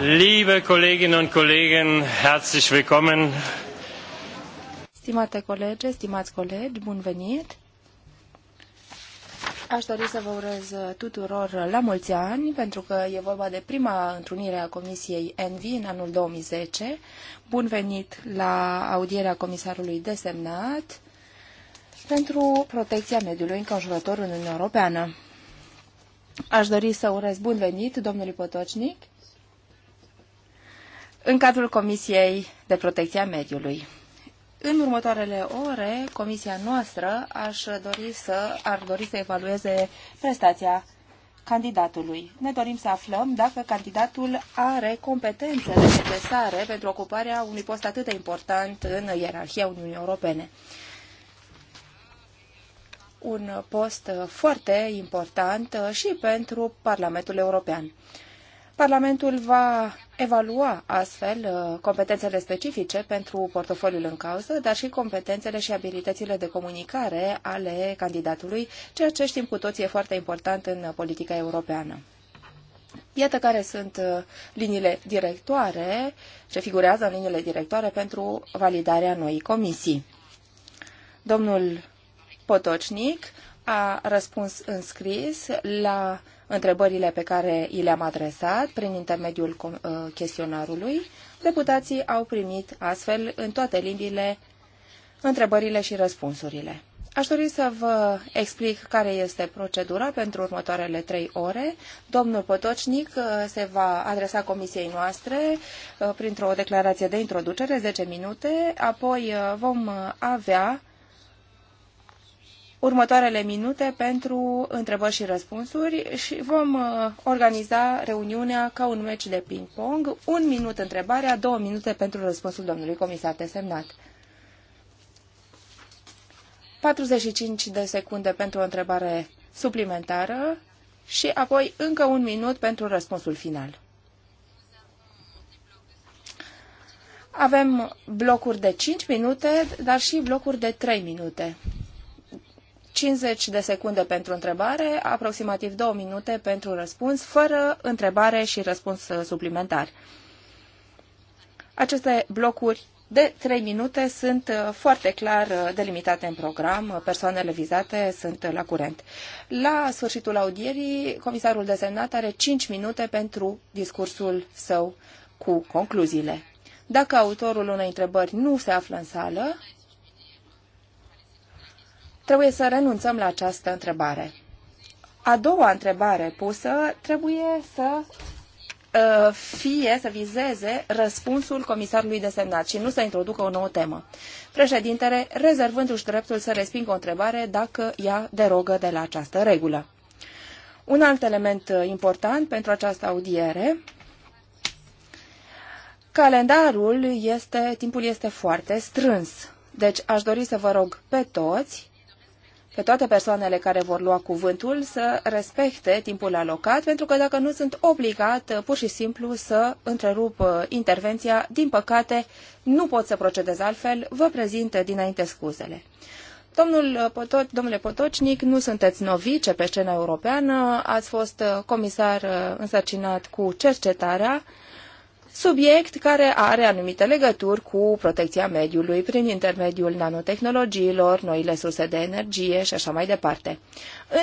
Liebe Kolleginnen und Kollegen, herzlich willkommen. Stimate colege, stimați colegi, bun venit. Aș dori să vă urez tuturor la mulți ani, pentru că e vorba de prima întrunire a Comisiei ENVI în anul 2010. Bun venit la audierea comisarului desemnat pentru protecția mediului înconjurător în Uniunea Europeană. Aș dori să urez bun venit domnului Potocnic în cadrul Comisiei de Protecție a Mediului. În următoarele ore, comisia noastră aș dori să, ar dori să evalueze prestația candidatului. Ne dorim să aflăm dacă candidatul are competențele necesare pentru ocuparea unui post atât de important în ierarhia Uniunii Europene un post foarte important și pentru Parlamentul European. Parlamentul va evalua astfel uh, competențele specifice pentru portofoliul în cauză, dar și competențele și abilitățile de comunicare ale candidatului, ceea ce știm cu toții e foarte important în politica europeană. Iată care sunt uh, liniile directoare, ce figurează în liniile directoare pentru validarea noii comisii. Domnul Potocnic a răspuns în scris la întrebările pe care i le-am adresat prin intermediul uh, chestionarului. Deputații au primit astfel în toate limbile întrebările și răspunsurile. Aș dori să vă explic care este procedura pentru următoarele trei ore. Domnul Potocnic uh, se va adresa comisiei noastre uh, printr-o declarație de introducere, 10 minute, apoi vom avea următoarele minute pentru întrebări și răspunsuri și vom uh, organiza reuniunea ca un meci de ping-pong. Un minut întrebarea, două minute pentru răspunsul domnului comisar desemnat. 45 de secunde pentru o întrebare suplimentară și apoi încă un minut pentru răspunsul final. Avem blocuri de 5 minute, dar și blocuri de 3 minute. 50 de secunde pentru întrebare, aproximativ 2 minute pentru răspuns, fără întrebare și răspuns uh, suplimentar. Aceste blocuri de 3 minute sunt uh, foarte clar uh, delimitate în program, persoanele vizate sunt la curent. La sfârșitul audierii, comisarul desemnat are 5 minute pentru discursul său cu concluziile. Dacă autorul unei întrebări nu se află în sală, Trebuie să renunțăm la această întrebare. A doua întrebare pusă trebuie să uh, fie să vizeze răspunsul comisarului desemnat și nu să introducă o nouă temă. Președintele rezervându-și dreptul să respingă o întrebare dacă ea derogă de la această regulă. Un alt element uh, important pentru această audiere, calendarul este, timpul este foarte strâns. Deci aș dori să vă rog pe toți pe toate persoanele care vor lua cuvântul să respecte timpul alocat, pentru că dacă nu sunt obligat uh, pur și simplu să întrerup uh, intervenția, din păcate nu pot să procedez altfel, vă prezint dinainte scuzele. Domnul uh, Potoc, domnule Potocnic, nu sunteți novice pe scena europeană, ați fost comisar însărcinat cu cercetarea, subiect care are anumite legături cu protecția mediului prin intermediul nanotehnologiilor, noile surse de energie și așa mai departe.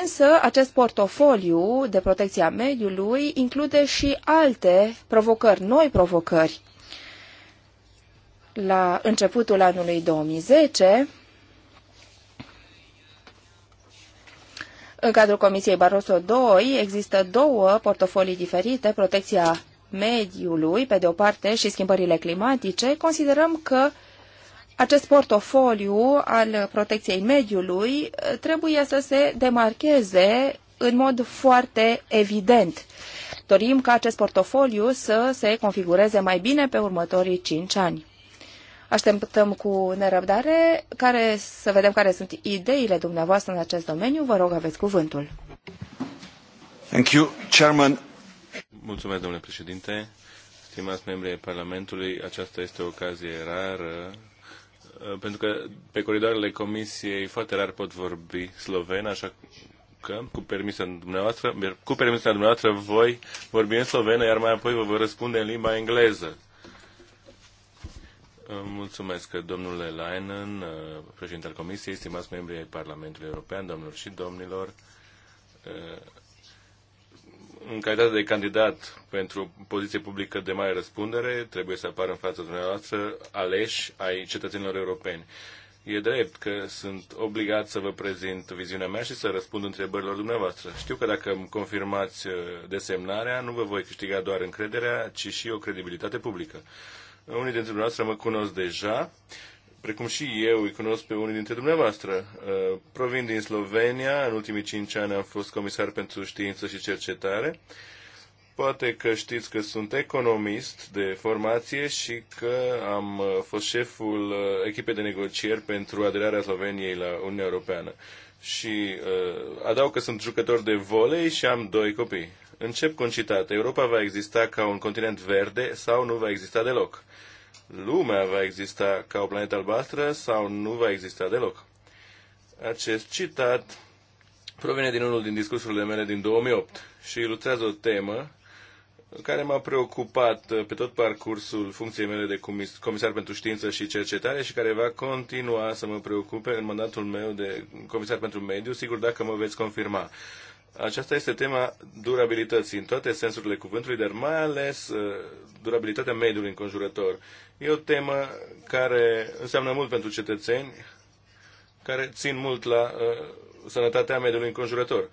Însă, acest portofoliu de protecția mediului include și alte provocări, noi provocări. La începutul anului 2010, În cadrul Comisiei Barroso II există două portofolii diferite, protecția mediului, pe de o parte, și schimbările climatice, considerăm că acest portofoliu al protecției mediului uh, trebuie să se demarcheze în mod foarte evident. Dorim ca acest portofoliu să se configureze mai bine pe următorii cinci ani. Așteptăm cu nerăbdare care, să vedem care sunt ideile dumneavoastră în acest domeniu. Vă rog, aveți cuvântul. Thank you, Chairman. Mulțumesc, domnule președinte. Stimați membri ai Parlamentului, aceasta este o ocazie rară uh, pentru că pe coridoarele comisiei foarte rar pot vorbi sloven, așa că, cu permisia dumneavoastră, cu permisia dumneavoastră, voi vorbi în slovenă, iar mai apoi vă voi răspunde în limba engleză. Uh, mulțumesc, domnule Leinen, uh, președintele Comisiei, stimați membri ai Parlamentului European, domnilor și domnilor în calitate de candidat pentru poziție publică de mare răspundere, trebuie să apară în fața dumneavoastră aleși ai cetățenilor europeni. E drept că sunt obligat să vă prezint viziunea mea și să răspund întrebărilor dumneavoastră. Știu că dacă îmi confirmați uh, desemnarea, nu vă voi câștiga doar încrederea, ci și o credibilitate publică. Unii dintre dumneavoastră mă cunosc deja precum și eu îi cunosc pe unii dintre dumneavoastră. Uh, provin din Slovenia, în ultimii cinci ani am fost comisar pentru știință și cercetare. Poate că știți că sunt economist de formație și că am uh, fost șeful uh, echipei de negocieri pentru aderarea Sloveniei la Uniunea Europeană. Și uh, adaug că sunt jucător de volei și am doi copii. Încep cu un citat. Europa va exista ca un continent verde sau nu va exista deloc. Uh, lumea va exista ca o planetă albastră sau nu va exista deloc. Acest citat provine din unul din discursurile mele din 2008 și ilustrează o temă care m-a preocupat pe tot parcursul funcției mele de comisar pentru știință și cercetare și care va continua să mă preocupe în mandatul meu de comisar pentru mediu, sigur dacă mă veți confirma. Aceasta este tema durabilității în toate sensurile cuvântului, dar mai ales uh, durabilitatea mediului înconjurător. E o temă care înseamnă mult pentru cetățeni, care țin mult la uh, sănătatea mediului înconjurător.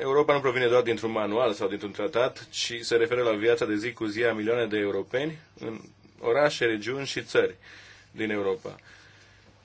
Europa nu provine doar dintr-un manual sau dintr-un tratat, ci se referă la viața de zi cu zi a milioane de europeni în orașe, regiuni și țări din Europa.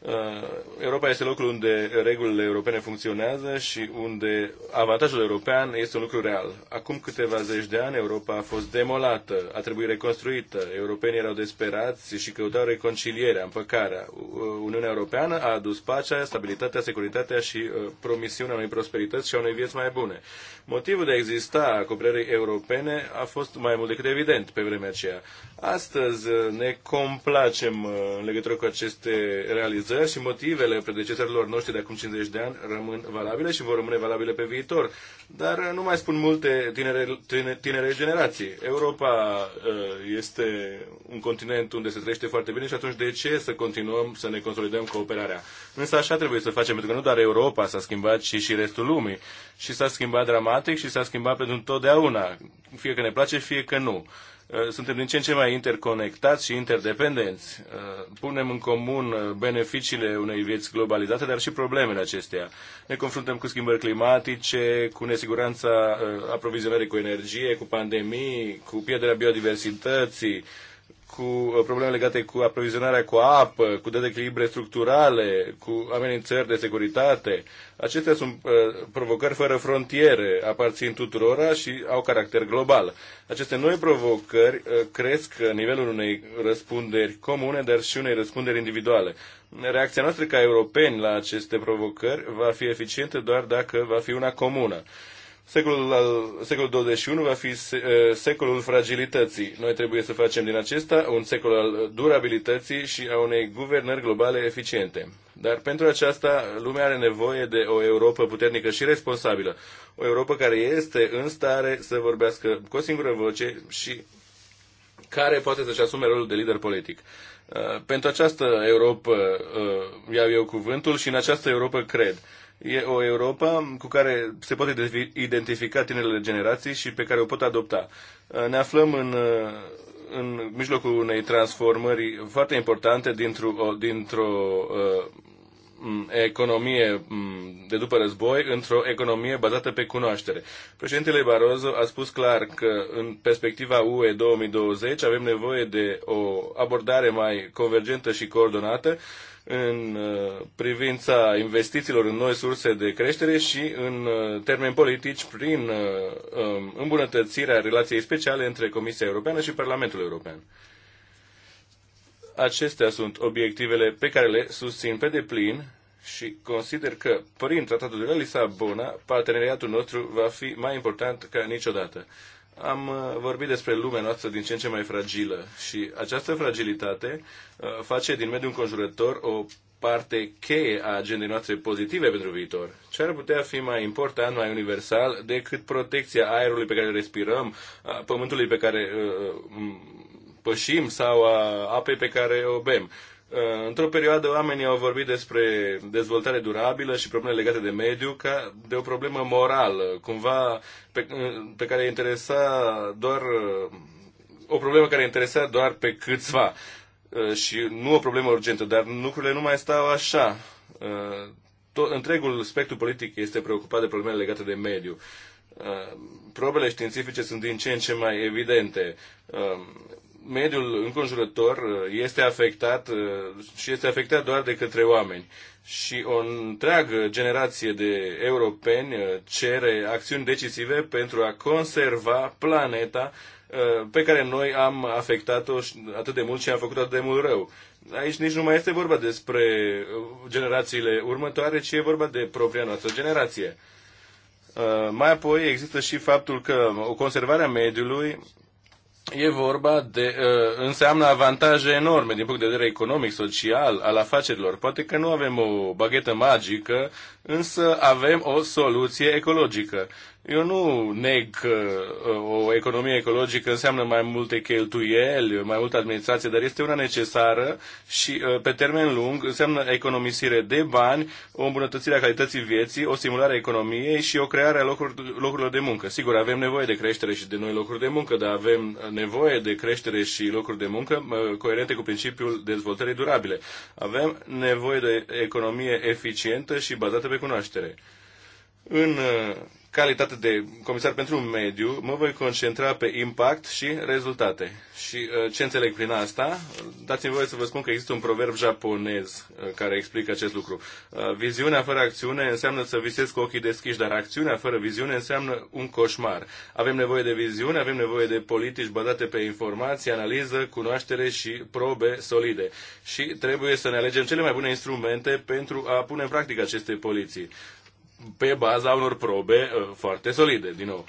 Uh, Europa este locul unde regulile europene funcționează și unde avantajul european este un lucru real. Acum câteva zeci de ani Europa a fost demolată, a trebuit reconstruită, europenii erau desperați și căutau reconcilierea, împăcarea. Uh, Uniunea Europeană a adus pacea, stabilitatea, securitatea și uh, promisiunea unei prosperități și a unei vieți mai bune. Motivul de a exista a cooperării europene a fost mai mult decât evident pe vremea aceea. Astăzi uh, ne complacem uh, în legătură cu aceste realizări și motivele predecesorilor noștri de acum 50 de ani rămân valabile și vor rămâne valabile pe viitor. Dar uh, nu mai spun multe tinere, tinere, tinere generații. Europa este un continent unde se trăiește foarte bine și atunci de ce să continuăm să ne consolidăm cooperarea? Însă așa trebuie să facem, pentru că nu doar Europa s-a schimbat, ci și restul lumii. Și s-a schimbat dramatic și s-a schimbat pentru întotdeauna. Fie că ne place, fie că nu Uh, suntem din ce în ce mai interconectați și interdependenți. Uh, punem în comun uh, beneficiile unei vieți globalizate, dar și problemele acesteia. Ne confruntăm cu schimbări climatice, cu nesiguranța aprovizionării cu energie, cu pandemii, cu pierderea biodiversității, cu uh, probleme legate cu aprovizionarea cu apă, cu dezechilibre structurale, cu amenințări de securitate. Acestea sunt uh, provocări fără frontiere, aparțin tuturora și au caracter global. Aceste noi provocări uh, cresc nivelul unei răspunderi comune, dar și unei răspunderi individuale. Reacția noastră ca europeni la aceste provocări va fi eficientă doar dacă va fi una comună. Uh, Secolul, al, secolul 21 va fi secolul fragilității. Noi trebuie să facem din acesta un secol al durabilității și a unei guvernări globale eficiente. Dar pentru aceasta lumea are nevoie de o Europa puternică și responsabilă. O Europa care este în stare să vorbească cu o singură voce și care poate să-și asume rolul de lider politic. Pentru această Europa iau eu cuvântul și în această Europa cred. E o Europa cu care se poate identifica tinerele generații și pe care o pot adopta. Uh, ne aflăm în, uh, în mijlocul unei transformări foarte importante dintr-o, dintr-o uh, economie de după război într-o economie bazată pe cunoaștere. Președintele Barroso a spus clar că în perspectiva UE 2020 avem nevoie de o abordare mai convergentă și coordonată în uh, privința investițiilor în noi surse de creștere și în uh, termeni politici prin uh, um, îmbunătățirea relației speciale între Comisia Europeană și Parlamentul European. Acestea sunt obiectivele pe care le susțin pe deplin și consider că prin Tratatul de la Lisabona parteneriatul nostru va fi mai important ca niciodată am uh, vorbit despre lumea noastră din ce în ce mai fragilă și această fragilitate uh, face din mediul înconjurător o parte cheie a agendei noastre pozitive pentru viitor. Ce ar putea fi mai important, mai universal, decât protecția aerului pe care îl respirăm, a pământului pe care uh, pășim sau a apei pe care o bem? Uh, într-o perioadă oamenii au vorbit despre dezvoltare durabilă și probleme legate de mediu ca de o problemă morală, cumva pe, uh, pe care interesa doar uh, o problemă care interesa doar pe câțiva și nu o problemă urgentă, dar lucrurile nu mai stau așa. Tot, întregul spectru politic este preocupat de problemele legate de mediu. Probele științifice sunt din ce în ce mai evidente mediul înconjurător uh, este afectat uh, și este afectat doar de către oameni. Și o întreagă generație de europeni uh, cere acțiuni decisive pentru a conserva planeta pe care noi am afectat-o atât de mult și am făcut atât de mult rău. Aici nici nu mai este vorba despre generațiile următoare, ci e vorba de propria noastră generație. Mai apoi există și faptul că o conservare a mediului E vorba de. Uh, înseamnă avantaje enorme din punct de vedere economic, social, al afacerilor. Poate că nu avem o baghetă magică, însă avem o soluție ecologică. Eu nu neg că uh, o economie ecologică înseamnă mai multe cheltuieli, mai multă administrație, dar este una necesară și uh, pe termen lung înseamnă economisire de bani, o îmbunătățire a calității vieții, o stimulare a economiei și o creare a locuri, locurilor de muncă. Sigur, avem nevoie de creștere și de noi locuri de muncă, dar avem uh, nevoie de creștere și locuri de muncă coerente cu principiul dezvoltării durabile. Avem nevoie de economie eficientă și bazată pe cunoaștere. În calitate de comisar pentru mediu, mă voi concentra pe impact și rezultate. Și uh, ce înțeleg prin asta? Dați-mi voie să vă spun că există un proverb japonez uh, care explică acest lucru. Uh, viziunea fără acțiune înseamnă să visezi cu ochii deschiși, dar acțiunea fără viziune înseamnă un coșmar. Avem nevoie de viziune, avem nevoie de politici bazate pe informații, analiză, cunoaștere și probe solide. Și trebuie să ne alegem cele mai bune instrumente pentru a pune în practică aceste poliții pe baza unor probe uh, foarte solide, din nou.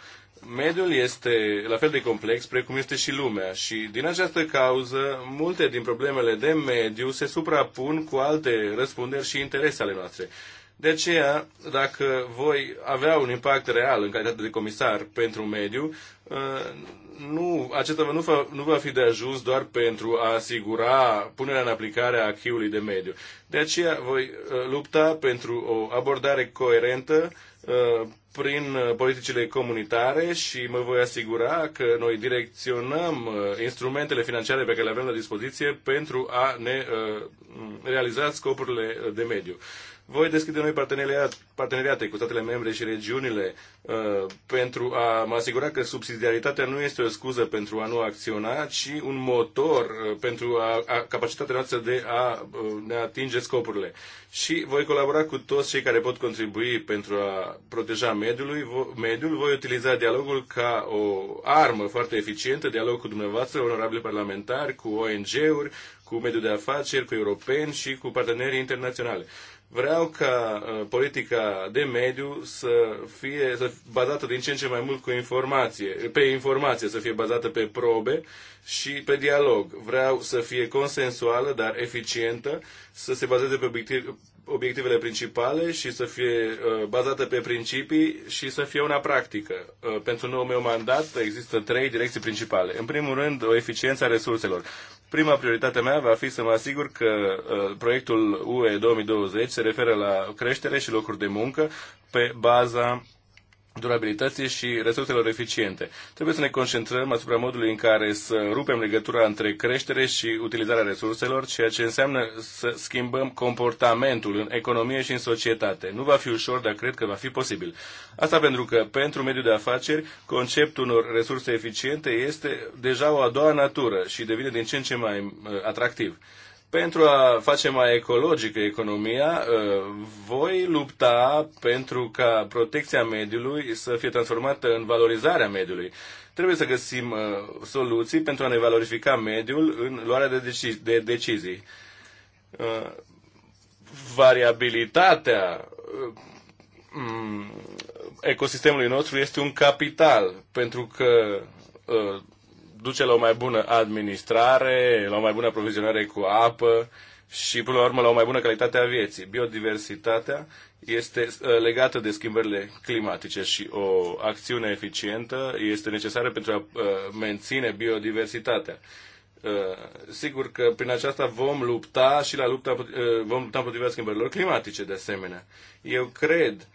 Mediul este la fel de complex precum este și lumea și din această cauză multe din problemele de mediu se suprapun cu alte răspunderi și interese ale noastre. De aceea, dacă voi avea un impact real în calitate de comisar pentru mediu, uh, nu, acest nu, fă, nu va fi de ajuns doar pentru a asigura punerea în aplicare a acquis de mediu. De aceea voi uh, lupta pentru o abordare coerentă uh, prin uh, politicile comunitare și mă voi asigura că noi direcționăm instrumentele financiare pe care le avem la dispoziție pentru a ne realiza scopurile de mediu voi deschide noi parteneriate, parteneriate cu statele membre și regiunile uh, pentru a mă asigura că subsidiaritatea nu este o scuză pentru a nu acționa, ci un motor uh, pentru a, a, capacitatea noastră de a uh, ne atinge scopurile. Și voi colabora cu toți cei care pot contribui pentru a proteja mediului, vo, mediul. Voi utiliza dialogul ca o armă foarte eficientă, dialog cu dumneavoastră, onorabili parlamentari, cu ONG-uri, cu mediul de afaceri, cu europeni și cu partenerii internaționale. Vreau ca uh, politica de mediu să fie să bazată din ce în ce mai mult cu informație, pe informație, să fie bazată pe probe și pe dialog. Vreau să fie consensuală, dar eficientă, să se bazeze pe obiectiv, obiectivele principale și să fie uh, bazată pe principii și să fie una practică. Uh, pentru noul meu mandat există trei direcții principale. În primul rând, o eficiență a resurselor. Prima prioritate mea va fi să mă asigur că uh, proiectul UE 2020 se referă la creștere și locuri de muncă pe baza durabilității și resurselor eficiente. Trebuie să ne concentrăm asupra modului în care să rupem legătura între creștere și utilizarea resurselor, ceea ce înseamnă să schimbăm comportamentul în economie și în societate. Nu va fi ușor, dar cred că va fi posibil. Asta pentru că, pentru mediul de afaceri, conceptul unor resurse eficiente este deja o a doua natură și devine din ce în ce mai uh, atractiv. Pentru a face mai ecologică economia, uh, voi lupta pentru ca protecția mediului să fie transformată în valorizarea mediului. Trebuie să găsim uh, soluții pentru a ne valorifica mediul în luarea de, deci- de decizii. Uh, variabilitatea mm, ecosistemului nostru este un capital, pentru că duce la o mai bună administrare, la o mai bună aprovizionare cu apă și, până la urmă, la o mai bună calitate a vieții. Biodiversitatea este ă, legată de schimbările climatice și o acțiune eficientă este necesară pentru a ă, menține biodiversitatea. Ă, sigur că prin aceasta vom lupta și la lupta, vom lupta împotriva schimbărilor climatice, de asemenea. Eu cred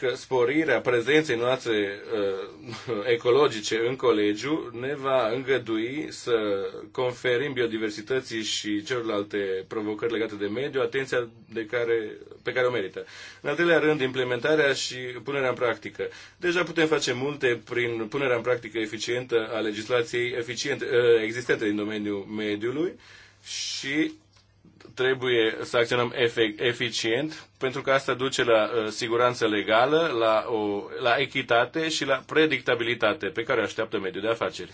că sporirea prezenței noastre uh, ecologice în colegiu ne va îngădui să conferim biodiversității și celorlalte provocări legate de mediu atenția de care, pe care o merită. În al treilea rând, implementarea și punerea în practică. Deja putem face multe prin punerea în practică eficientă a legislației eficient, uh, existente din domeniul mediului și trebuie să acționăm eficient, pentru că asta duce la uh, siguranță legală, la, o, la echitate și la predictabilitate pe care o așteaptă mediul de afaceri.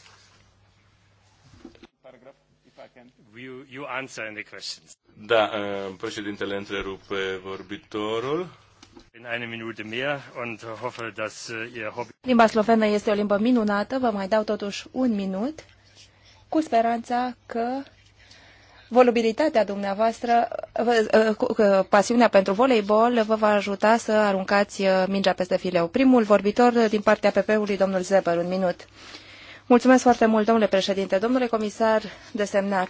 Da, uh, Da, președintele întrerupe vorbitorul. Uh, Limba slovenă este o limbă minunată, vă mai dau totuși un minut, cu speranța că volubilitatea dumneavoastră, ă, pasiunea pentru voleibol vă va ajuta să aruncați ă, mingea peste fileu. Primul vorbitor din partea PP-ului, domnul Zeber, un minut. Mulțumesc foarte mult, domnule președinte, domnule comisar desemnat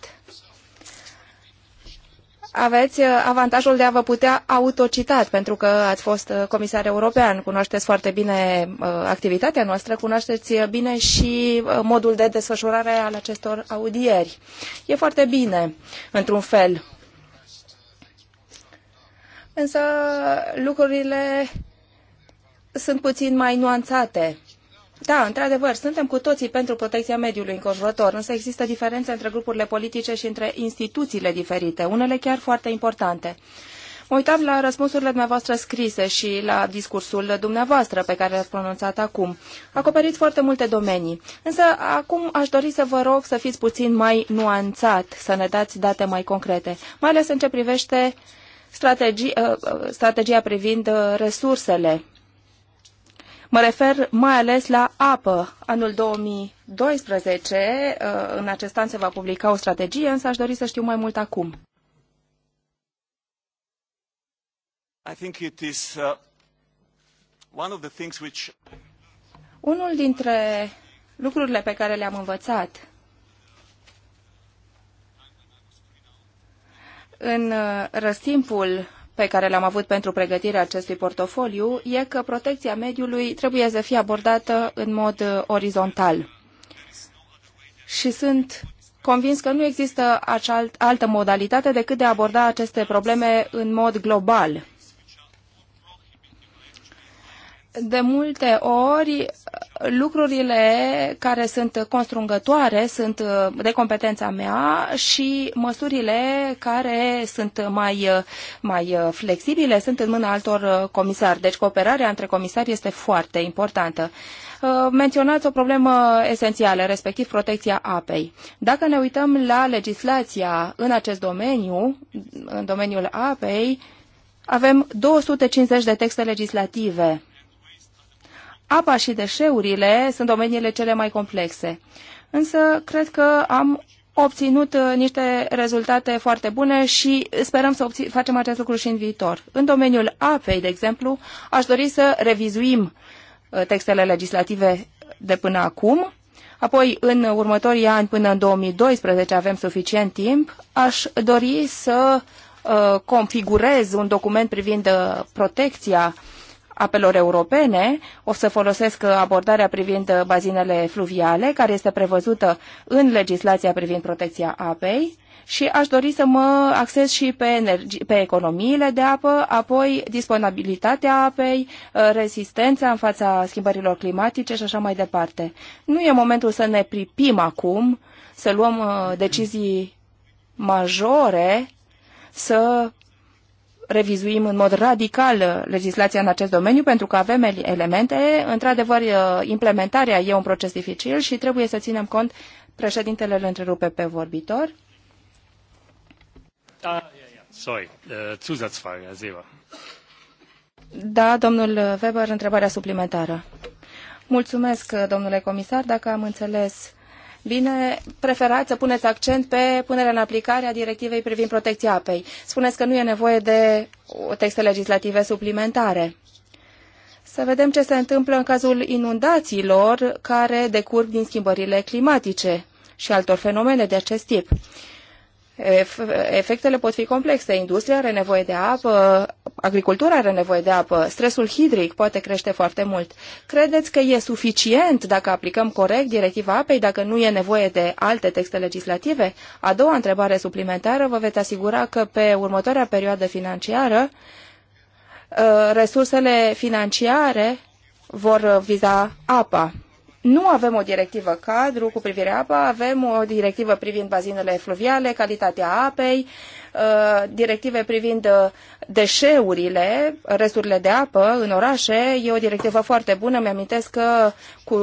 aveți uh, avantajul de a vă putea autocita, pentru că ați fost uh, comisar european, cunoașteți foarte bine uh, activitatea noastră, cunoașteți bine și modul de desfășurare al acestor audieri. E foarte bine, într-un fel. Însă lucrurile sunt puțin mai nuanțate da, într-adevăr, suntem cu toții pentru protecția mediului înconjurător, însă există diferențe între grupurile politice și între instituțiile diferite, unele chiar foarte importante. Mă uitam la răspunsurile dumneavoastră scrise și la discursul dumneavoastră pe care l-ați pronunțat acum. Acoperiți foarte multe domenii, însă acum aș dori să vă rog să fiți puțin mai nuanțat, să ne dați date mai concrete, mai ales în ce privește strategia, ă, ă, strategia privind ă, resursele Mă refer mai ales la apă. Anul 2012, uh, în acest an se va publica o strategie, însă aș dori să știu mai mult acum. I think it is uh, one of the things which unul dintre lucrurile pe care le-am învățat în uh, răstimpul pe care l-am avut pentru pregătirea acestui portofoliu e că protecția mediului trebuie să fie abordată în mod uh, orizontal. Și sunt convins că nu există altă modalitate decât de a aborda aceste probleme în mod global. De multe ori, lucrurile care sunt constrângătoare sunt uh, de competența mea și măsurile care sunt mai, uh, mai uh, flexibile sunt în mâna altor comisari. Deci cooperarea între comisari este foarte importantă. Menționați o problemă esențială, respectiv protecția apei. Dacă ne uităm la legislația în acest domeniu, în domeniul apei, avem 250 de texte legislative apa și deșeurile sunt domeniile cele mai complexe. Însă, cred că am obținut uh, niște rezultate foarte bune și sperăm să facem acest lucru și în viitor. În domeniul apei, de exemplu, aș dori să revizuim uh, textele legislative de până acum. Apoi, în următorii ani, până în 2012, avem suficient timp, aș dori să uh, configurez un document privind protecția uh, apelor europene. O să folosesc abordarea privind uh, bazinele fluviale, care este prevăzută în legislația privind protecția apei și aș dori să mă acces și pe, energi- pe economiile de apă, apoi disponibilitatea apei, uh, rezistența în fața schimbărilor climatice și așa mai departe. Nu e momentul să ne pripim acum, să luăm uh, decizii majore, să revizuim în mod radical legislația în acest domeniu, pentru că avem elemente. Într-adevăr, implementarea e un proces dificil și trebuie să ținem cont. Președintele îl întrerupe pe vorbitor. Da, Sorry, uh, Zusatzfrage, Herr Seber. Da, domnul Weber, întrebarea suplimentară. Mulțumesc, domnule comisar, dacă am înțeles Bine, preferați să puneți accent pe punerea în aplicare a directivei privind protecția apei. Spuneți că nu e nevoie de texte legislative suplimentare. Să vedem ce se întâmplă în cazul inundațiilor care decurg din schimbările climatice și altor fenomene de acest tip efectele pot fi complexe. Industria are nevoie de apă, agricultura are nevoie de apă, stresul hidric poate crește foarte mult. Credeți că e suficient dacă aplicăm corect directiva apei, dacă nu e nevoie de alte texte legislative? A doua întrebare suplimentară, vă veți asigura că pe următoarea perioadă financiară uh, resursele financiare vor viza apa nu avem o directivă cadru cu privire apă, avem o directivă privind bazinele fluviale, calitatea apei, Uh, directivei privind uh, deșeurile, resturile de apă în orașe. E o directivă foarte bună. Mi-amintesc că cu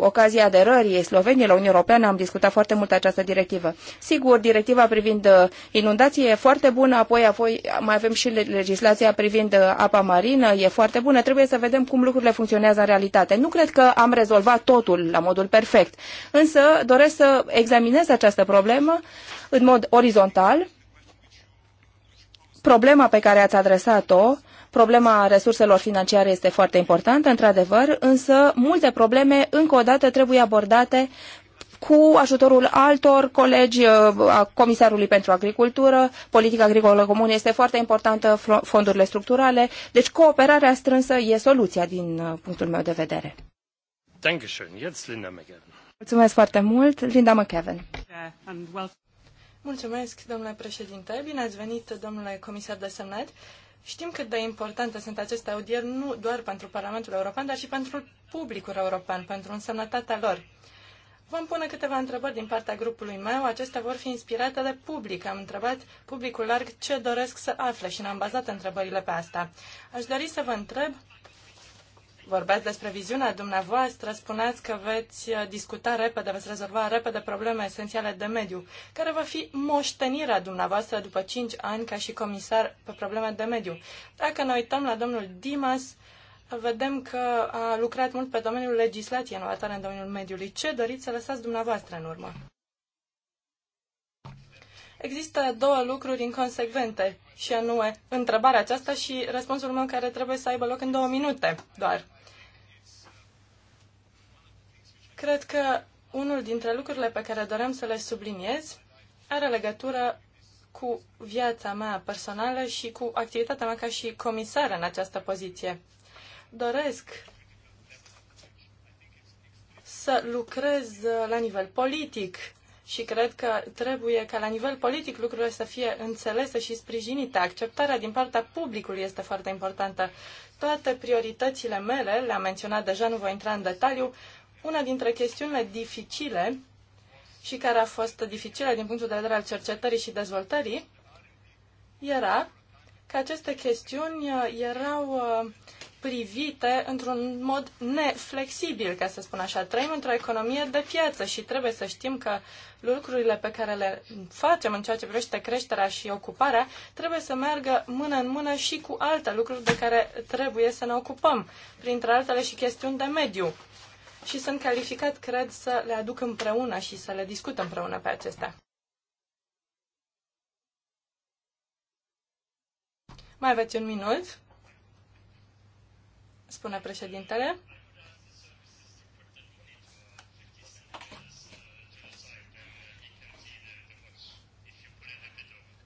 ocazia aderării Sloveniei la Uniunea Europeană am discutat foarte mult această directivă. Sigur, directiva privind uh, inundații e foarte bună, apoi, apoi mai avem și legislația privind apa marină, e foarte bună. Trebuie să vedem cum lucrurile funcționează în realitate. Nu cred că am rezolvat totul la modul perfect, însă doresc să examinez această problemă în mod orizontal problema pe care ați adresat-o Problema resurselor financiare este foarte importantă, într-adevăr, însă multe probleme încă o dată trebuie abordate cu ajutorul altor colegi, uh, a Comisarului pentru Agricultură, politica agricolă comună este foarte importantă, fondurile structurale, deci cooperarea strânsă e soluția din uh, punctul meu de vedere. Mulțumesc foarte mult, Linda McKevin. Mulțumesc, domnule președinte. Bine ați venit, domnule comisar desemnat. Știm cât de importante sunt aceste audieri nu doar pentru Parlamentul European, dar și pentru publicul european, pentru însemnătatea lor. Vom pune câteva întrebări din partea grupului meu, acestea vor fi inspirate de public. Am întrebat publicul larg ce doresc să afle și ne-am bazat întrebările pe asta. Aș dori să vă întreb vorbeați despre viziunea dumneavoastră, spuneați că veți uh, discuta repede, veți rezolva repede probleme esențiale de mediu. Care va fi moștenirea dumneavoastră după 5 ani ca și comisar pe probleme de mediu? Dacă ne uităm la domnul Dimas, vedem că a lucrat mult pe domeniul legislației inovatoare în domeniul mediului. Ce doriți să lăsați dumneavoastră în urmă? Există două lucruri inconsecvente și anume întrebarea aceasta și răspunsul meu care trebuie să aibă loc în două minute doar. Cred că unul dintre lucrurile pe care doream să le subliniez are legătură cu viața mea personală și cu activitatea mea ca și comisar în această poziție. Doresc să lucrez la nivel politic și cred că trebuie ca la nivel politic lucrurile să fie înțelese și sprijinite. Acceptarea din partea publicului este foarte importantă. Toate prioritățile mele, le-am menționat deja, nu voi intra în detaliu, una dintre chestiunile dificile și care a fost dificilă din punctul de vedere al cercetării și dezvoltării era că aceste chestiuni uh, erau uh, privite într-un mod neflexibil, ca să spun așa. Trăim într-o economie de piață și trebuie să știm că lucrurile pe care le facem în ceea ce privește creșterea și ocuparea trebuie să meargă mână în mână și cu alte lucruri de care trebuie să ne ocupăm, printre altele și chestiuni de mediu și sunt calificat, cred, să le aduc împreună și să le discut împreună pe acestea. Mai aveți un minut, spune președintele.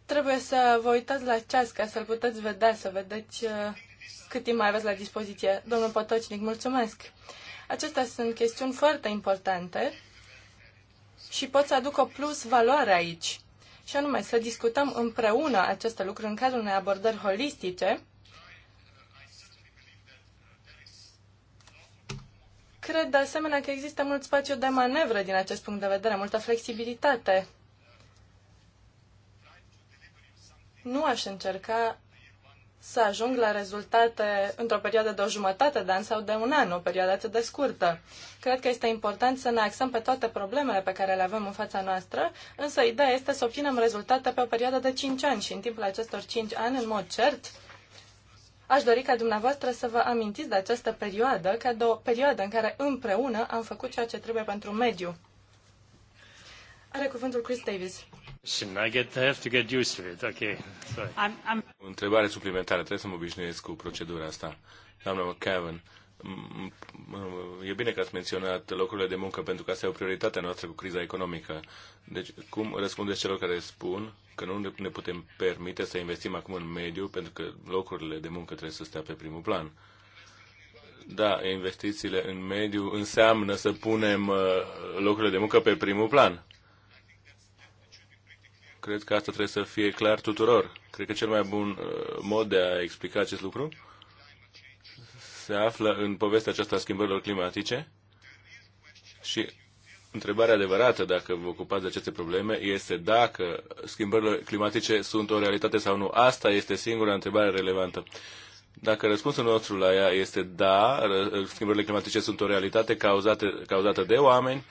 Trebuie să vă uitați la ceas ca să-l puteți vedea, să vedeți uh, cât timp mai aveți la dispoziție. Domnul Potocnic, mulțumesc! Acestea sunt chestiuni foarte importante și pot să aduc o plus valoare aici. Și anume, să discutăm împreună aceste lucruri în cadrul unei abordări holistice. Cred de asemenea că există mult spațiu de manevră din acest punct de vedere, multă flexibilitate. Nu aș încerca să ajung la rezultate într-o perioadă de o jumătate de an sau de un an, o perioadă atât de scurtă. Cred că este important să ne axăm pe toate problemele pe care le avem în fața noastră, însă ideea este să obținem rezultate pe o perioadă de 5 ani și în timpul acestor 5 ani, în mod cert, aș dori ca dumneavoastră să vă amintiți de această perioadă ca de o perioadă în care împreună am făcut ceea ce trebuie pentru mediu. Are cuvântul Chris Davis. I get, have to get used to it. Sorry. I'm, I'm... întrebare suplimentară. Trebuie să mă obișnuiesc cu procedura asta. Doamna McCavan, e bine că ați menționat locurile de muncă pentru că asta e o prioritate a noastră cu criza economică. Deci, cum răspundeți celor care spun că nu ne putem permite să investim acum în mediu pentru că locurile de muncă trebuie să stea pe primul plan? Da, investițiile în mediu înseamnă să punem uh, locurile de muncă pe primul plan. Cred că asta trebuie să fie clar tuturor. Cred că cel mai bun uh, mod de a explica acest lucru se află în povestea aceasta a schimbărilor climatice și întrebarea adevărată, dacă vă ocupați de aceste probleme, este dacă schimbările climatice sunt o realitate sau nu. Asta este singura întrebare relevantă. Dacă răspunsul nostru la ea este da, schimbările climatice sunt o realitate cauzate, cauzată de oameni,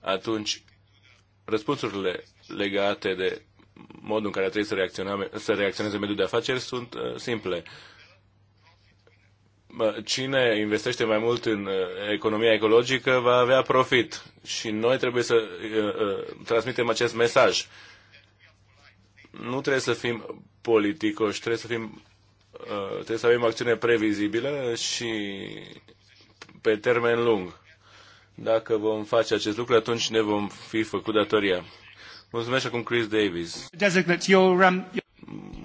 atunci răspunsurile legate de modul în care trebuie să, să reacționeze mediul de afaceri sunt uh, simple. Cine investește mai mult în uh, economia ecologică va avea profit și noi trebuie să uh, transmitem acest mesaj. Nu trebuie să fim politicoși, trebuie să fim trebuie să avem acțiune previzibilă și pe termen lung. Dacă vom face acest lucru, atunci ne vom fi făcut datoria. Mulțumesc acum Chris Davies. Designate, your, um,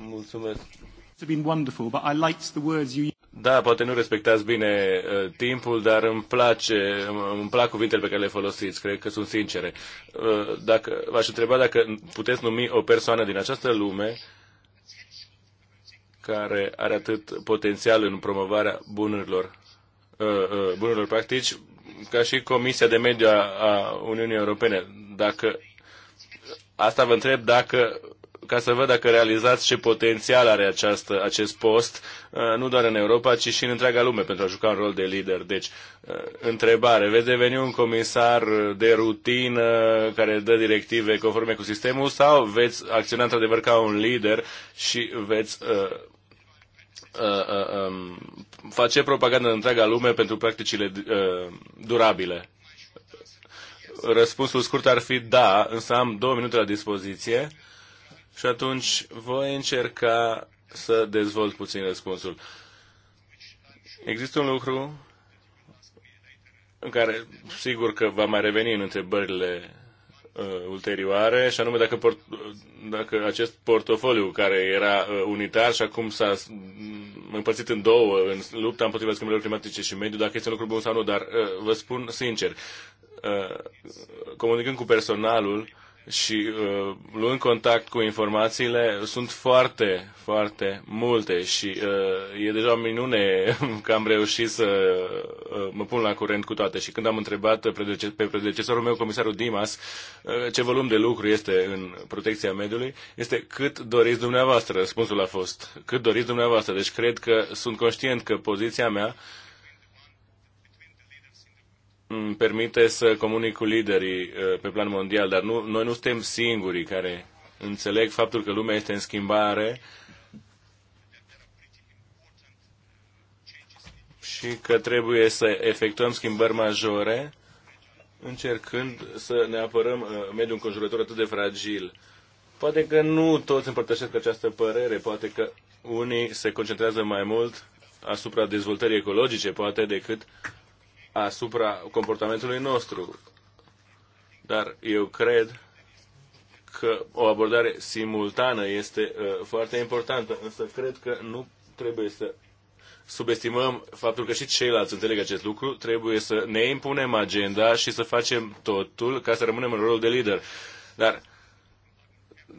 Mulțumesc. It's been wonderful, but I liked the words you da, poate nu respectați bine uh, timpul, dar îmi place, îmi plac cuvintele pe care le folosiți, cred că sunt sincere. Uh, dacă v-aș întreba dacă puteți numi o persoană din această lume care are atât potențial în promovarea bunurilor, uh, uh, bunurilor practici, ca și Comisia de Mediu a, a Uniunii Europene. Dacă Asta vă întreb dacă ca să văd dacă realizați ce potențial are această, acest post, uh, nu doar în Europa, ci și în întreaga lume, pentru a juca un rol de lider. Deci, uh, întrebare, veți deveni un comisar de rutină care dă directive conforme cu sistemul sau veți acționa într-adevăr ca un lider și veți uh, uh, uh, um, face propagandă în întreaga lume pentru practicile uh, durabile? Răspunsul scurt ar fi da, însă am două minute la dispoziție și atunci voi încerca să dezvolt puțin răspunsul. Există un lucru în care sigur că va mai reveni în întrebările uh, ulterioare, și anume dacă, port, dacă acest portofoliu care era uh, unitar și acum s-a împărțit în două, în lupta împotriva schimbărilor climatice și mediu, dacă este un lucru bun sau nu, dar uh, vă spun sincer, Uh, comunicând cu personalul și uh, luând contact cu informațiile, sunt foarte, foarte multe și uh, e deja o minune că am reușit să uh, mă pun la curent cu toate. Și când am întrebat pe predecesorul meu, comisarul Dimas, uh, ce volum de lucru este în protecția mediului, este cât doriți dumneavoastră. Răspunsul a fost cât doriți dumneavoastră. Deci cred că sunt conștient că poziția mea uh, îmi permite să comunic cu liderii uh, pe plan mondial, dar nu, noi nu suntem singurii care înțeleg faptul că lumea este în schimbare și că trebuie să efectuăm schimbări majore încercând să ne apărăm uh, mediul înconjurător atât de fragil. Poate că nu toți împărtășesc această părere, poate că unii se concentrează mai mult asupra dezvoltării ecologice, poate, decât asupra comportamentului nostru. Dar eu cred că o abordare simultană este uh, foarte importantă, însă cred că nu trebuie să subestimăm faptul că și ceilalți înțeleg acest lucru, trebuie să ne impunem agenda și să facem totul ca să rămânem în rolul de lider. Dar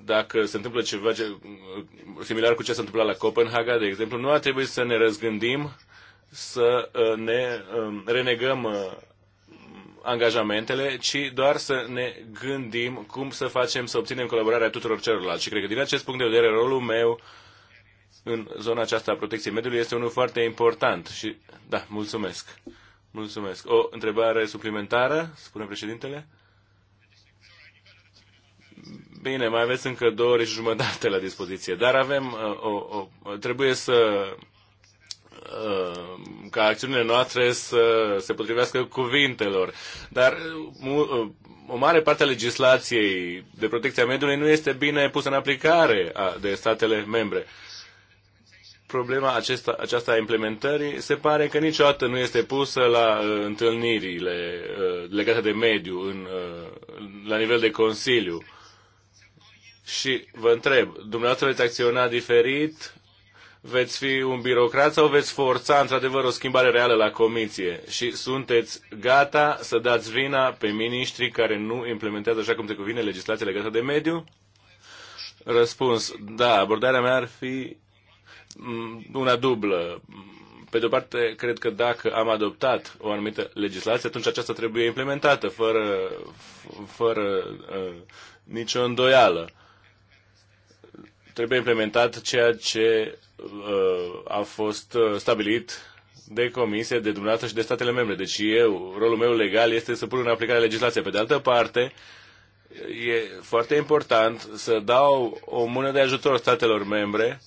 dacă se întâmplă ceva similar cu ce s-a întâmplat la Copenhaga, de exemplu, nu ar trebui să ne răzgândim să uh, ne um, renegăm uh, angajamentele, ci doar să ne gândim cum să facem să obținem colaborarea tuturor celorlalți. Și cred că din acest punct de vedere rolul meu în zona aceasta a protecției mediului este unul foarte important. Și da, mulțumesc. Mulțumesc. O întrebare suplimentară, spune președintele? Bine, mai aveți încă două ori și jumătate la dispoziție, dar avem uh, o, o, trebuie să Uh, ca acțiunile noastre să se potrivească cuvintelor. Dar uh, uh, o mare parte a legislației de protecție a mediului nu este bine pusă în aplicare de statele membre. Problema acesta, aceasta a implementării se pare că niciodată nu este pusă la uh, întâlnirile uh, legate de mediu în, uh, la nivel de Consiliu. Și vă întreb, dumneavoastră veți acționa diferit veți fi un birocrat sau veți forța într-adevăr o schimbare reală la comisie și sunteți gata să dați vina pe miniștrii care nu implementează așa cum se cuvine legislația legată de mediu? Răspuns, da, abordarea mea ar fi mm, una dublă. Pe de o parte, cred că dacă am adoptat o anumită legislație, atunci aceasta trebuie implementată fără, fără uh, nicio îndoială trebuie implementat ceea ce Uh, a fost uh, stabilit de comisie, de dumneavoastră și de statele membre. Deci eu, rolul meu legal este să pun în aplicare legislația. Pe de altă parte, e foarte important să dau o mână de ajutor statelor membre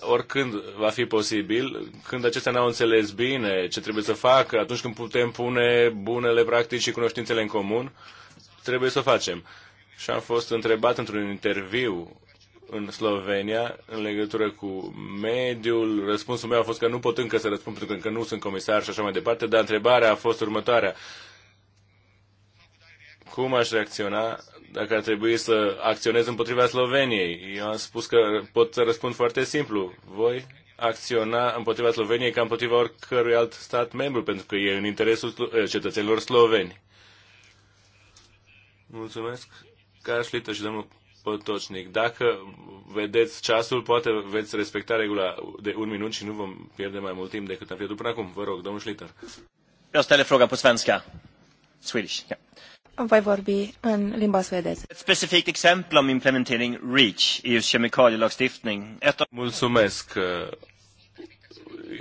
oricând va fi posibil, când acestea n-au înțeles bine ce trebuie să facă, atunci când putem pune bunele practici și cunoștințele în comun, trebuie să o facem. Și am fost întrebat într-un interviu în Slovenia în legătură cu mediul. Răspunsul meu a fost că nu pot încă să răspund pentru că încă nu sunt comisar și așa mai departe, dar întrebarea a fost următoarea. Cum aș reacționa dacă ar trebui să acționez împotriva Sloveniei? Eu am spus că pot să răspund foarte simplu. Voi acționa împotriva Sloveniei ca împotriva oricărui alt stat membru, pentru că e în interesul eh, cetățenilor sloveni. Mulțumesc. Carl și domnul Potocnic. Dacă vedeți ceasul, poate veți respecta regula de un minut și nu vom pierde mai mult timp decât am pierdut până acum. Vă rog, domnul Schlitter. Eu stele frågan på svenska. Swedish. Yeah. Voi vorbi în limba suedeză. Ett specifikt exempel om implementering REACH, EU's kemikalielagstiftning. Mulțumesc.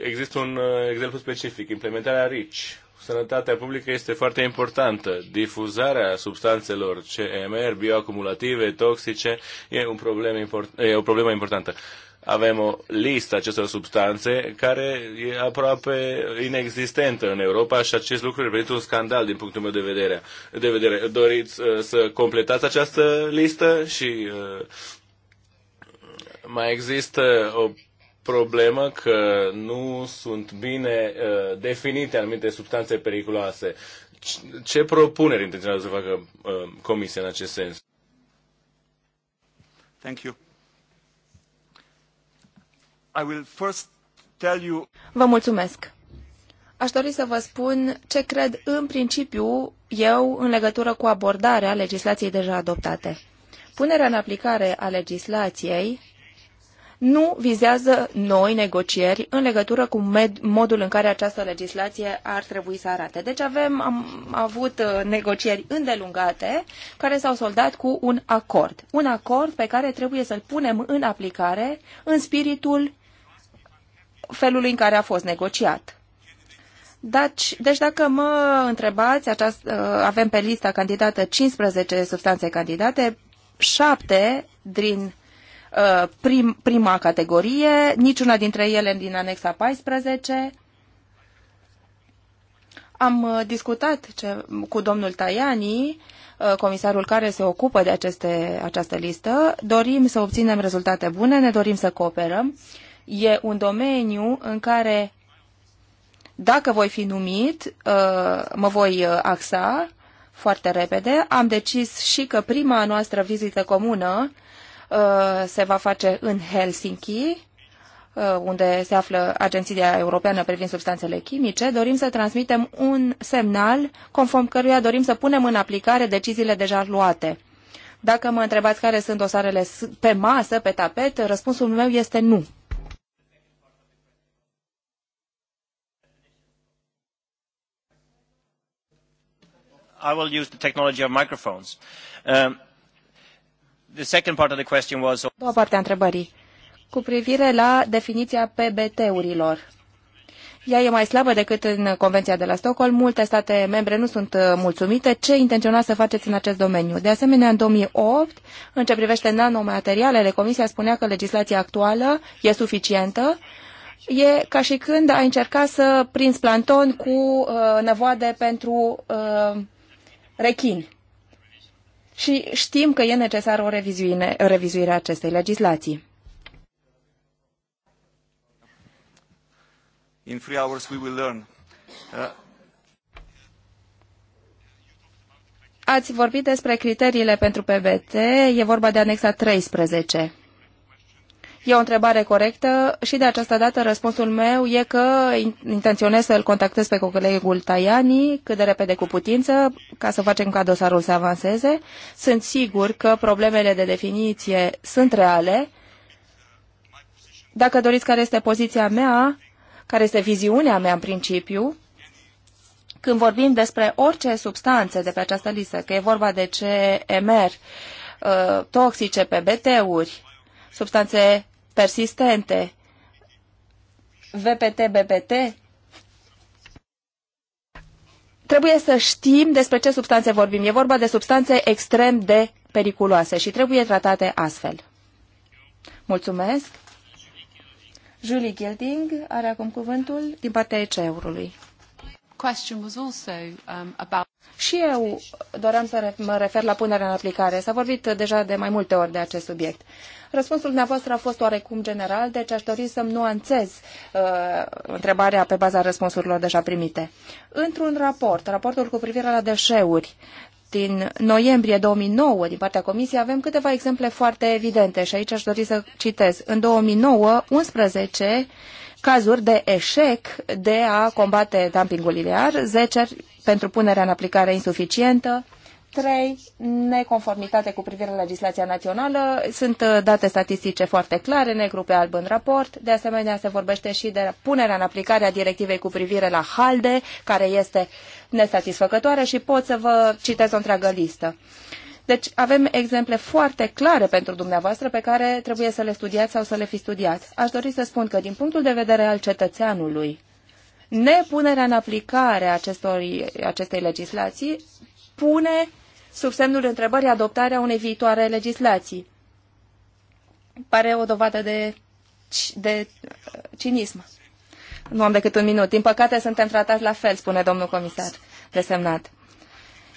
Există un uh, exemplu specific, implementarea REACH sănătatea publică este foarte importantă. Difuzarea substanțelor CMR, bioacumulative, toxice, e, un problem import- e o problemă importantă. Avem o listă acestor substanțe care e aproape inexistentă în Europa și acest lucru reprezintă un scandal din punctul meu de vedere. De vedere. Doriți uh, să completați această listă și uh, mai există o problemă că nu sunt bine uh, definite anumite substanțe periculoase. Ce propuneri intenționează să facă uh, Comisia în acest sens? Thank you. I will first tell you... Vă mulțumesc. Aș dori să vă spun ce cred în principiu eu în legătură cu abordarea legislației deja adoptate. Punerea în aplicare a legislației nu vizează noi negocieri în legătură cu modul în care această legislație ar trebui să arate. Deci avem, am avut uh, negocieri îndelungate care s-au soldat cu un acord. Un acord pe care trebuie să-l punem în aplicare în spiritul felului în care a fost negociat. Deci, deci dacă mă întrebați, aceast, uh, avem pe lista candidată 15 substanțe candidate, 7 din Uh, prim, prima categorie, niciuna dintre ele din anexa 14. Am uh, discutat ce, cu domnul Tajani, uh, comisarul care se ocupă de aceste, această listă. Dorim să obținem rezultate bune, ne dorim să cooperăm. E un domeniu în care, dacă voi fi numit, mă voi axa foarte repede. Am decis și că prima noastră vizită comună Uh, se va face în Helsinki, uh, unde se află Agenția Europeană privind substanțele chimice, dorim să transmitem un semnal conform căruia dorim să punem în aplicare deciziile deja luate. Dacă mă întrebați care sunt dosarele pe masă, pe tapet, răspunsul meu este nu. I will use the technology of microphones. Um, the second part of the question was... Doua parte a întrebării. Cu privire la definiția PBT-urilor. Ea e mai slabă decât în Convenția de la Stockholm. Multe state membre nu sunt uh, mulțumite. Ce intenționați să faceți în acest domeniu? De asemenea, în 2008, în ce privește nanomaterialele, Comisia spunea că legislația actuală e suficientă. E ca și când a încercat să prinzi planton cu uh, nevoade pentru uh, rechini și știm că e necesară o revizuire, revizuire a acestei legislații. In three hours we will learn. Uh... Ați vorbit despre criteriile pentru PBT, e vorba de anexa 13. E o întrebare corectă și de această dată răspunsul meu e că intenționez să l contactez pe colegul Tajani cât de repede cu putință ca să facem ca dosarul să avanseze. Sunt sigur că problemele de definiție sunt reale. Dacă doriți care este poziția mea, care este viziunea mea în principiu, când vorbim despre orice substanțe de pe această listă, că e vorba de CMR, uh, toxice, PBT-uri, substanțe persistente, VPT-BPT, trebuie să știm despre ce substanțe vorbim. E vorba de substanțe extrem de periculoase și trebuie tratate astfel. Mulțumesc! Julie Gilding are acum cuvântul din partea ECE-ului question was also um, about și eu doream să mă refer la punerea în aplicare. S-a vorbit deja de mai multe ori de acest subiect. Răspunsul dumneavoastră a fost oarecum general, deci aș dori să-mi nuanțez uh, întrebarea pe baza răspunsurilor deja primite. Într-un raport, raportul cu privire la deșeuri, din noiembrie 2009 din partea Comisiei avem câteva exemple foarte evidente și aici aș dori să citez. În 2009, 11 cazuri de eșec de a combate dumpingul iliar, 10 pentru punerea în aplicare insuficientă, 3. Neconformitate cu privire la legislația națională. Sunt uh, date statistice foarte clare, negru pe alb în raport. De asemenea, se vorbește și de punerea în aplicare a directivei cu privire la halde, care este nesatisfăcătoare și pot să vă citesc o întreagă listă. Uh, deci avem exemple foarte clare pentru dumneavoastră pe care trebuie să le studiați sau să le fi studiat. Aș dori să spun că din punctul de vedere al cetățeanului, nepunerea în aplicare a acestor, acestei legislații pune sub semnul întrebării adoptarea unei viitoare legislații. Pare o dovadă de, de uh, cinism. Nu am decât un minut. Din păcate suntem tratați la fel, spune domnul comisar desemnat.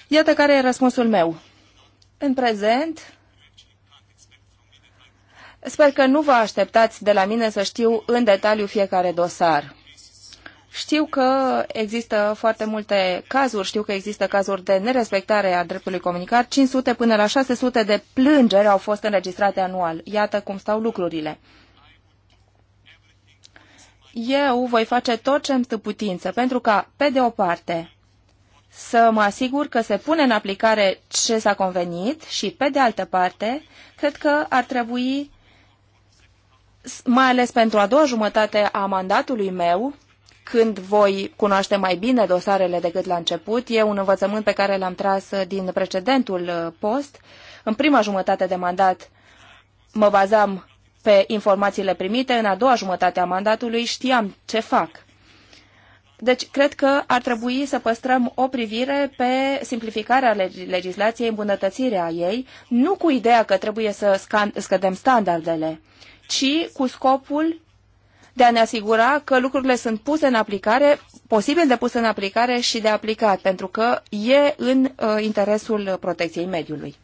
Iată care e răspunsul meu. În prezent, sper că nu vă așteptați de la mine să știu în detaliu fiecare dosar. Știu că există foarte multe cazuri, știu că există cazuri de nerespectare a dreptului comunicar. 500 până la 600 de plângeri au fost înregistrate anual. Iată cum stau lucrurile. Eu voi face tot ce îmi stă putință pentru ca, pe de o parte, să mă asigur că se pune în aplicare ce s-a convenit și, pe de altă parte, cred că ar trebui, mai ales pentru a doua jumătate a mandatului meu, când voi cunoaște mai bine dosarele decât la început, e un învățământ pe care l-am tras din precedentul uh, post. În prima jumătate de mandat mă bazam pe informațiile primite, în a doua jumătate a mandatului știam ce fac. Deci, cred că ar trebui să păstrăm o privire pe simplificarea legislației, îmbunătățirea ei, nu cu ideea că trebuie să scădem standardele, ci cu scopul de a ne asigura că lucrurile sunt puse în aplicare, posibil de puse în aplicare și de aplicat, pentru că e în uh, interesul protecției mediului.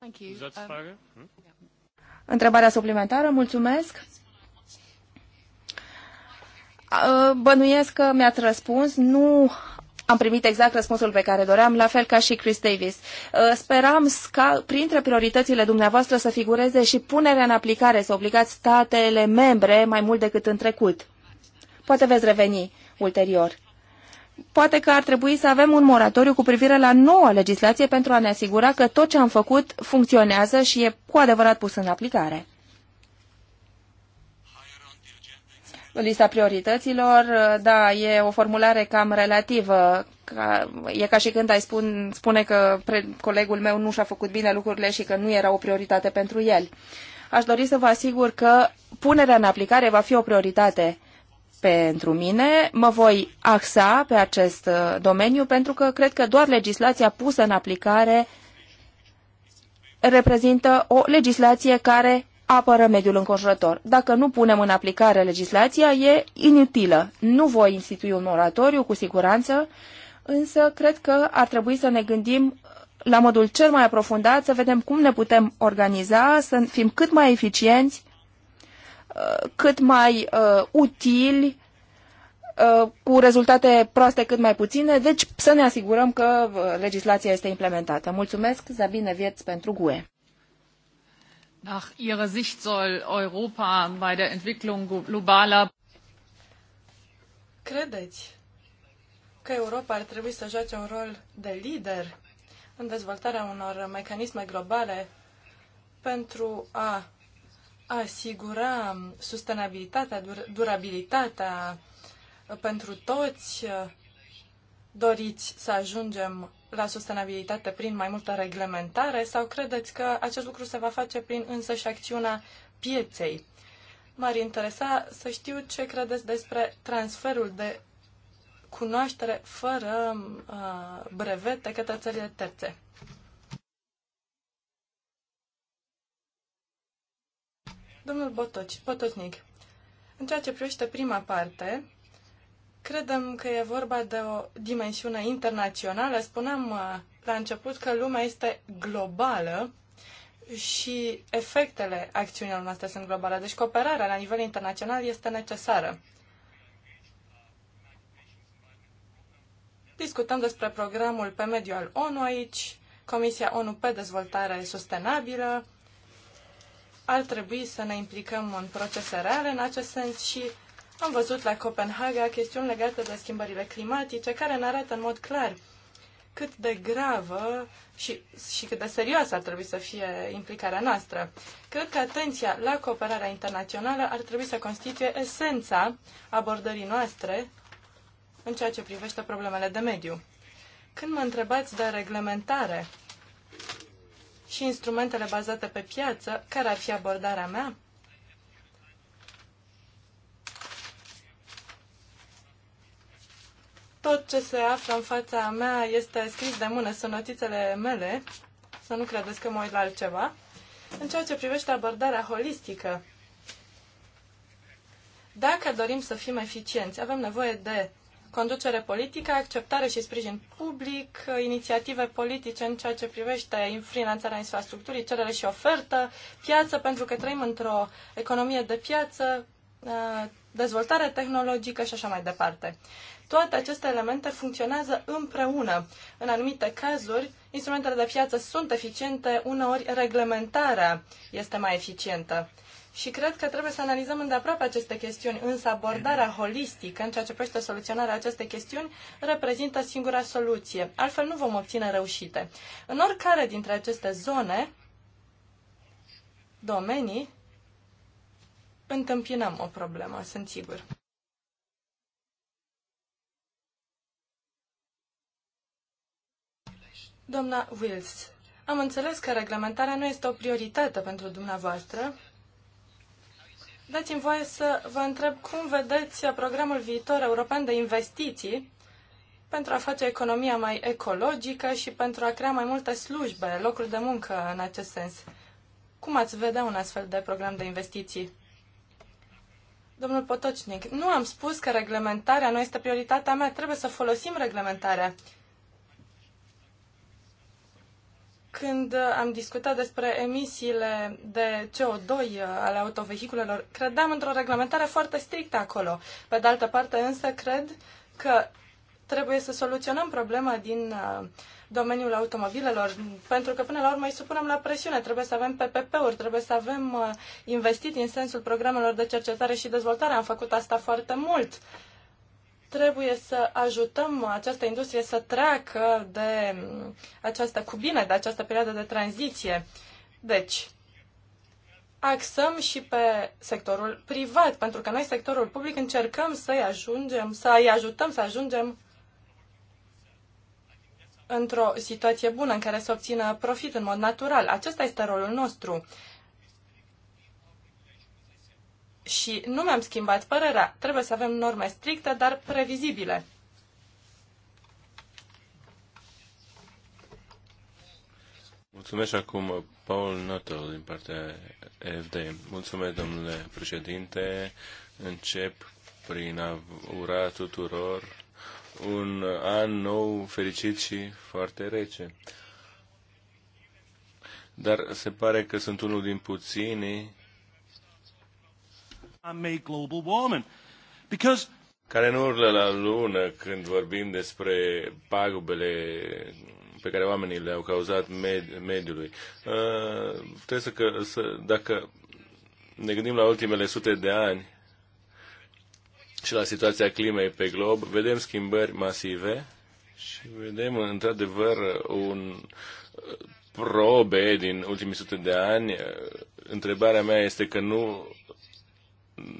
Um, hmm? Întrebarea suplimentară, mulțumesc. Uh, bănuiesc că mi-ați răspuns. Nu am primit exact răspunsul pe care doream, la fel ca și Chris Davis. Uh, speram ca printre prioritățile dumneavoastră să figureze și punerea în aplicare, să obligați statele membre mai mult decât în trecut. Poate veți reveni ulterior. Poate că ar trebui să avem un moratoriu cu privire la noua legislație pentru a ne asigura că tot ce am făcut funcționează și e cu adevărat pus în aplicare. lista priorităților, da, e o formulare cam relativă. Ca, e ca și când ai spun, spune că pre, colegul meu nu și-a făcut bine lucrurile și că nu era o prioritate pentru el. Aș dori să vă asigur că punerea în aplicare va fi o prioritate pentru mine. Mă voi axa pe acest uh, domeniu pentru că cred că doar legislația pusă în aplicare reprezintă o legislație care apără mediul înconjurător. Dacă nu punem în aplicare legislația, e inutilă. Nu voi institui un moratoriu, cu siguranță, însă cred că ar trebui să ne gândim la modul cel mai aprofundat, să vedem cum ne putem organiza, să fim cât mai eficienți, uh, cât mai uh, utili, uh, cu rezultate proaste cât mai puține, deci să ne asigurăm că uh, legislația este implementată. Mulțumesc, Zabine Vieț, pentru GUE. Nach Ihrer Sicht soll Europa bei der Entwicklung globaler Credeți că Europa ar trebui să joace un rol de lider în dezvoltarea unor mecanisme globale pentru a asigura sustenabilitatea, durabilitatea pentru toți doriți să ajungem la sustenabilitate prin mai multă reglementare sau credeți că acest lucru se va face prin însăși acțiunea pieței? M-ar interesa să știu ce credeți despre transferul de cunoaștere fără uh, brevete către țările terțe. Domnul Botoci, Botocnic, în ceea ce privește prima parte, Credem că e vorba de o dimensiune internațională. Spuneam uh, la început că lumea este globală și efectele acțiunilor noastre sunt globale. Deci cooperarea la nivel internațional este necesară. Discutăm despre programul pe mediu al ONU aici, Comisia ONU pe dezvoltare sustenabilă. Ar trebui să ne implicăm în procese reale în acest sens și am văzut la Copenhaga chestiuni legate de schimbările climatice care ne arată în mod clar cât de gravă și, și cât de serioasă ar trebui să fie implicarea noastră. Cred că atenția la cooperarea internațională ar trebui să constituie esența abordării noastre în ceea ce privește problemele de mediu. Când mă întrebați de reglementare și instrumentele bazate pe piață, care ar fi abordarea mea? Tot ce se află în fața mea este scris de mână, sunt notițele mele, să nu credeți că mă uit la altceva. În ceea ce privește abordarea holistică, dacă dorim să fim eficienți, avem nevoie de conducere politică, acceptare și sprijin public, inițiative politice în ceea ce privește finanțarea infrastructurii, cerere și ofertă, piață, pentru că trăim într-o economie de piață, dezvoltare tehnologică și așa mai departe. Toate aceste elemente funcționează împreună. În anumite cazuri, instrumentele de piață sunt eficiente, uneori reglementarea este mai eficientă. Și cred că trebuie să analizăm îndeaproape aceste chestiuni, însă abordarea holistică în ceea ce privește soluționarea acestei chestiuni reprezintă singura soluție. Altfel nu vom obține reușite. În oricare dintre aceste zone, domenii, întâmpinăm o problemă, sunt sigur. Doamna Wills, am înțeles că reglementarea nu este o prioritate pentru dumneavoastră. Dați-mi voie să vă întreb cum vedeți programul viitor european de investiții pentru a face economia mai ecologică și pentru a crea mai multe slujbe, locuri de muncă în acest sens. Cum ați vedea un astfel de program de investiții? Domnul Potocnic, nu am spus că reglementarea nu este prioritatea mea, trebuie să folosim reglementarea. Când am discutat despre emisiile de CO2 ale autovehiculelor, credeam într-o reglementare foarte strictă acolo. Pe de altă parte, însă, cred că trebuie să soluționăm problema din uh, domeniul automobilelor, pentru că până la urmă îi supunem la presiune. Trebuie să avem PPP-uri, trebuie să avem uh, investit în sensul programelor de cercetare și dezvoltare. Am făcut asta foarte mult. Trebuie să ajutăm această industrie să treacă de această cubine, de această perioadă de tranziție. Deci, axăm și pe sectorul privat, pentru că noi, sectorul public, încercăm să-i ajungem, să-i ajutăm să ajungem într-o situație bună în care să obțină profit în mod natural. Acesta este rolul nostru. Și nu mi-am schimbat părerea. Trebuie să avem norme stricte, dar previzibile. Mulțumesc acum Paul Nuttall din partea FD. Mulțumesc, domnule președinte. Încep prin a ura tuturor un an nou fericit și foarte rece. Dar se pare că sunt unul din puținii care nu urlă la lună când vorbim despre pagubele pe care oamenii le-au cauzat med- mediului. Uh, trebuie să, că, să, dacă ne gândim la ultimele sute de ani și la situația climei pe glob, vedem schimbări masive și vedem într-adevăr un uh, probe din ultimii sute de ani. Uh, întrebarea mea este că nu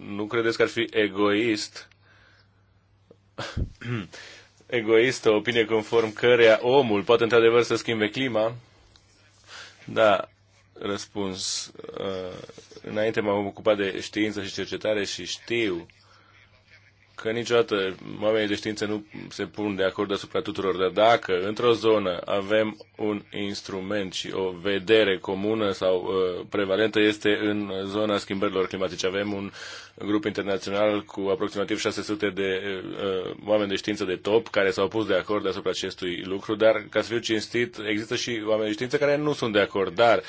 nu credeți că ar fi egoist egoistă opinie conform căreia omul poate într-adevăr să schimbe clima? Da, răspuns. Uh, înainte m-am ocupat de știință și cercetare și știu că niciodată oamenii de știință nu se pun de acord asupra tuturor, dar dacă într-o zonă avem un instrument și o vedere comună sau uh, prevalentă este în zona schimbărilor climatice. Avem un grup internațional cu aproximativ 600 de uh, uh, oameni de știință de top care s-au pus de acord asupra acestui lucru, dar ca să fiu cinstit, există și oameni de știință care nu sunt de acord, dar uh,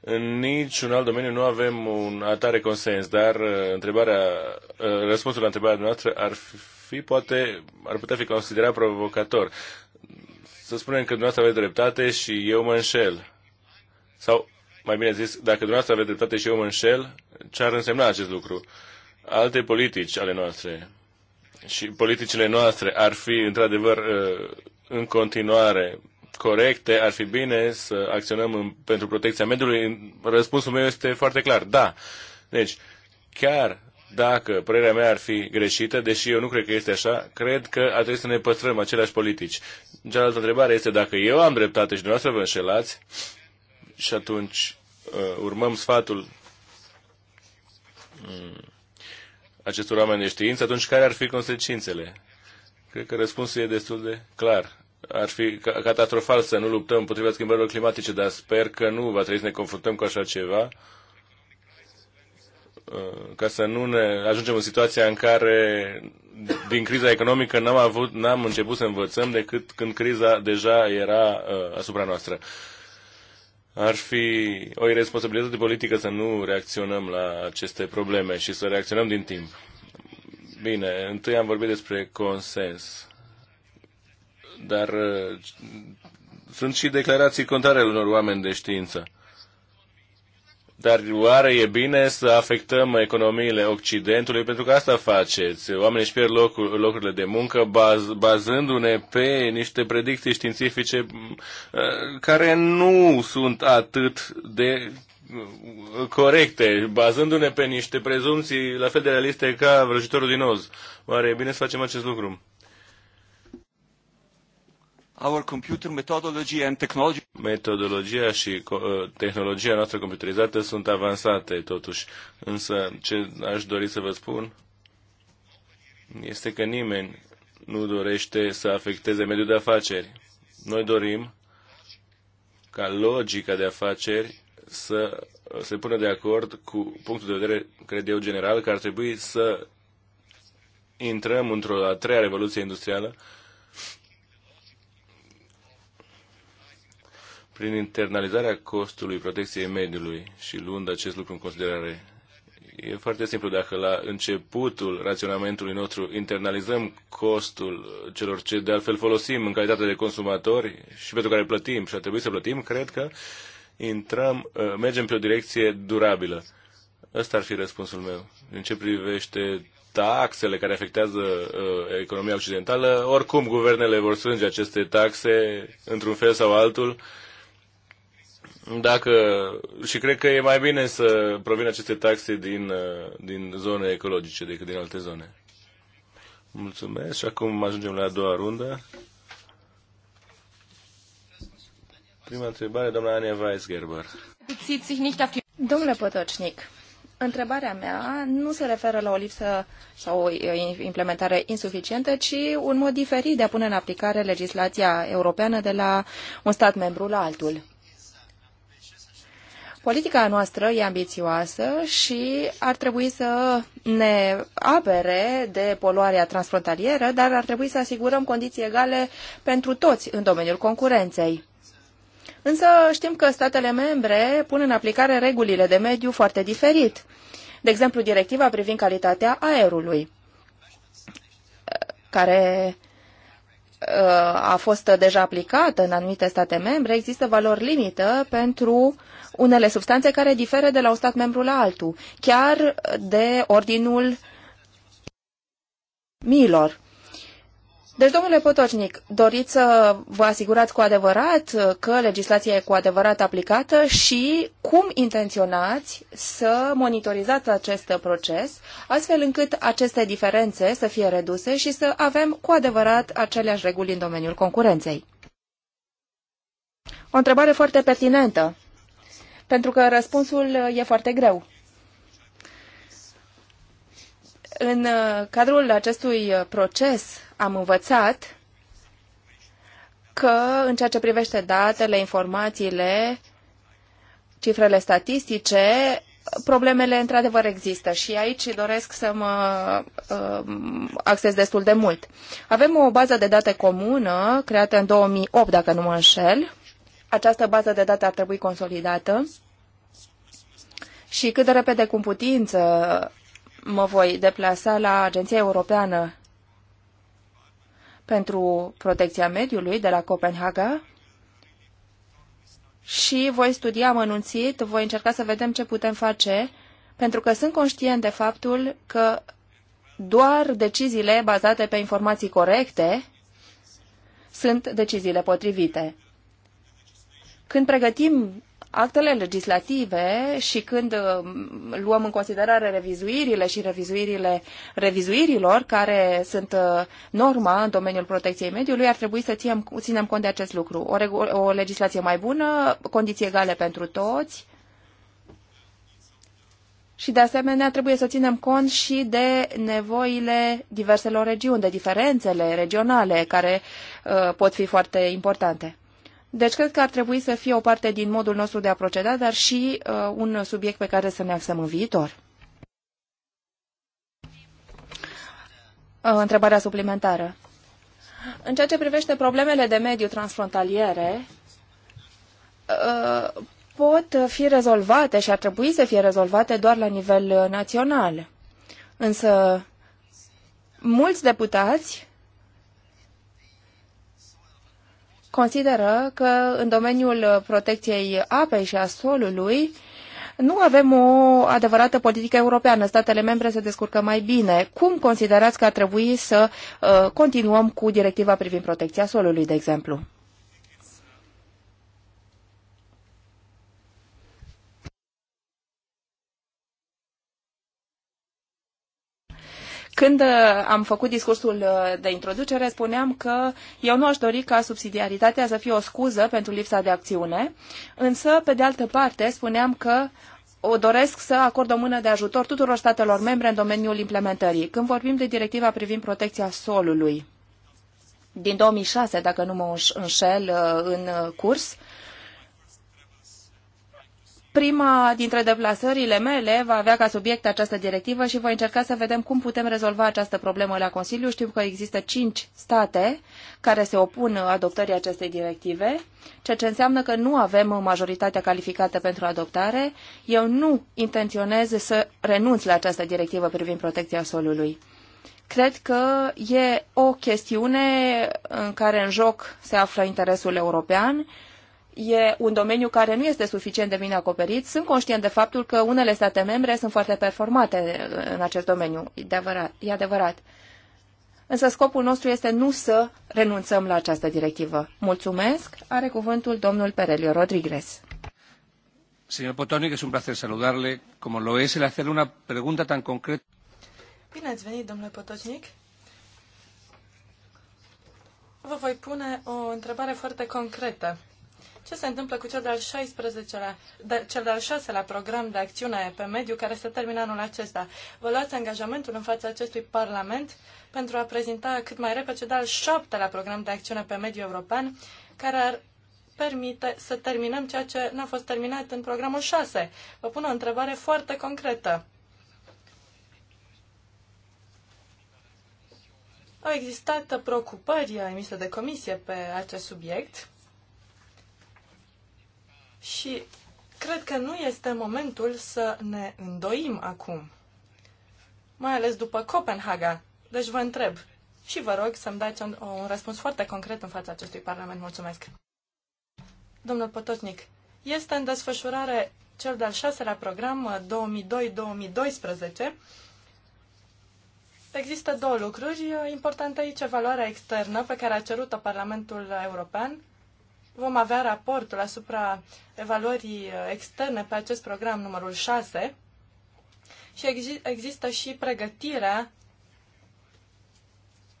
în niciun alt domeniu nu avem un atare consens, dar uh, întrebarea, uh, răspunsul la întrebarea noastră ar fi, poate, ar putea fi considerat provocator. Să spunem că dumneavoastră aveți dreptate și eu mă înșel. Sau, mai bine zis, dacă dumneavoastră aveți dreptate și eu mă înșel, ce ar însemna acest lucru? Alte politici ale noastre și politicile noastre ar fi, într-adevăr, uh, în continuare corecte, ar fi bine să acționăm în, pentru protecția mediului? Răspunsul meu este foarte clar, da. Deci, chiar dacă părerea mea ar fi greșită, deși eu nu cred că este așa, cred că ar trebui să ne păstrăm aceleași politici. Cealaltă întrebare este dacă eu am dreptate și dumneavoastră vă înșelați și atunci uh, urmăm sfatul um, acestor oameni de știință, atunci care ar fi consecințele? Cred că răspunsul e destul de clar ar fi catastrofal să nu luptăm împotriva schimbărilor climatice, dar sper că nu va trebui să ne confruntăm cu așa ceva uh, ca să nu ne ajungem în situația în care din criza economică n-am, avut, n-am început să învățăm decât când criza deja era uh, asupra noastră. Ar fi o irresponsabilitate politică să nu reacționăm la aceste probleme și să reacționăm din timp. Bine, întâi am vorbit despre consens dar uh, sunt și declarații contrare unor oameni de știință. Dar oare e bine să afectăm economiile Occidentului? Pentru că asta faceți. Oamenii își pierd locul, locurile de muncă baz, bazându-ne pe niște predicții științifice uh, care nu sunt atât de uh, corecte, bazându-ne pe niște prezumții la fel de realiste ca vrăjitorul din Oz. Oare e bine să facem acest lucru? our computer methodology and technology. Metodologia și uh, tehnologia noastră computerizată sunt avansate totuși, însă ce aș dori să vă spun este că nimeni nu dorește să afecteze mediul de afaceri. Noi dorim ca logica de afaceri să se pună de acord cu punctul de vedere, cred eu, general, că ar trebui să intrăm într-o a treia revoluție industrială, prin internalizarea costului protecției mediului și luând acest lucru în considerare. E foarte simplu, dacă la începutul raționamentului nostru internalizăm costul celor ce de altfel folosim în calitate de consumatori și pentru care plătim și ar trebui să plătim, cred că intrăm, uh, mergem pe o direcție durabilă. Ăsta ar fi răspunsul meu. În ce privește taxele care afectează uh, economia occidentală, oricum guvernele vor strânge aceste taxe într-un fel sau altul dacă, și cred că e mai bine să provină aceste taxe din, uh, din zone ecologice decât din alte zone. Mulțumesc și acum ajungem la a doua rundă. Prima întrebare, doamna Ania Weisgerber. Domnule Pătocnic, întrebarea mea nu se referă la o lipsă sau o uh, implementare insuficientă, ci un mod diferit de a pune în aplicare legislația europeană de la un stat membru la altul. Politica noastră e ambițioasă și ar trebui să ne apere de poluarea transfrontalieră, dar ar trebui să asigurăm condiții egale pentru toți în domeniul concurenței. Însă știm că statele membre pun în aplicare regulile de mediu foarte diferit. De exemplu, directiva privind calitatea aerului, care Uh, a fost deja aplicată în anumite state membre, există valori limită pentru unele substanțe care diferă de la un stat membru la altul, chiar de ordinul miilor. Deci, domnule Potocnic, doriți să vă asigurați cu adevărat că legislația e cu adevărat aplicată și cum intenționați să monitorizați acest proces, astfel încât aceste diferențe să fie reduse și să avem cu adevărat aceleași reguli în domeniul concurenței? O întrebare foarte pertinentă, pentru că răspunsul e foarte greu. În uh, cadrul acestui uh, proces am învățat că în ceea ce privește datele, informațiile, cifrele statistice, problemele într-adevăr există și aici doresc să mă uh, acces destul de mult. Avem o bază de date comună creată în 2008, dacă nu mă înșel. Această bază de date ar trebui consolidată și cât de repede cu putință mă voi deplasa la Agenția Europeană pentru protecția mediului de la Copenhaga și voi studia amănunțit, voi încerca să vedem ce putem face, pentru că sunt conștient de faptul că doar deciziile bazate pe informații corecte sunt deciziile potrivite. Când pregătim actele legislative și când um, luăm în considerare revizuirile și revizuirile revizuirilor care sunt uh, norma în domeniul protecției mediului, ar trebui să ținem, ținem cont de acest lucru. O, o legislație mai bună, condiții egale pentru toți și de asemenea trebuie să ținem cont și de nevoile diverselor regiuni, de diferențele regionale care uh, pot fi foarte importante. Deci cred că ar trebui să fie o parte din modul nostru de a proceda, dar și uh, un subiect pe care să ne axăm în viitor. Uh, întrebarea suplimentară. În ceea ce privește problemele de mediu transfrontaliere, uh, pot fi rezolvate și ar trebui să fie rezolvate doar la nivel uh, național. Însă, mulți deputați consideră că în domeniul protecției apei și a solului nu avem o adevărată politică europeană. Statele membre se descurcă mai bine. Cum considerați că ar trebui să uh, continuăm cu directiva privind protecția solului, de exemplu? Când uh, am făcut discursul uh, de introducere, spuneam că eu nu aș dori ca subsidiaritatea să fie o scuză pentru lipsa de acțiune, însă, pe de altă parte, spuneam că o doresc să acord o mână de ajutor tuturor statelor membre în domeniul implementării. Când vorbim de directiva privind protecția solului, din 2006, dacă nu mă înșel, uh, în curs, Prima dintre deplasările mele va avea ca subiect această directivă și voi încerca să vedem cum putem rezolva această problemă la Consiliu. Știm că există cinci state care se opun adoptării acestei directive, ceea ce înseamnă că nu avem majoritatea calificată pentru adoptare. Eu nu intenționez să renunț la această directivă privind protecția solului. Cred că e o chestiune în care în joc se află interesul european e un domeniu care nu este suficient de bine acoperit. Sunt conștient de faptul că unele state membre sunt foarte performate în acest domeniu. E adevărat. E adevărat. Însă scopul nostru este nu să renunțăm la această directivă. Mulțumesc. Are cuvântul domnul Perelio Rodriguez. Señor Potonic, es un placer saludarle, como lo es el hacerle una pregunta tan concreta. Bine ați venit, domnule Potocnic. Vă voi pune o întrebare foarte concretă ce se întâmplă cu cel de-al 16-lea, de, cel de-al 6-lea program de acțiune pe mediu care se termină anul acesta. Vă luați angajamentul în fața acestui Parlament pentru a prezenta cât mai repede de-al 7-lea program de acțiune pe mediu european care ar permite să terminăm ceea ce n-a fost terminat în programul 6. Vă pun o întrebare foarte concretă. Au existat preocupări emise de comisie pe acest subiect și cred că nu este momentul să ne îndoim acum, mai ales după Copenhaga. Deci vă întreb și vă rog să-mi dați un, un răspuns foarte concret în fața acestui Parlament. Mulțumesc! Domnul Potocnic, este în desfășurare cel de-al șaselea program 2002-2012. Uh, Există două lucruri importante aici, valoarea externă pe care a cerut-o Parlamentul European Vom avea raportul asupra evaluării uh, externe pe acest program numărul 6 și există și pregătirea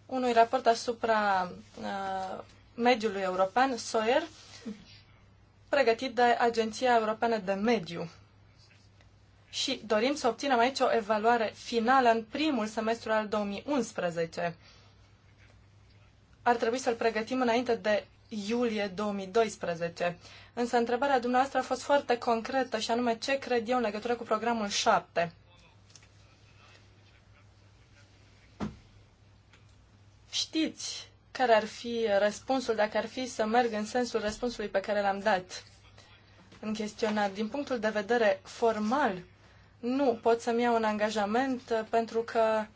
unui raport asupra uh, mediului european, SOER, pregătit de Agenția Europeană de Mediu. Și dorim să obținem aici o evaluare finală în primul semestru al 2011. Ar trebui să-l pregătim înainte de iulie 2012. Însă întrebarea dumneavoastră a fost foarte concretă și anume ce cred eu în legătură cu programul 7. Știți care ar fi răspunsul dacă ar fi să merg în sensul răspunsului pe care l-am dat în chestionar. Din punctul de vedere formal, nu pot să-mi iau un angajament uh, pentru că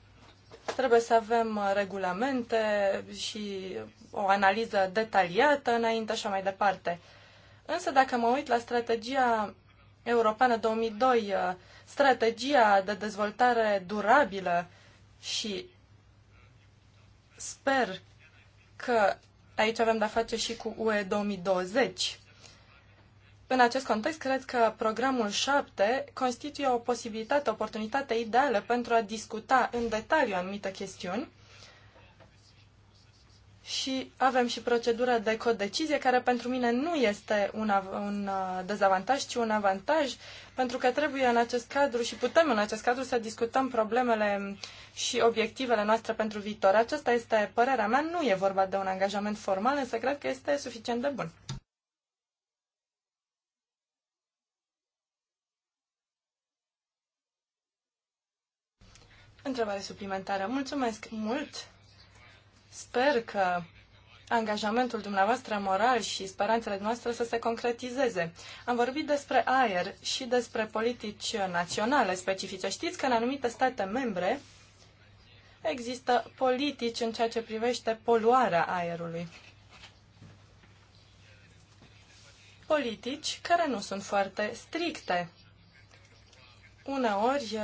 Trebuie să avem uh, regulamente și o analiză detaliată înainte și mai departe. Însă dacă mă uit la strategia europeană 2002, uh, strategia de dezvoltare durabilă și sper că aici avem de-a face și cu UE 2020. În acest context, cred că programul 7 constituie o posibilitate, o oportunitate ideală pentru a discuta în detaliu anumite chestiuni și avem și procedura de codecizie, care pentru mine nu este un, un uh, dezavantaj, ci un avantaj, pentru că trebuie în acest cadru și putem în acest cadru să discutăm problemele și obiectivele noastre pentru viitor. Aceasta este părerea mea, nu e vorba de un angajament formal, însă cred că este suficient de bun. Întrebare suplimentară. Mulțumesc mult! Sper că angajamentul dumneavoastră moral și speranțele noastre să se concretizeze. Am vorbit despre aer și despre politici naționale specifice. Știți că în anumite state membre există politici în ceea ce privește poluarea aerului. Politici care nu sunt foarte stricte. Uneori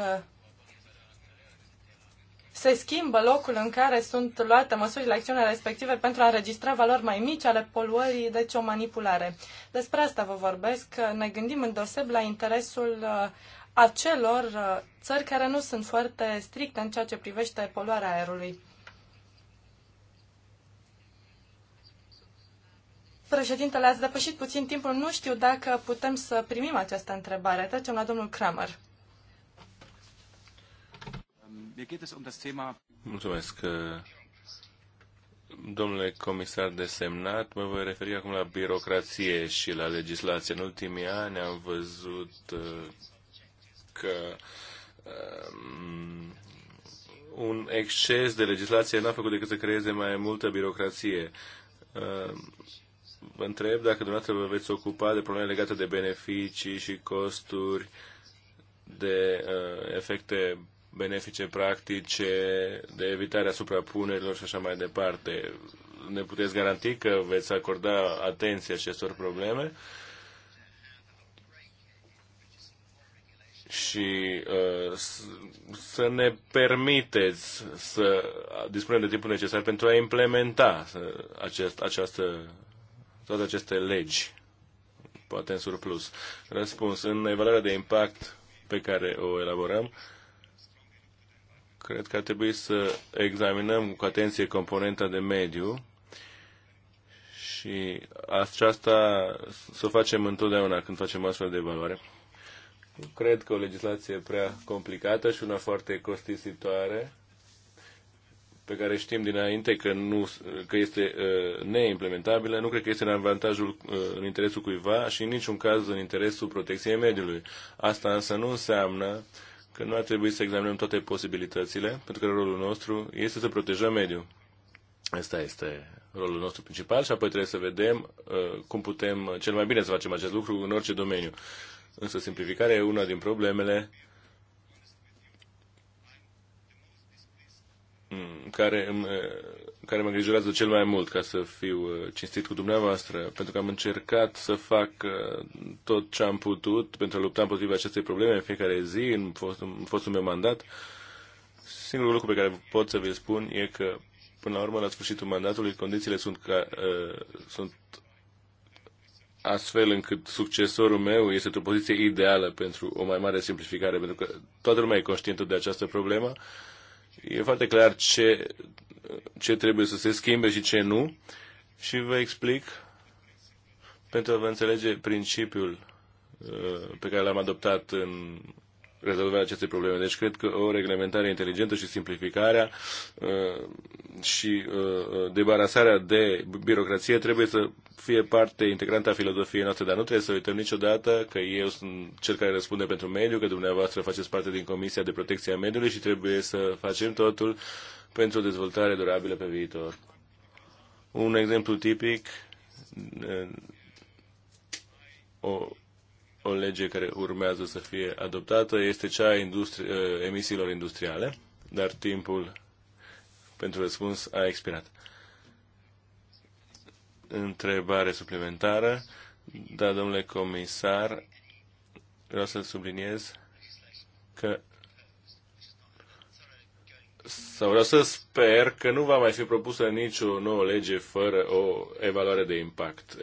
se schimbă locul în care sunt luate măsurile, acțiunile respective pentru a înregistra valori mai mici ale poluării, deci o manipulare. Despre asta vă vorbesc. Ne gândim îndoseb la interesul uh, acelor uh, țări care nu sunt foarte stricte în ceea ce privește poluarea aerului. Președintele, ați depășit puțin timpul. Nu știu dacă putem să primim această întrebare. Trecem la domnul Kramer. Um Mulțumesc. Domnule comisar desemnat, mă voi referi acum la birocrație și la legislație. În ultimii ani am văzut uh, că um, un exces de legislație n-a făcut decât să creeze mai multă birocrație. Uh, vă întreb dacă dumneavoastră vă veți ocupa de probleme legate de beneficii și costuri, de uh, efecte benefice practice de evitarea suprapunerilor și așa mai departe. Ne puteți garanti că veți acorda atenție acestor probleme? și uh, să ne permiteți să dispunem de timpul necesar pentru a implementa acest, această, toate aceste legi, poate în surplus. Răspuns. În evaluarea de impact pe care o elaborăm, cred că ar trebui să examinăm cu atenție componenta de mediu și aceasta să o facem întotdeauna când facem astfel de evaluare. Cred că o legislație prea complicată și una foarte costisitoare pe care știm dinainte că, nu, că este uh, neimplementabilă, nu cred că este în avantajul, uh, în interesul cuiva și în niciun caz în interesul protecției mediului. Asta însă nu înseamnă uh, că nu ar trebui să examinăm toate posibilitățile, pentru că rolul nostru este să protejăm mediul. Asta este rolul nostru principal și apoi trebuie să vedem uh, cum putem cel mai bine să facem acest lucru în orice domeniu. Însă simplificarea e una din problemele mm, care îmi uh, care mă îngrijorează cel mai mult, ca să fiu uh, cinstit cu dumneavoastră, pentru că am încercat să fac uh, tot ce am putut pentru a lupta împotriva acestei probleme în fiecare zi, în, fost, în fostul meu mandat. Singurul lucru pe care pot să vi-l spun e că, până la urmă, la sfârșitul mandatului, condițiile sunt, ca, uh, sunt astfel încât succesorul meu este într-o poziție ideală pentru o mai mare simplificare, pentru că toată lumea e conștientă de această problemă. E foarte clar ce ce trebuie să se schimbe și ce nu și vă explic pentru a vă înțelege principiul uh, pe care l-am adoptat în rezolvarea acestei probleme. Deci cred că o reglementare inteligentă și simplificarea uh, și uh, debarasarea de birocrație trebuie să fie parte integrantă a filozofiei noastre, dar nu trebuie să uităm niciodată că eu sunt cel care răspunde pentru mediu, că dumneavoastră faceți parte din Comisia de Protecție a Mediului și trebuie să facem totul pentru o dezvoltare durabilă pe viitor. Un exemplu tipic, o, o lege care urmează să fie adoptată este cea a industri- ă, emisiilor industriale, dar timpul pentru răspuns a expirat. Întrebare suplimentară. Da, domnule comisar, vreau să subliniez că sau vreau să sper că nu va mai fi propusă nicio nouă lege fără o evaluare de impact.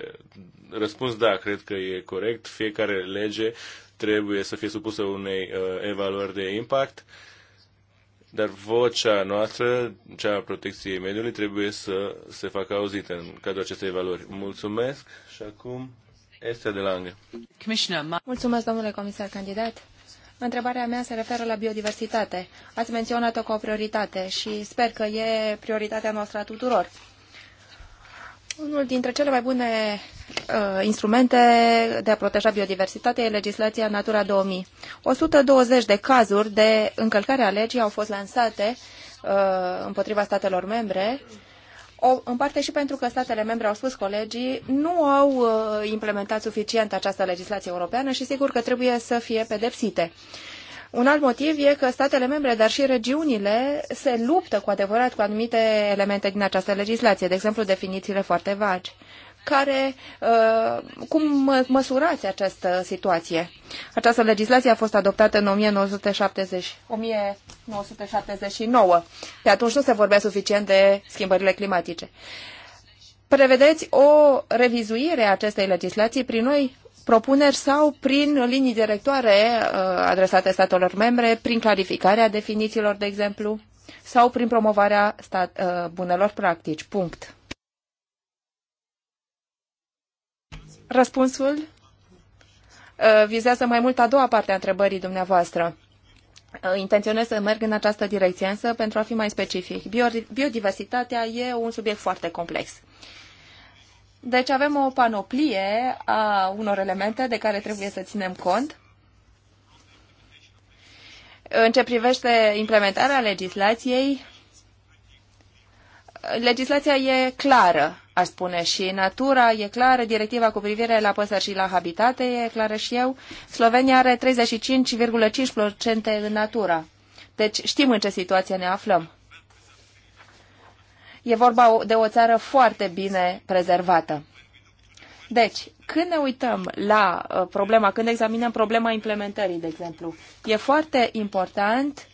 Răspuns da, cred că e corect. Fiecare lege trebuie să fie supusă unei uh, evaluări de impact, dar vocea noastră, cea a protecției mediului, trebuie să se facă auzită în cadrul acestei evaluări. Mulțumesc și acum este de langă. Mulțumesc, domnule comisar candidat. Întrebarea mea se referă la biodiversitate. Ați menționat-o ca o prioritate și sper că e prioritatea noastră a tuturor. Unul dintre cele mai bune uh, instrumente de a proteja biodiversitatea e legislația Natura 2000. 120 de cazuri de încălcare a legii au fost lansate uh, împotriva statelor membre uh, o, în parte și pentru că statele membre, au spus colegii, nu au uh, implementat suficient această legislație europeană și sigur că trebuie să fie pedepsite. Un alt motiv e că statele membre, dar și regiunile, se luptă cu adevărat cu anumite elemente din această legislație, de exemplu definițiile foarte vagi care, uh, cum măsurați această situație? Această legislație a fost adoptată în 1970, 1979. Pe atunci nu se vorbea suficient de schimbările climatice. Prevedeți o revizuire a acestei legislații prin noi propuneri sau prin linii directoare uh, adresate statelor membre, prin clarificarea definițiilor, de exemplu, sau prin promovarea stat, uh, bunelor practici. Punct. Răspunsul uh, vizează mai mult a doua parte a întrebării dumneavoastră. Uh, intenționez să merg în această direcție, însă, pentru a fi mai specific. Biodiversitatea e un subiect foarte complex. Deci avem o panoplie a unor elemente de care trebuie să ținem cont. În ce privește implementarea legislației, legislația e clară, aș spune, și natura e clară, directiva cu privire la păsări și la habitate e clară și eu. Slovenia are 35,5% în natura. Deci știm în ce situație ne aflăm. E vorba de o țară foarte bine prezervată. Deci, când ne uităm la uh, problema, când examinăm problema implementării, de exemplu, e foarte important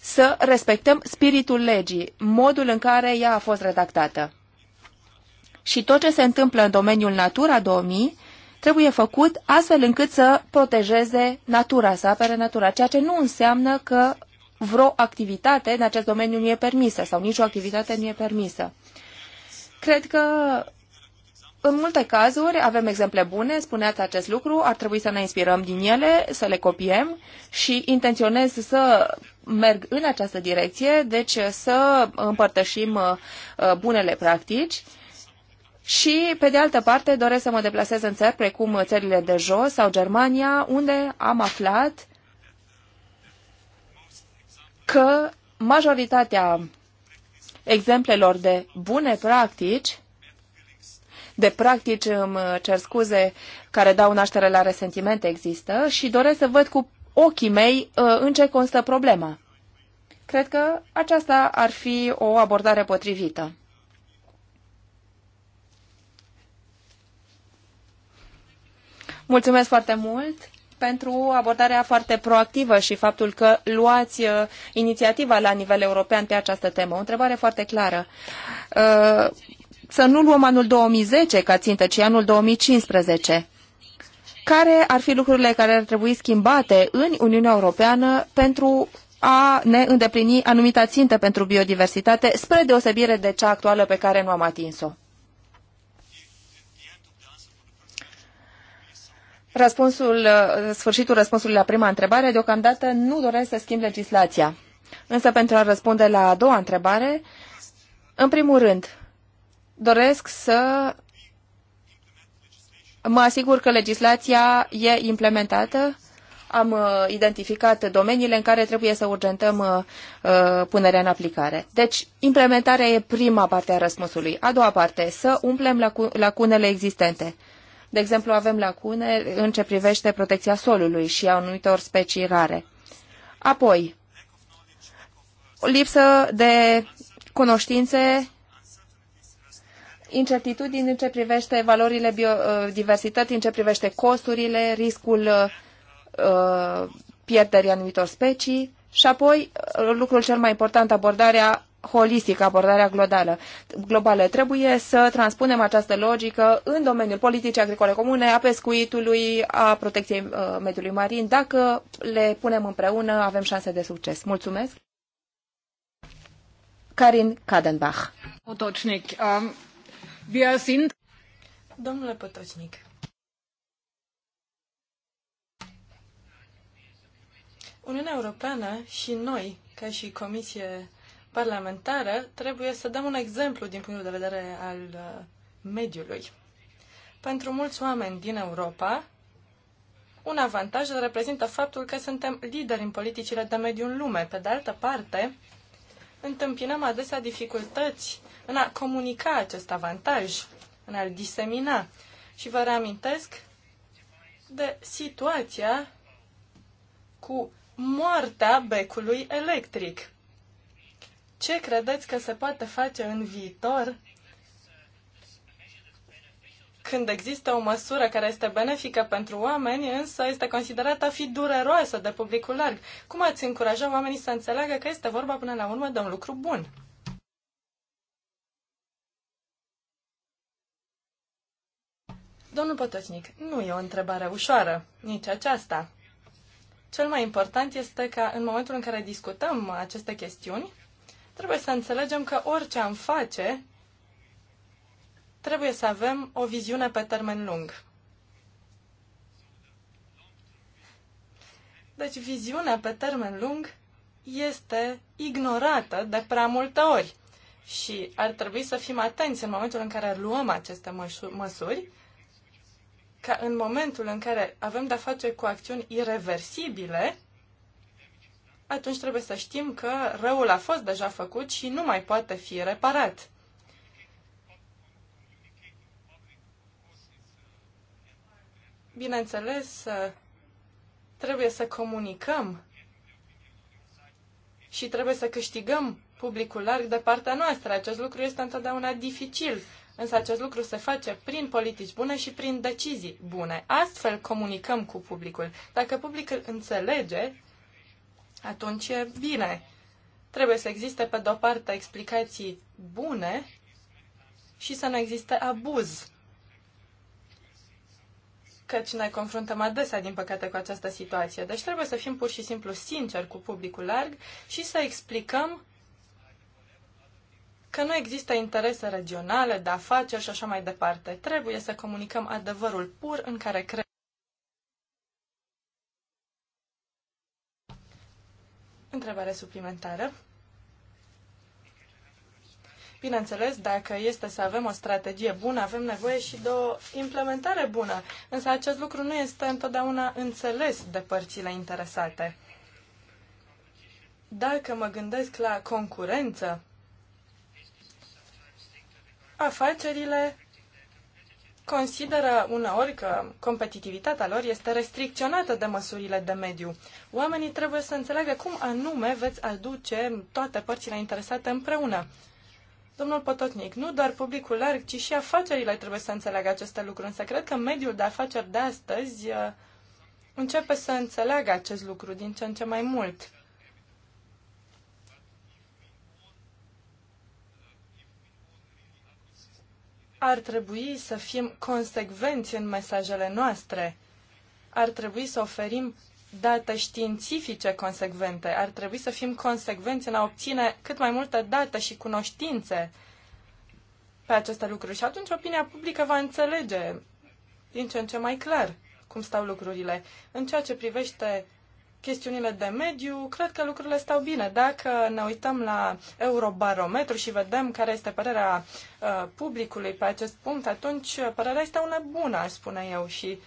să respectăm spiritul legii, modul în care ea a fost redactată. Și tot ce se întâmplă în domeniul Natura 2000 trebuie făcut astfel încât să protejeze natura, să apere natura, ceea ce nu înseamnă că vreo activitate în acest domeniu nu e permisă sau nicio activitate nu e permisă. Cred că în multe cazuri avem exemple bune, spuneați acest lucru, ar trebui să ne inspirăm din ele, să le copiem și intenționez să merg în această direcție, deci să împărtășim uh, uh, bunele practici. Și, pe de altă parte, doresc să mă deplasez în țări precum țările de jos sau Germania, unde am aflat că majoritatea exemplelor de bune practici de practici, îmi cer scuze, care dau naștere la resentimente există și doresc să văd cu ochii mei uh, în ce constă problema. Cred că aceasta ar fi o abordare potrivită. Mulțumesc foarte mult pentru abordarea foarte proactivă și faptul că luați uh, inițiativa la nivel european pe această temă. O întrebare foarte clară. Uh, să nu luăm anul 2010 ca țintă, ci anul 2015. Care ar fi lucrurile care ar trebui schimbate în Uniunea Europeană pentru a ne îndeplini anumita țintă pentru biodiversitate, spre deosebire de cea actuală pe care nu am atins-o? Răspunsul, sfârșitul răspunsului la prima întrebare, deocamdată nu doresc să schimb legislația. Însă pentru a răspunde la a doua întrebare, în primul rând, doresc să mă asigur că legislația e implementată. Am uh, identificat domeniile în care trebuie să urgentăm uh, uh, punerea în aplicare. Deci, implementarea e prima parte a răspunsului. A doua parte, să umplem lacunele existente. De exemplu, avem lacune în ce privește protecția solului și a anumitor specii rare. Apoi, lipsă de cunoștințe incertitudini în ce privește valorile biodiversității, uh, în ce privește costurile, riscul uh, uh, pierderii anumitor specii și apoi lucrul cel mai important, abordarea holistică, abordarea globală. globală. Trebuie să transpunem această logică în domeniul politicii agricole comune, a pescuitului, a protecției mediului marin. Dacă le punem împreună, avem șanse de succes. Mulțumesc! Karin Kadenbach. Potočnik, um... Wir sind... Domnule Potocnic, Uniunea Europeană și noi, ca și Comisie Parlamentară, trebuie să dăm un exemplu din punctul de vedere al uh, mediului. Pentru mulți oameni din Europa, un avantaj reprezintă faptul că suntem lideri în politicile de mediu în lume. Pe de altă parte, întâmpinăm adesea dificultăți în a comunica acest avantaj, în a-l disemina. Și vă reamintesc de situația cu moartea becului electric. Ce credeți că se poate face în viitor când există o măsură care este benefică pentru oameni, însă este considerată a fi dureroasă de publicul larg? Cum ați încuraja oamenii să înțeleagă că este vorba până la urmă de un lucru bun? Domnul Potocnic, nu e o întrebare ușoară, nici aceasta. Cel mai important este că în momentul în care discutăm aceste chestiuni, trebuie să înțelegem că orice am face, trebuie să avem o viziune pe termen lung. Deci viziunea pe termen lung este ignorată de prea multe ori și ar trebui să fim atenți în momentul în care luăm aceste măsuri ca în momentul în care avem de-a face cu acțiuni irreversibile, atunci trebuie să știm că răul a fost deja făcut și nu mai poate fi reparat. Bineînțeles, trebuie să comunicăm și trebuie să câștigăm publicul larg de partea noastră. Acest lucru este întotdeauna dificil, Însă acest lucru se face prin politici bune și prin decizii bune. Astfel comunicăm cu publicul. Dacă publicul înțelege, atunci e bine. Trebuie să existe, pe de-o parte, explicații bune și să nu existe abuz. Căci ne confruntăm adesea, din păcate, cu această situație. Deci trebuie să fim pur și simplu sinceri cu publicul larg și să explicăm că nu există interese regionale, de afaceri și așa mai departe. Trebuie să comunicăm adevărul pur în care credem. Întrebare suplimentară. Bineînțeles, dacă este să avem o strategie bună, avem nevoie și de o implementare bună, însă acest lucru nu este întotdeauna înțeles de părțile interesate. Dacă mă gândesc la concurență, afacerile consideră uneori că competitivitatea lor este restricționată de măsurile de mediu. Oamenii trebuie să înțeleagă cum anume veți aduce toate părțile interesate împreună. Domnul Pototnic, nu doar publicul larg, ci și afacerile trebuie să înțeleagă aceste lucruri. Însă cred că mediul de afaceri de astăzi uh, începe să înțeleagă acest lucru din ce în ce mai mult. ar trebui să fim consecvenți în mesajele noastre. Ar trebui să oferim date științifice consecvente. Ar trebui să fim consecvenți în a obține cât mai multă dată și cunoștințe pe aceste lucruri. Și atunci opinia publică va înțelege din ce în ce mai clar cum stau lucrurile. În ceea ce privește chestiunile de mediu, cred că lucrurile stau bine. Dacă ne uităm la Eurobarometru și vedem care este părerea uh, publicului pe acest punct, atunci uh, părerea este una bună, aș spune eu, și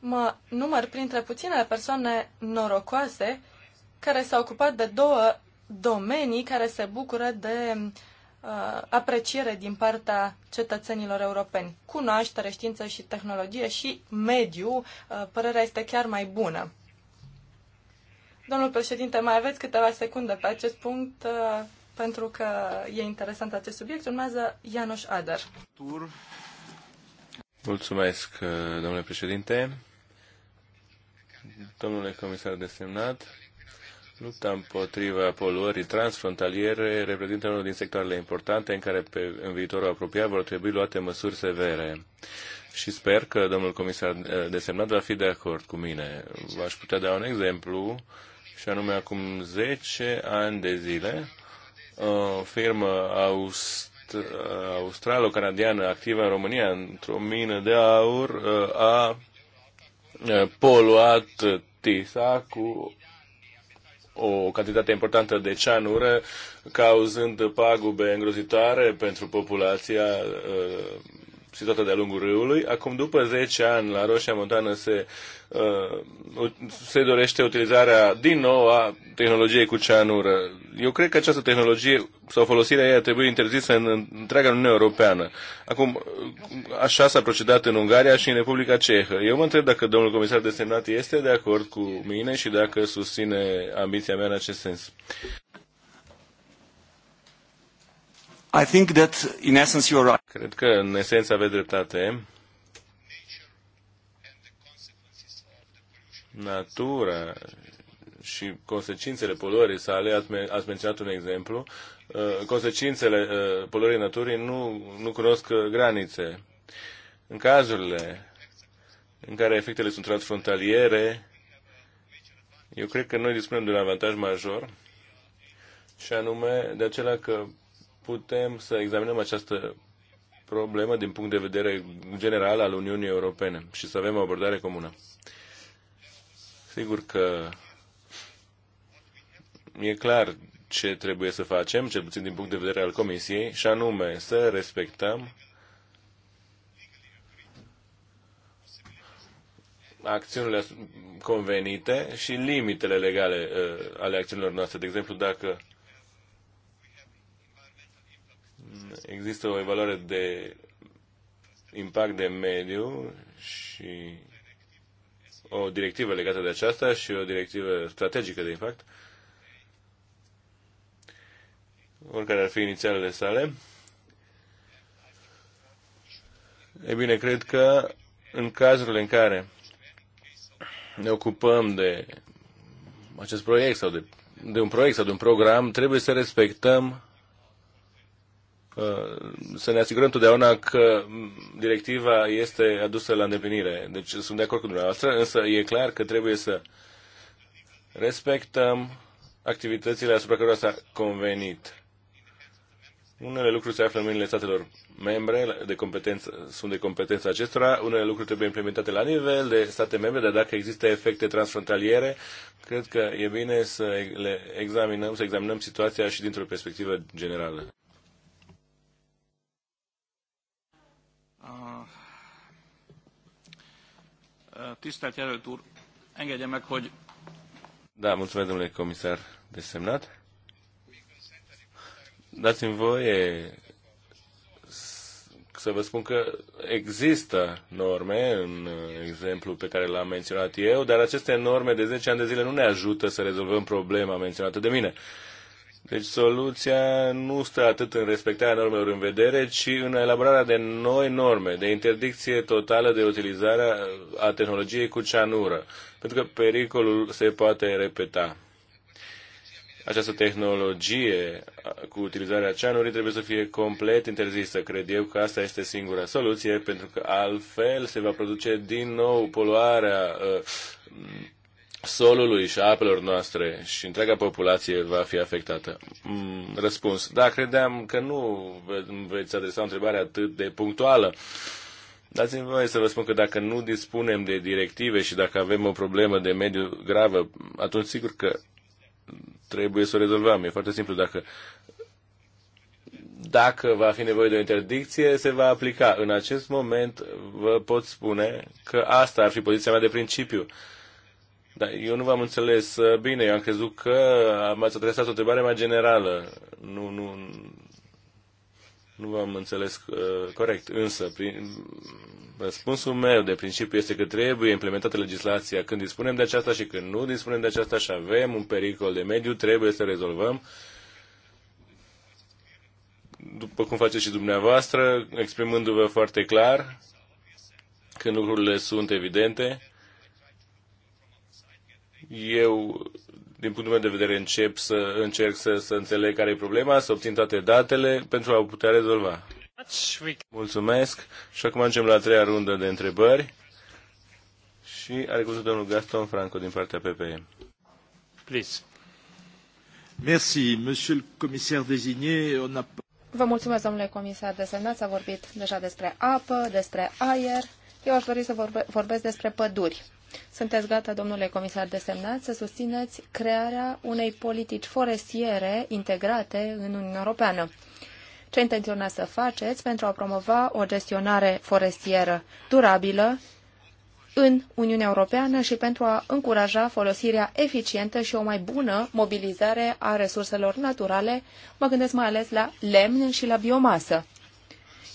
mă număr printre puținele persoane norocoase care s-au ocupat de două domenii care se bucură de Uh, apreciere din partea cetățenilor europeni. Cunoaștere, știință și tehnologie și mediu, uh, părerea este chiar mai bună. Domnul președinte, mai aveți câteva secunde pe acest punct, uh, pentru că e interesant acest subiect. Urmează Ianoș Ader. Tur. Mulțumesc, domnule președinte. Domnule comisar desemnat, Lupta împotriva poluării transfrontaliere reprezintă unul din sectoarele importante în care pe, în viitorul apropiat vor trebui luate măsuri severe. Și sper că domnul comisar eh, desemnat va fi de acord cu mine. V-aș putea da un exemplu, și anume acum 10 ani de zile, o firmă aust australo-canadiană activă în România, într-o mină de aur, eh, a eh, poluat Tisa cu o cantitate importantă de ceanură, cauzând pagube îngrozitoare pentru populația uh, situată de-a lungul râului. Acum, după 10 ani, la Roșia Montană se, uh, se dorește utilizarea din nou a tehnologiei cu ceanură. Eu cred că această tehnologie sau folosirea ei trebuie interzisă în întreaga Uniune Europeană. Acum, așa s-a procedat în Ungaria și în Republica Cehă. Eu mă întreb dacă domnul comisar desemnat este de acord cu mine și dacă susține ambiția mea în acest sens. I think that in essence you are right. Cred că în esență aveți dreptate. Natura și consecințele poluării sale, ați, ați menționat un exemplu, uh, consecințele uh, poluării naturii nu, nu cunosc uh, granițe. În cazurile în care efectele sunt transfrontaliere, eu cred că noi dispunem de un avantaj major și anume de acela că putem să examinăm această problemă din punct de vedere general al Uniunii Europene și să avem o abordare comună. Sigur că e clar ce trebuie să facem, cel puțin din punct de vedere al Comisiei, și anume să respectăm acțiunile convenite și limitele legale uh, ale acțiunilor noastre. De exemplu, dacă există o evaluare de impact de mediu și o directivă legată de aceasta și o directivă strategică de impact, oricare ar fi inițialele sale. E bine, cred că în cazurile în care ne ocupăm de acest proiect sau de, de un proiect sau de un program, trebuie să respectăm Uh, să ne asigurăm întotdeauna că directiva este adusă la îndeplinire. Deci sunt de acord cu dumneavoastră, însă e clar că trebuie să respectăm activitățile asupra cărora s-a convenit. Unele lucruri se află în mâinile statelor membre, de competență, sunt de competență acestora, unele lucruri trebuie implementate la nivel de state membre, dar dacă există efecte transfrontaliere, cred că e bine să le examinăm, să examinăm situația și dintr-o perspectivă generală. Tisztelt jelölt úr, engedje meg, hogy... Da, mulțumesc, domnule comisar desemnat. Dați-mi voie să vă spun că există norme, în exemplu pe care l-am menționat eu, dar aceste norme de 10 ani de zile nu ne ajută să rezolvăm problema menționată de mine. Uh, deci soluția nu stă atât în respectarea normelor în vedere, ci în elaborarea de noi norme, de interdicție totală de utilizarea a tehnologiei cu ceanură, pentru că pericolul se poate repeta. Această tehnologie cu utilizarea ceanurii trebuie să fie complet interzisă. Cred eu că asta este singura soluție, pentru că altfel se va produce din nou poluarea uh, solului și a apelor noastre și întreaga populație va fi afectată? Mm, răspuns. Da, credeam că nu veți adresa o întrebare atât de punctuală. Dați-mi voie să vă spun că dacă nu dispunem de directive și dacă avem o problemă de mediu gravă, atunci sigur că trebuie să o rezolvăm. E foarte simplu. Dacă, dacă va fi nevoie de o interdicție, se va aplica. În acest moment vă pot spune că asta ar fi poziția mea de principiu. Da, eu nu v-am înțeles uh, bine, eu am crezut că m-ați adresat o întrebare mai generală. Nu, nu, nu v-am înțeles uh, corect. Însă, prin, răspunsul meu de principiu este că trebuie implementată legislația când dispunem de aceasta și când nu dispunem de aceasta și avem un pericol de mediu, trebuie să rezolvăm. După cum faceți și dumneavoastră, exprimându-vă foarte clar, când lucrurile sunt evidente, eu, din punctul meu de vedere, încep să încerc să, să înțeleg care e problema, să obțin toate datele pentru a o putea rezolva. Mulțumesc și acum încem la a treia rundă de întrebări și are cuvântul domnul Gaston Franco din partea PPE. Please. Merci, monsieur le commissaire désigné. On a... Vă mulțumesc, domnule comisar desemnat. S-a vorbit deja despre apă, despre aer. Eu aș dori să vorbe, vorbesc despre păduri. Sunteți gata, domnule comisar desemnat, să susțineți crearea unei politici forestiere integrate în Uniunea Europeană. Ce intenționați să faceți pentru a promova o gestionare forestieră durabilă în Uniunea Europeană și pentru a încuraja folosirea eficientă și o mai bună mobilizare a resurselor naturale, mă gândesc mai ales la lemn și la biomasă.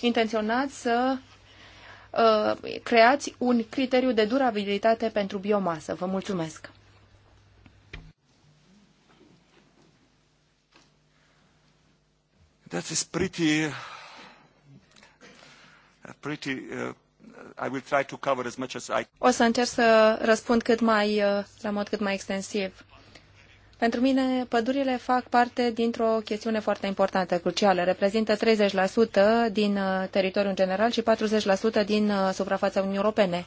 Intenționați să Uh, creați un criteriu de durabilitate pentru biomasă. Vă mulțumesc! That is pretty, uh, pretty, uh, I will try to cover as much as I... O să încerc să răspund cât mai, uh, la mod cât mai extensiv. Pentru mine, pădurile fac parte dintr-o chestiune foarte importantă, crucială. Reprezintă 30% din uh, teritoriul general și 40% din uh, suprafața Uniunii Europene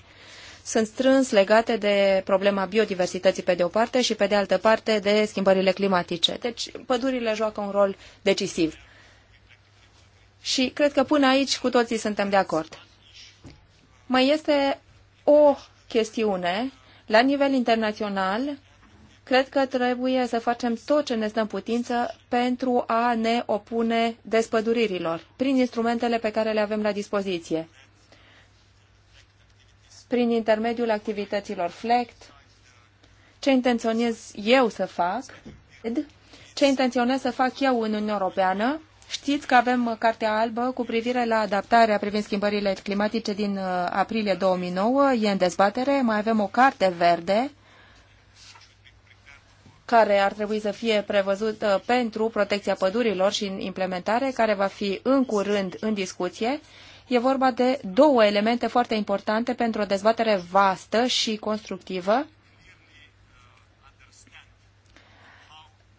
sunt strâns legate de problema biodiversității pe de o parte și pe de altă parte de schimbările climatice. Deci pădurile joacă un rol decisiv. Și cred că până aici cu toții suntem de acord. Mai este o chestiune la nivel internațional Cred că trebuie să facem tot ce ne stă în putință pentru a ne opune despăduririlor prin instrumentele pe care le avem la dispoziție. Prin intermediul activităților FLECT, ce intenționez eu să fac, ce intenționez să fac eu în Uniunea Europeană, Știți că avem cartea albă cu privire la adaptarea privind schimbările climatice din uh, aprilie 2009, e în dezbatere, mai avem o carte verde care ar trebui să fie prevăzut uh, pentru protecția pădurilor și în implementare, care va fi în curând în discuție. E vorba de două elemente foarte importante pentru o dezbatere vastă și constructivă,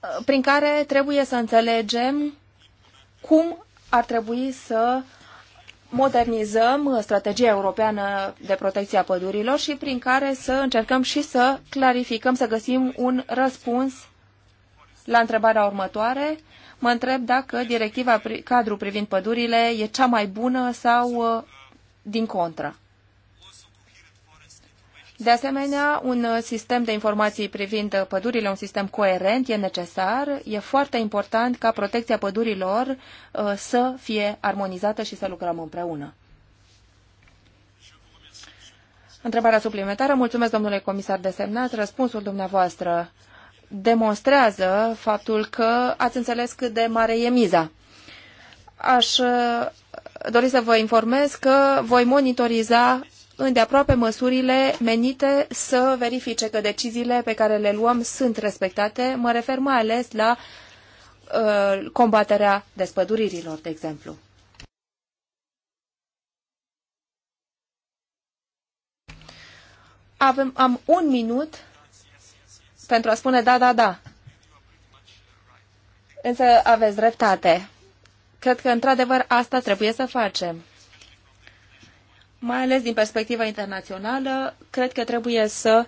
uh, prin care trebuie să înțelegem cum ar trebui să modernizăm uh, strategia europeană de protecție a pădurilor și prin care să încercăm și să clarificăm, să găsim un răspuns la întrebarea următoare. Mă întreb dacă directiva cadru privind pădurile e cea mai bună sau uh, din contră. De asemenea, un uh, sistem de informații privind uh, pădurile, un sistem coerent, e necesar. E foarte important ca protecția pădurilor uh, să fie armonizată și să lucrăm împreună. Întrebarea suplimentară. Mulțumesc, domnule comisar desemnat. Răspunsul dumneavoastră demonstrează faptul că ați înțeles cât de mare e miza. Aș dori să vă informez că voi monitoriza îndeaproape măsurile menite să verifice că deciziile pe care le luăm sunt respectate. Mă refer mai ales la uh, combaterea despăduririlor, de exemplu. Avem, am un minut pentru a spune da, da, da. Însă aveți dreptate. Cred că, într-adevăr, asta trebuie să facem mai ales din perspectiva internațională, cred că trebuie să,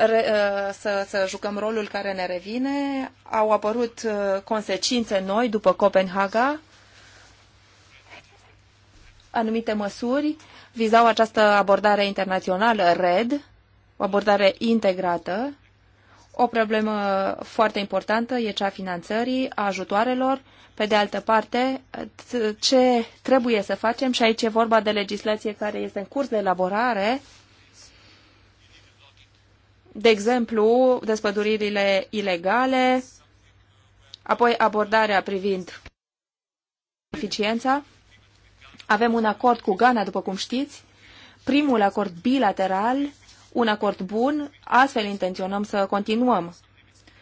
uh, să, să jucăm rolul care ne revine. Au apărut uh, consecințe noi după Copenhaga, anumite măsuri vizau această abordare internațională, RED, o abordare integrată. O problemă foarte importantă e cea a finanțării, a ajutoarelor, pe de altă parte, ce trebuie să facem, și aici e vorba de legislație care este în curs de elaborare, de exemplu, despăduririle ilegale, apoi abordarea privind eficiența. Avem un acord cu Ghana, după cum știți, primul acord bilateral, un acord bun, astfel intenționăm să continuăm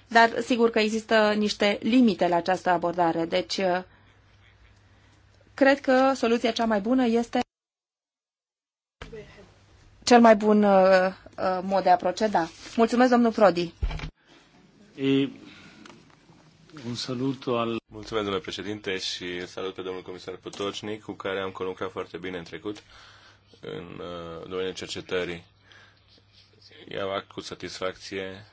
dar sigur că există niște limite la această abordare. Deci, uh, cred că soluția cea mai bună este cel mai bun uh, uh, mod de a proceda. Mulțumesc, domnul Prodi. E... Un salut al... Mulțumesc, domnule președinte, și salut pe domnul comisar Potocnic, cu care am conlucrat foarte bine în trecut în uh, domeniul cercetării. Iau cu satisfacție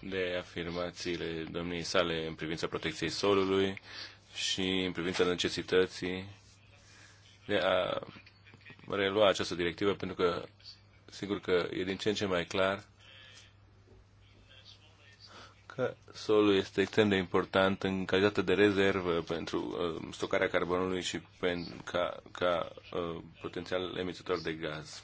de afirmațiile domniei sale în privința protecției solului și în privința necesității de a relua această directivă, pentru că sigur că e din ce în ce mai clar că solul este extrem de important în calitate de rezervă pentru uh, stocarea carbonului și pen, ca, ca uh, potențial emițător de gaz.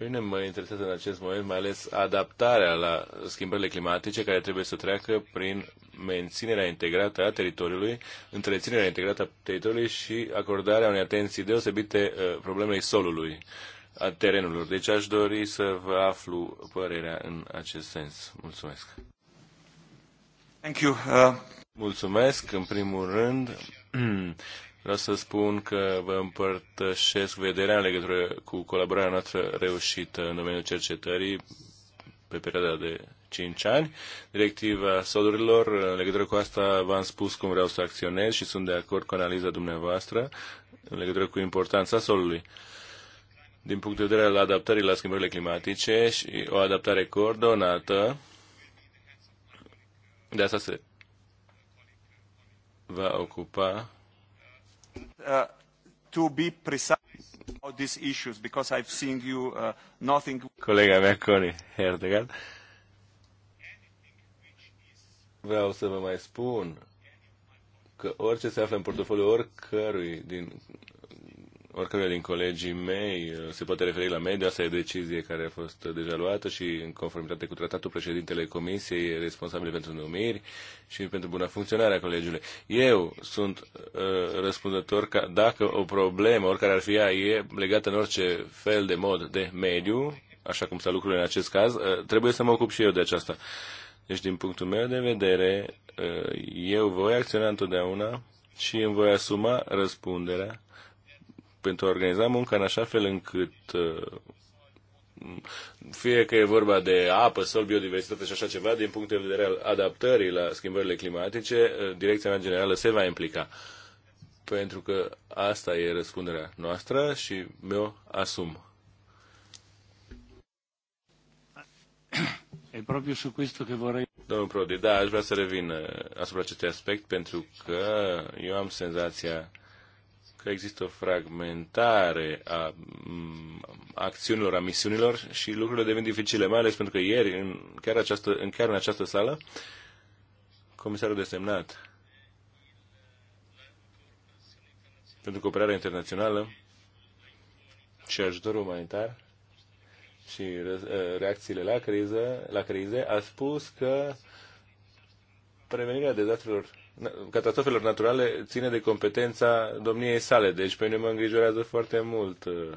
Pe păi, mine mă interesează în acest moment mai ales adaptarea la schimbările climatice care trebuie să treacă prin menținerea integrată a teritoriului, întreținerea integrată a teritoriului și acordarea unei atenții deosebite uh, problemei solului, a terenurilor. Deci aș dori să vă aflu părerea în acest sens. Mulțumesc. Thank you. Uh... Mulțumesc, în primul rând. Vreau să spun că vă împărtășesc vederea în legătură cu colaborarea noastră reușită în domeniul cercetării pe perioada de 5 ani. Directiva sodurilor, în legătură cu asta v-am spus cum vreau să acționez și sunt de acord cu analiza dumneavoastră în legătură cu importanța solului. Din punct de vedere al adaptării la schimbările climatice și o adaptare coordonată, de asta se va ocupa Uh, to be precise about these issues because I've seen you uh, nothing. Colega mea, Connie Herdegard. Vreau să vă mai spun că orice se află în portofoliul oricărui din oricăruia din colegii mei uh, se poate referi la mediu, asta e decizie care a fost deja luată și în conformitate cu tratatul președintele comisiei e responsabil pentru numiri și pentru buna funcționare a colegiului. Eu sunt uh, răspunzător că dacă o problemă, oricare ar fi ea, e legată în orice fel de mod de mediu, așa cum s-a lucrurile în acest caz, uh, trebuie să mă ocup și eu de aceasta. Deci, din punctul meu de vedere, uh, eu voi acționa întotdeauna și îmi voi asuma răspunderea pentru a organiza munca în așa fel încât uh, fie că e vorba de apă, sol, biodiversitate și așa ceva, din punct de vedere al adaptării la schimbările climatice, uh, direcția mea generală se va implica. Pentru că asta e răspunderea noastră și mi-o asum. E proprio su questo che vorrei... Domnul Prodi, da, aș vrea să revin uh, asupra acestui aspect pentru că eu am senzația că există o fragmentare a acțiunilor, a misiunilor și lucrurile devin dificile, mai ales pentru că ieri, în, chiar, această, în, chiar în această sală, comisarul desemnat pentru cooperarea internațională și ajutorul umanitar și uh, reacțiile la criză, la crize, a spus că prevenirea dezastrelor catastrofelor naturale ține de competența domniei sale, deci pe mine mă îngrijorează foarte mult uh,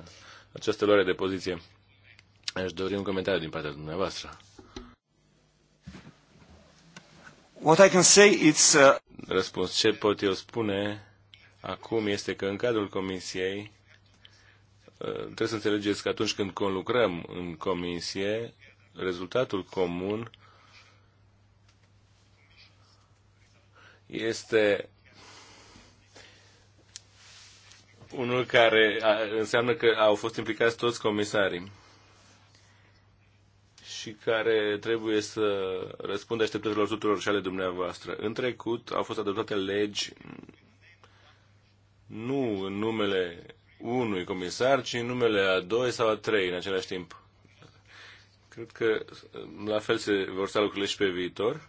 această luare de poziție. Aș dori un comentariu din partea dumneavoastră. What I can say it's, uh... Răspuns, ce pot eu spune acum este că în cadrul comisiei uh, trebuie să înțelegeți că atunci când conlucrăm în comisie, rezultatul comun este unul care înseamnă că au fost implicați toți comisarii și care trebuie să răspundă așteptărilor tuturor și ale dumneavoastră. În trecut au fost adoptate legi nu în numele unui comisar, ci în numele a doi sau a trei în același timp. Cred că la fel se vor sta lucrurile și pe viitor.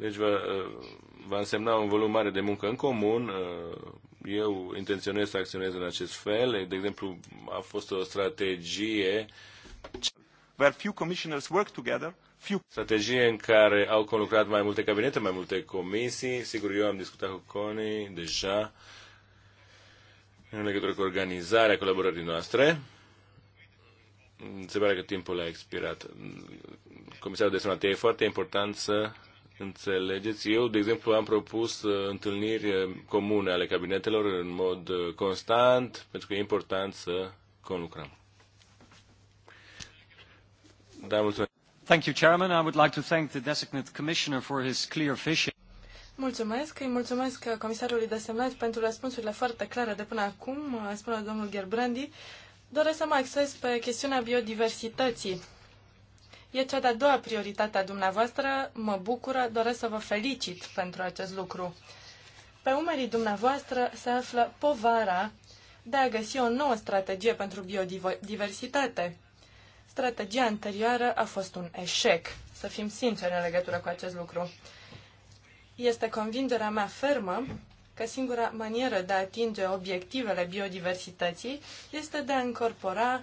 Deci va, uh, va însemna un volum mare de muncă în comun. Uh, eu intenționez să acționez în acest fel. De exemplu, a fost o strategie where few commissioners work together, few... Strategie în care au conlucrat mai multe cabinete, mai multe comisii. Sigur, eu am discutat cu Coni deja în legătură cu organizarea colaborării noastre. Se pare că timpul a expirat. Comisarul de sănătate e foarte important să Înțelegeți, eu, de exemplu, am propus uh, întâlniri uh, comune ale cabinetelor în mod uh, constant, pentru că e important să conlucrăm. Da, mulțumesc. Thank you, Chairman. I would like to thank the designate commissioner for his clear vision. Mulțumesc, îi mulțumesc comisarului desemnat pentru răspunsurile foarte clare de până acum, spune domnul Gerbrandi. Doresc să mă acces pe chestiunea biodiversității. E cea de-a doua prioritate a dumneavoastră. Mă bucură, doresc să vă felicit pentru acest lucru. Pe umerii dumneavoastră se află povara de a găsi o nouă strategie pentru biodiversitate. Strategia anterioară a fost un eșec, să fim sinceri în legătură cu acest lucru. Este convingerea mea fermă că singura manieră de a atinge obiectivele biodiversității este de a incorpora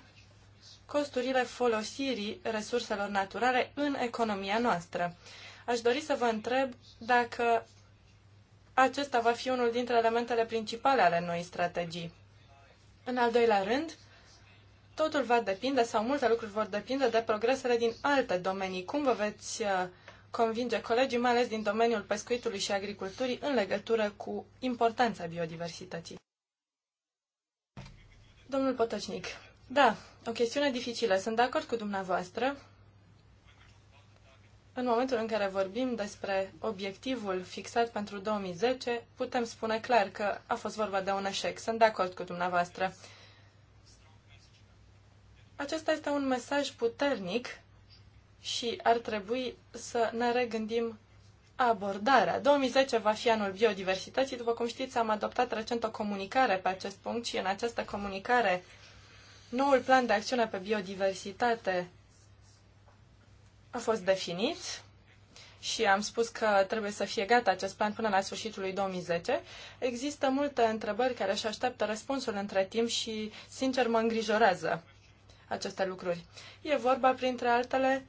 costurile folosirii resurselor naturale în economia noastră. Aș dori să vă întreb dacă acesta va fi unul dintre elementele principale ale noii strategii. În al doilea rând, totul va depinde sau multe lucruri vor depinde de progresele din alte domenii. Cum vă veți uh, convinge colegii, mai ales din domeniul pescuitului și agriculturii, în legătură cu importanța biodiversității? Domnul Potocnic, da, o chestiune dificilă. Sunt de acord cu dumneavoastră. În momentul în care vorbim despre obiectivul fixat pentru 2010, putem spune clar că a fost vorba de un eșec. Sunt de acord cu dumneavoastră. Acesta este un mesaj puternic și ar trebui să ne regândim abordarea. 2010 va fi anul biodiversității. După cum știți, am adoptat recent o comunicare pe acest punct și în această comunicare Noul plan de acțiune pe biodiversitate a fost definit și am spus că trebuie să fie gata acest plan până la sfârșitul lui 2010. Există multe întrebări care își așteaptă răspunsul între timp și, sincer, mă îngrijorează aceste lucruri. E vorba, printre altele,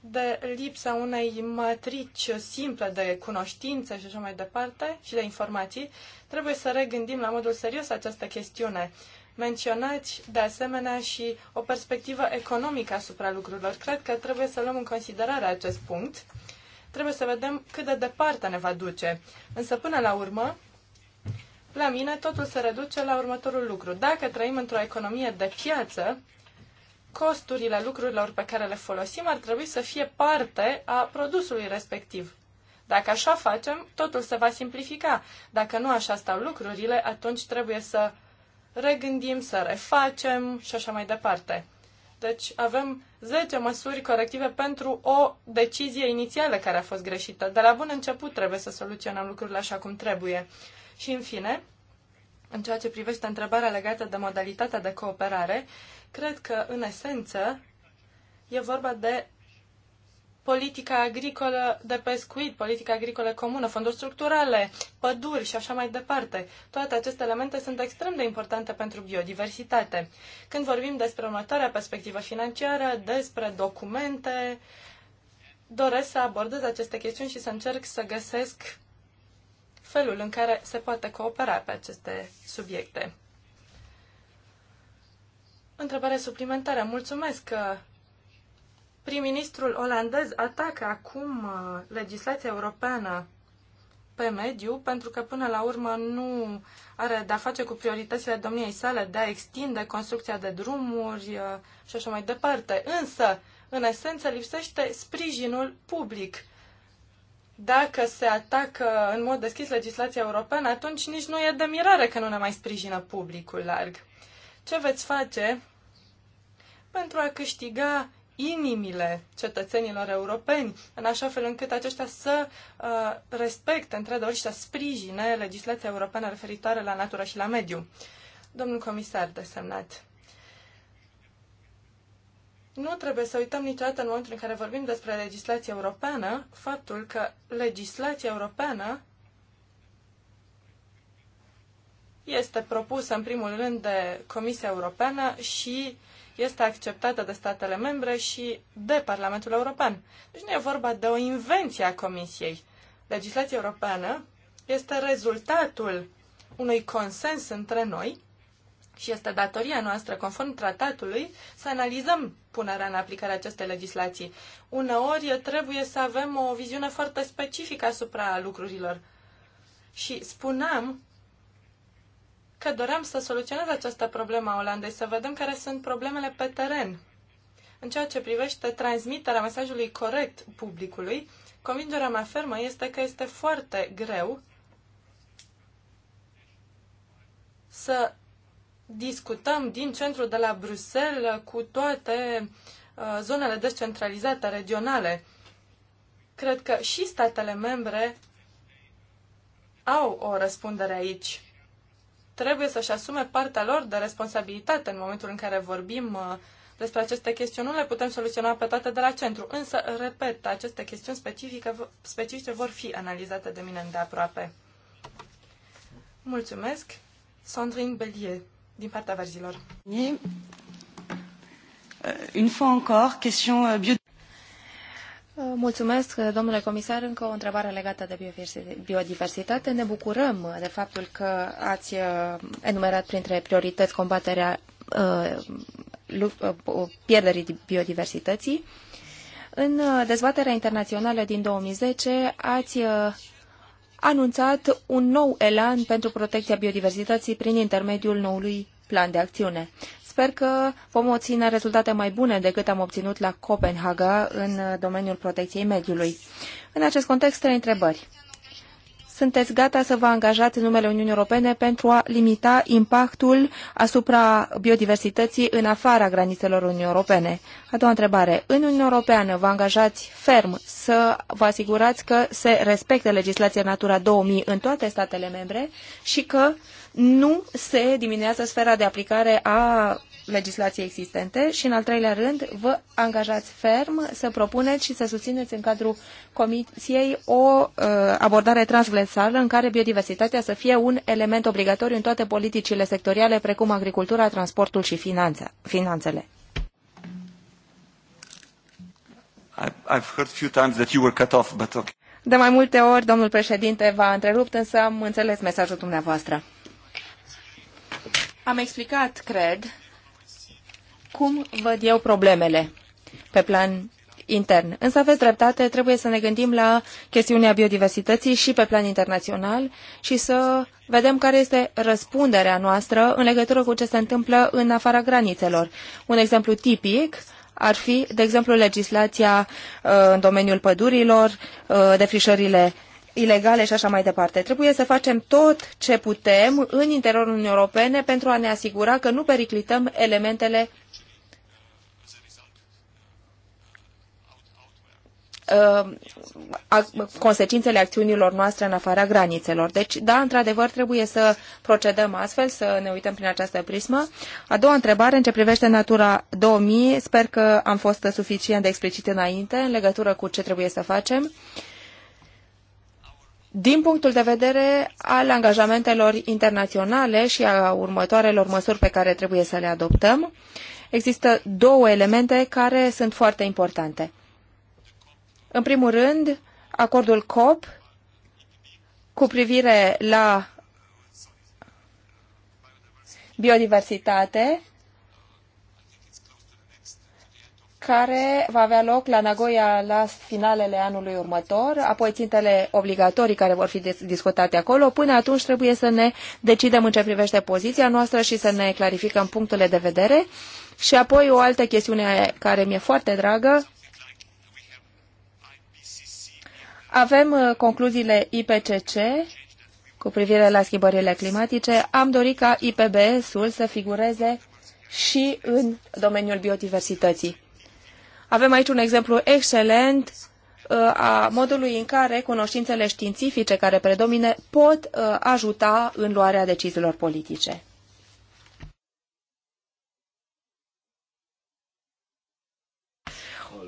de lipsa unei matrici simple de cunoștințe și așa mai departe și de informații, trebuie să regândim la modul serios această chestiune menționați de asemenea și o perspectivă economică asupra lucrurilor. Cred că trebuie să luăm în considerare acest punct. Trebuie să vedem cât de departe ne va duce. Însă, până la urmă, la mine totul se reduce la următorul lucru. Dacă trăim într-o economie de piață, costurile lucrurilor pe care le folosim ar trebui să fie parte a produsului respectiv. Dacă așa facem, totul se va simplifica. Dacă nu așa stau lucrurile, atunci trebuie să regândim, să refacem și așa mai departe. Deci avem 10 măsuri corective pentru o decizie inițială care a fost greșită. De la bun început trebuie să soluționăm lucrurile așa cum trebuie. Și în fine, în ceea ce privește întrebarea legată de modalitatea de cooperare, cred că, în esență, e vorba de politica agricolă de pescuit, politica agricolă comună, fonduri structurale, păduri și așa mai departe. Toate aceste elemente sunt extrem de importante pentru biodiversitate. Când vorbim despre următoarea perspectivă financiară, despre documente, doresc să abordez aceste chestiuni și să încerc să găsesc felul în care se poate coopera pe aceste subiecte. Întrebare suplimentară. Mulțumesc Prim-ministrul olandez atacă acum uh, legislația europeană pe mediu, pentru că până la urmă nu are de-a face cu prioritățile domniei sale de a extinde construcția de drumuri uh, și așa mai departe. Însă, în esență, lipsește sprijinul public. Dacă se atacă în mod deschis legislația europeană, atunci nici nu e de mirare că nu ne mai sprijină publicul larg. Ce veți face pentru a câștiga inimile cetățenilor europeni, în așa fel încât aceștia să uh, respecte, între ori, și să sprijine legislația europeană referitoare la natură și la mediu. Domnul comisar desemnat, nu trebuie să uităm niciodată în momentul în care vorbim despre legislația europeană faptul că legislația europeană este propusă în primul rând de Comisia Europeană și uh, este acceptată de statele membre și de Parlamentul European. Deci nu e vorba de o invenție a Comisiei. Legislația europeană este rezultatul unui consens între noi și este datoria noastră, conform tratatului, să analizăm punerea în aplicare acestei legislații. Uneori trebuie să avem o viziune foarte specifică asupra lucrurilor. Și spuneam că doream să soluționez această problemă a Olandei, să vedem care sunt problemele pe teren. În ceea ce privește transmiterea mesajului corect publicului, convingerea mea fermă este că este foarte greu să discutăm din centru de la Bruxelles cu toate uh, zonele descentralizate, regionale. Cred că și statele membre au o răspundere aici trebuie să-și asume partea lor de responsabilitate în momentul în care vorbim uh, despre aceste chestiuni. Nu le putem soluționa pe toate de la centru, însă, repet, aceste chestiuni specifice, specifice vor fi analizate de mine îndeaproape. Mulțumesc. Sandrine Bellier, din partea verzilor. Une fois encore, question euh, bio... Mulțumesc, domnule comisar. Încă o întrebare legată de biodiversitate. Ne bucurăm de faptul că ați uh, enumerat printre priorități combaterea uh, uh, pierderii biodiversității. În dezbaterea internațională din 2010 ați anunțat un nou elan pentru protecția biodiversității prin intermediul noului plan de acțiune sper că vom obține rezultate mai bune decât am obținut la Copenhaga în uh, domeniul protecției mediului. În acest context, trei întrebări sunteți gata să vă angajați în numele Uniunii Europene pentru a limita impactul asupra biodiversității în afara granițelor Uniunii Europene? A doua întrebare. În Uniunea Europeană vă angajați ferm să vă asigurați că se respectă legislația Natura 2000 în toate statele membre și că nu se diminuează sfera de aplicare a legislației existente și, în al treilea rând, vă angajați ferm să propuneți și să susțineți în cadrul Comisiei o uh, abordare transversală sală în care biodiversitatea să fie un element obligatoriu în toate politicile sectoriale, precum agricultura, transportul și finanța, finanțele. I've heard few times that you were cut off, but okay. De mai multe ori, domnul președinte v-a întrerupt, însă am înțeles mesajul dumneavoastră. Am explicat, cred, cum văd eu problemele pe plan intern. Însă aveți dreptate, trebuie să ne gândim la chestiunea biodiversității și pe plan internațional și să vedem care este răspunderea noastră în legătură cu ce se întâmplă în afara granițelor. Un exemplu tipic ar fi, de exemplu, legislația uh, în domeniul pădurilor, uh, defrișările ilegale și așa mai departe. Trebuie să facem tot ce putem în interiorul Uniunii Europene pentru a ne asigura că nu periclităm elementele Uh, consecințele acțiunilor noastre în afara granițelor. Deci, da, într-adevăr, trebuie să procedăm astfel, să ne uităm prin această prismă. A doua întrebare, în ce privește Natura 2000, sper că am fost suficient de explicit înainte în legătură cu ce trebuie să facem. Din punctul de vedere al angajamentelor internaționale și a următoarelor măsuri pe care trebuie să le adoptăm, există două elemente care sunt foarte importante. În primul rând, acordul COP cu privire la biodiversitate, care va avea loc la Nagoya la finalele anului următor, apoi țintele obligatorii care vor fi discutate acolo. Până atunci trebuie să ne decidem în ce privește poziția noastră și să ne clarificăm punctele de vedere. Și apoi o altă chestiune care mi-e foarte dragă, Avem uh, concluziile IPCC cu privire la schimbările climatice. Am dorit ca IPBS-ul să figureze și în domeniul biodiversității. Avem aici un exemplu excelent uh, a modului în care cunoștințele științifice care predomine pot uh, ajuta în luarea deciziilor politice.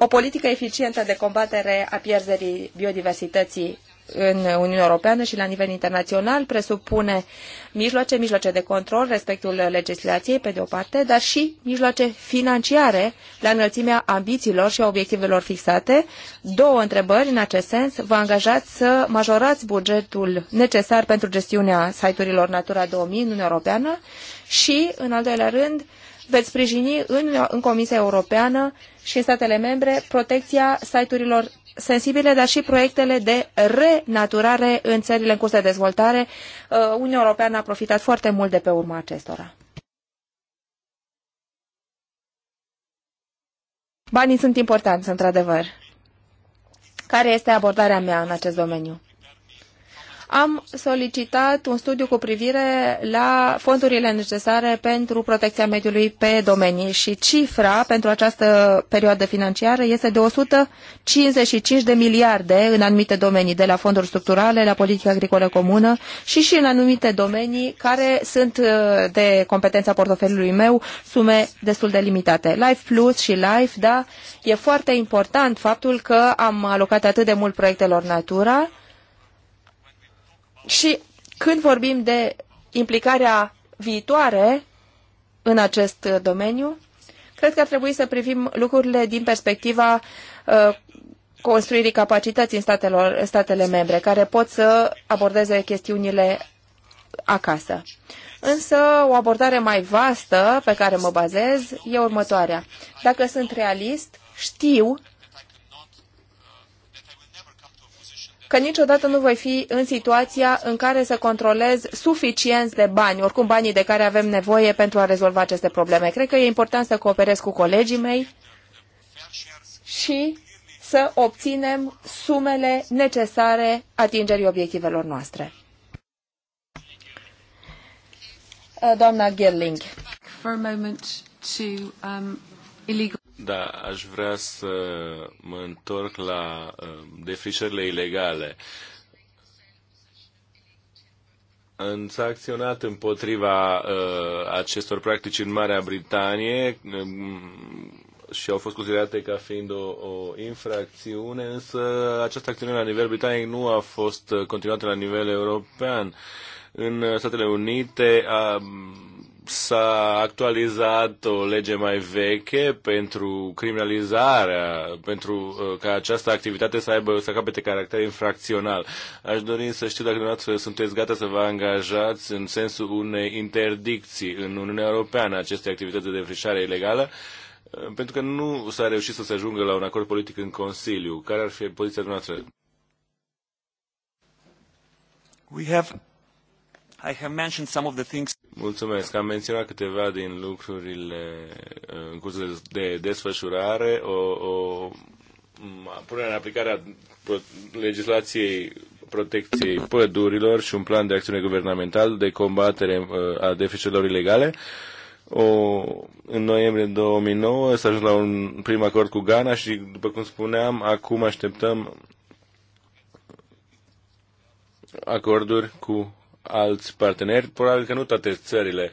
o politică eficientă de combatere a pierderii biodiversității în Uniunea Europeană și la nivel internațional presupune mijloace, mijloace de control, respectul legislației, pe de o parte, dar și mijloace financiare la înălțimea ambițiilor și a obiectivelor fixate. Două întrebări în acest sens. Vă angajați să majorați bugetul necesar pentru gestiunea site-urilor Natura 2000 în Uniunea Europeană și, în al doilea rând, veți sprijini în, în Comisia Europeană și în statele membre protecția site-urilor sensibile, dar și proiectele de renaturare în țările în curs de dezvoltare. Uh, Uniunea Europeană a profitat foarte mult de pe urma acestora. Banii sunt importanți, într-adevăr. Care este abordarea mea în acest domeniu? am solicitat un studiu cu privire la fondurile necesare pentru protecția mediului pe domenii și cifra pentru această perioadă financiară este de 155 de miliarde în anumite domenii, de la fonduri structurale, la politica agricolă comună și și în anumite domenii care sunt uh, de competența portofeliului meu, sume destul de limitate. Life Plus și Life, da, e foarte important faptul că am alocat atât de mult proiectelor natura, și când vorbim de implicarea viitoare în acest uh, domeniu, cred că ar trebui să privim lucrurile din perspectiva uh, construirii capacității în statelor, statele membre, care pot să abordeze chestiunile acasă. Însă, o abordare mai vastă pe care mă bazez e următoarea. Dacă sunt realist, știu că niciodată nu voi fi în situația în care să controlez suficienți de bani, oricum banii de care avem nevoie pentru a rezolva aceste probleme. Cred că e important să cooperez cu colegii mei și să obținem sumele necesare atingerii obiectivelor noastre. Doamna Gerling. For a moment to, um, illegal... Da, aș vrea să mă întorc la uh, defrișările ilegale. S-a acționat împotriva uh, acestor practici în Marea Britanie um, și au fost considerate ca fiind o, o infracțiune, însă această acțiune la nivel britanic nu a fost continuată la nivel european. În Statele Unite a, s-a actualizat o lege mai veche pentru criminalizarea, pentru uh, ca această activitate să aibă, să capete caracter infracțional. Aș dori să știu dacă dumneavoastră sunteți gata să vă angajați în sensul unei interdicții în Uniunea Europeană aceste activități de defrișare ilegală, uh, pentru că nu s-a reușit să se ajungă la un acord politic în Consiliu. Care ar fi poziția dumneavoastră? We have I have mentioned some of the things. Mulțumesc. Am menționat câteva din lucrurile uh, în curs de desfășurare, o, o punere în aplicare a legislației protecției pădurilor și un plan de acțiune guvernamental de combatere uh, a deficitelor ilegale. O, în noiembrie 2009 s-a ajuns la un prim acord cu Ghana și, după cum spuneam, acum așteptăm acorduri cu alți parteneri, probabil că nu toate țările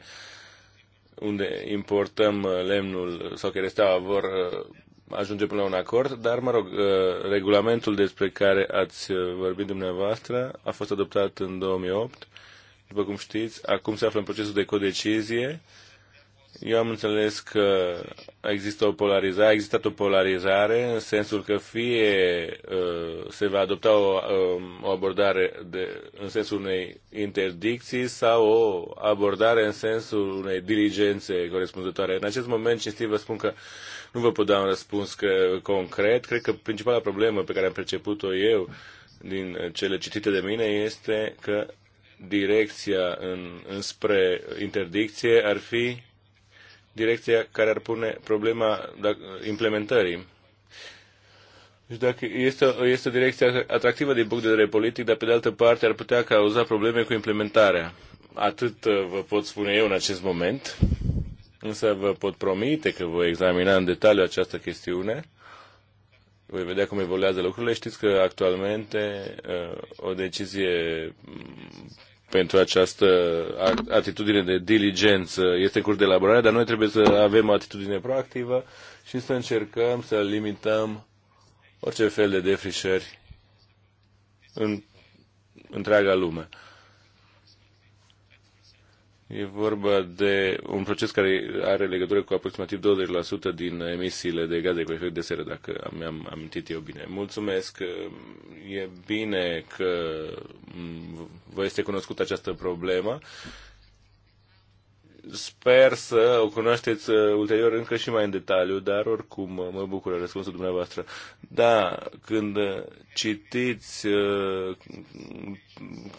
unde importăm uh, lemnul sau care cheresteaua vor uh, ajunge până la un acord, dar, mă rog, uh, regulamentul despre care ați vorbit dumneavoastră a fost adoptat în 2008. După cum știți, acum se află în procesul de codecizie eu am înțeles că există o polarizare, a existat o polarizare în sensul că fie uh, se va adopta o, um, o abordare de, în sensul unei interdicții sau o abordare în sensul unei diligențe corespunzătoare. În acest moment, cinstit, vă spun că nu vă pot da un răspuns că, concret. Cred că principala problemă pe care am perceput-o eu din cele citite de mine este că direcția în, înspre interdicție ar fi direcția care ar pune problema implementării. Deci dacă este, este o direcție atractivă din punct de vedere politic, dar pe de altă parte ar putea cauza probleme cu implementarea. Atât uh, vă pot spune eu în acest moment, însă vă pot promite că voi examina în detaliu această chestiune. Voi vedea cum evoluează lucrurile. Știți că actualmente uh, o decizie pentru această atitudine de diligență. Este în curs de elaborare, dar noi trebuie să avem o atitudine proactivă și să încercăm să limităm orice fel de defrișări în întreaga lume. E vorba de un proces care are legătură cu aproximativ 20% din emisiile de gaze cu efect de seră, dacă mi-am amintit eu bine. Mulțumesc! E bine că vă este cunoscută această problemă Sper să o cunoașteți uh, ulterior încă și mai în detaliu, dar oricum uh, mă bucură răspunsul dumneavoastră. Da, când uh, citiți,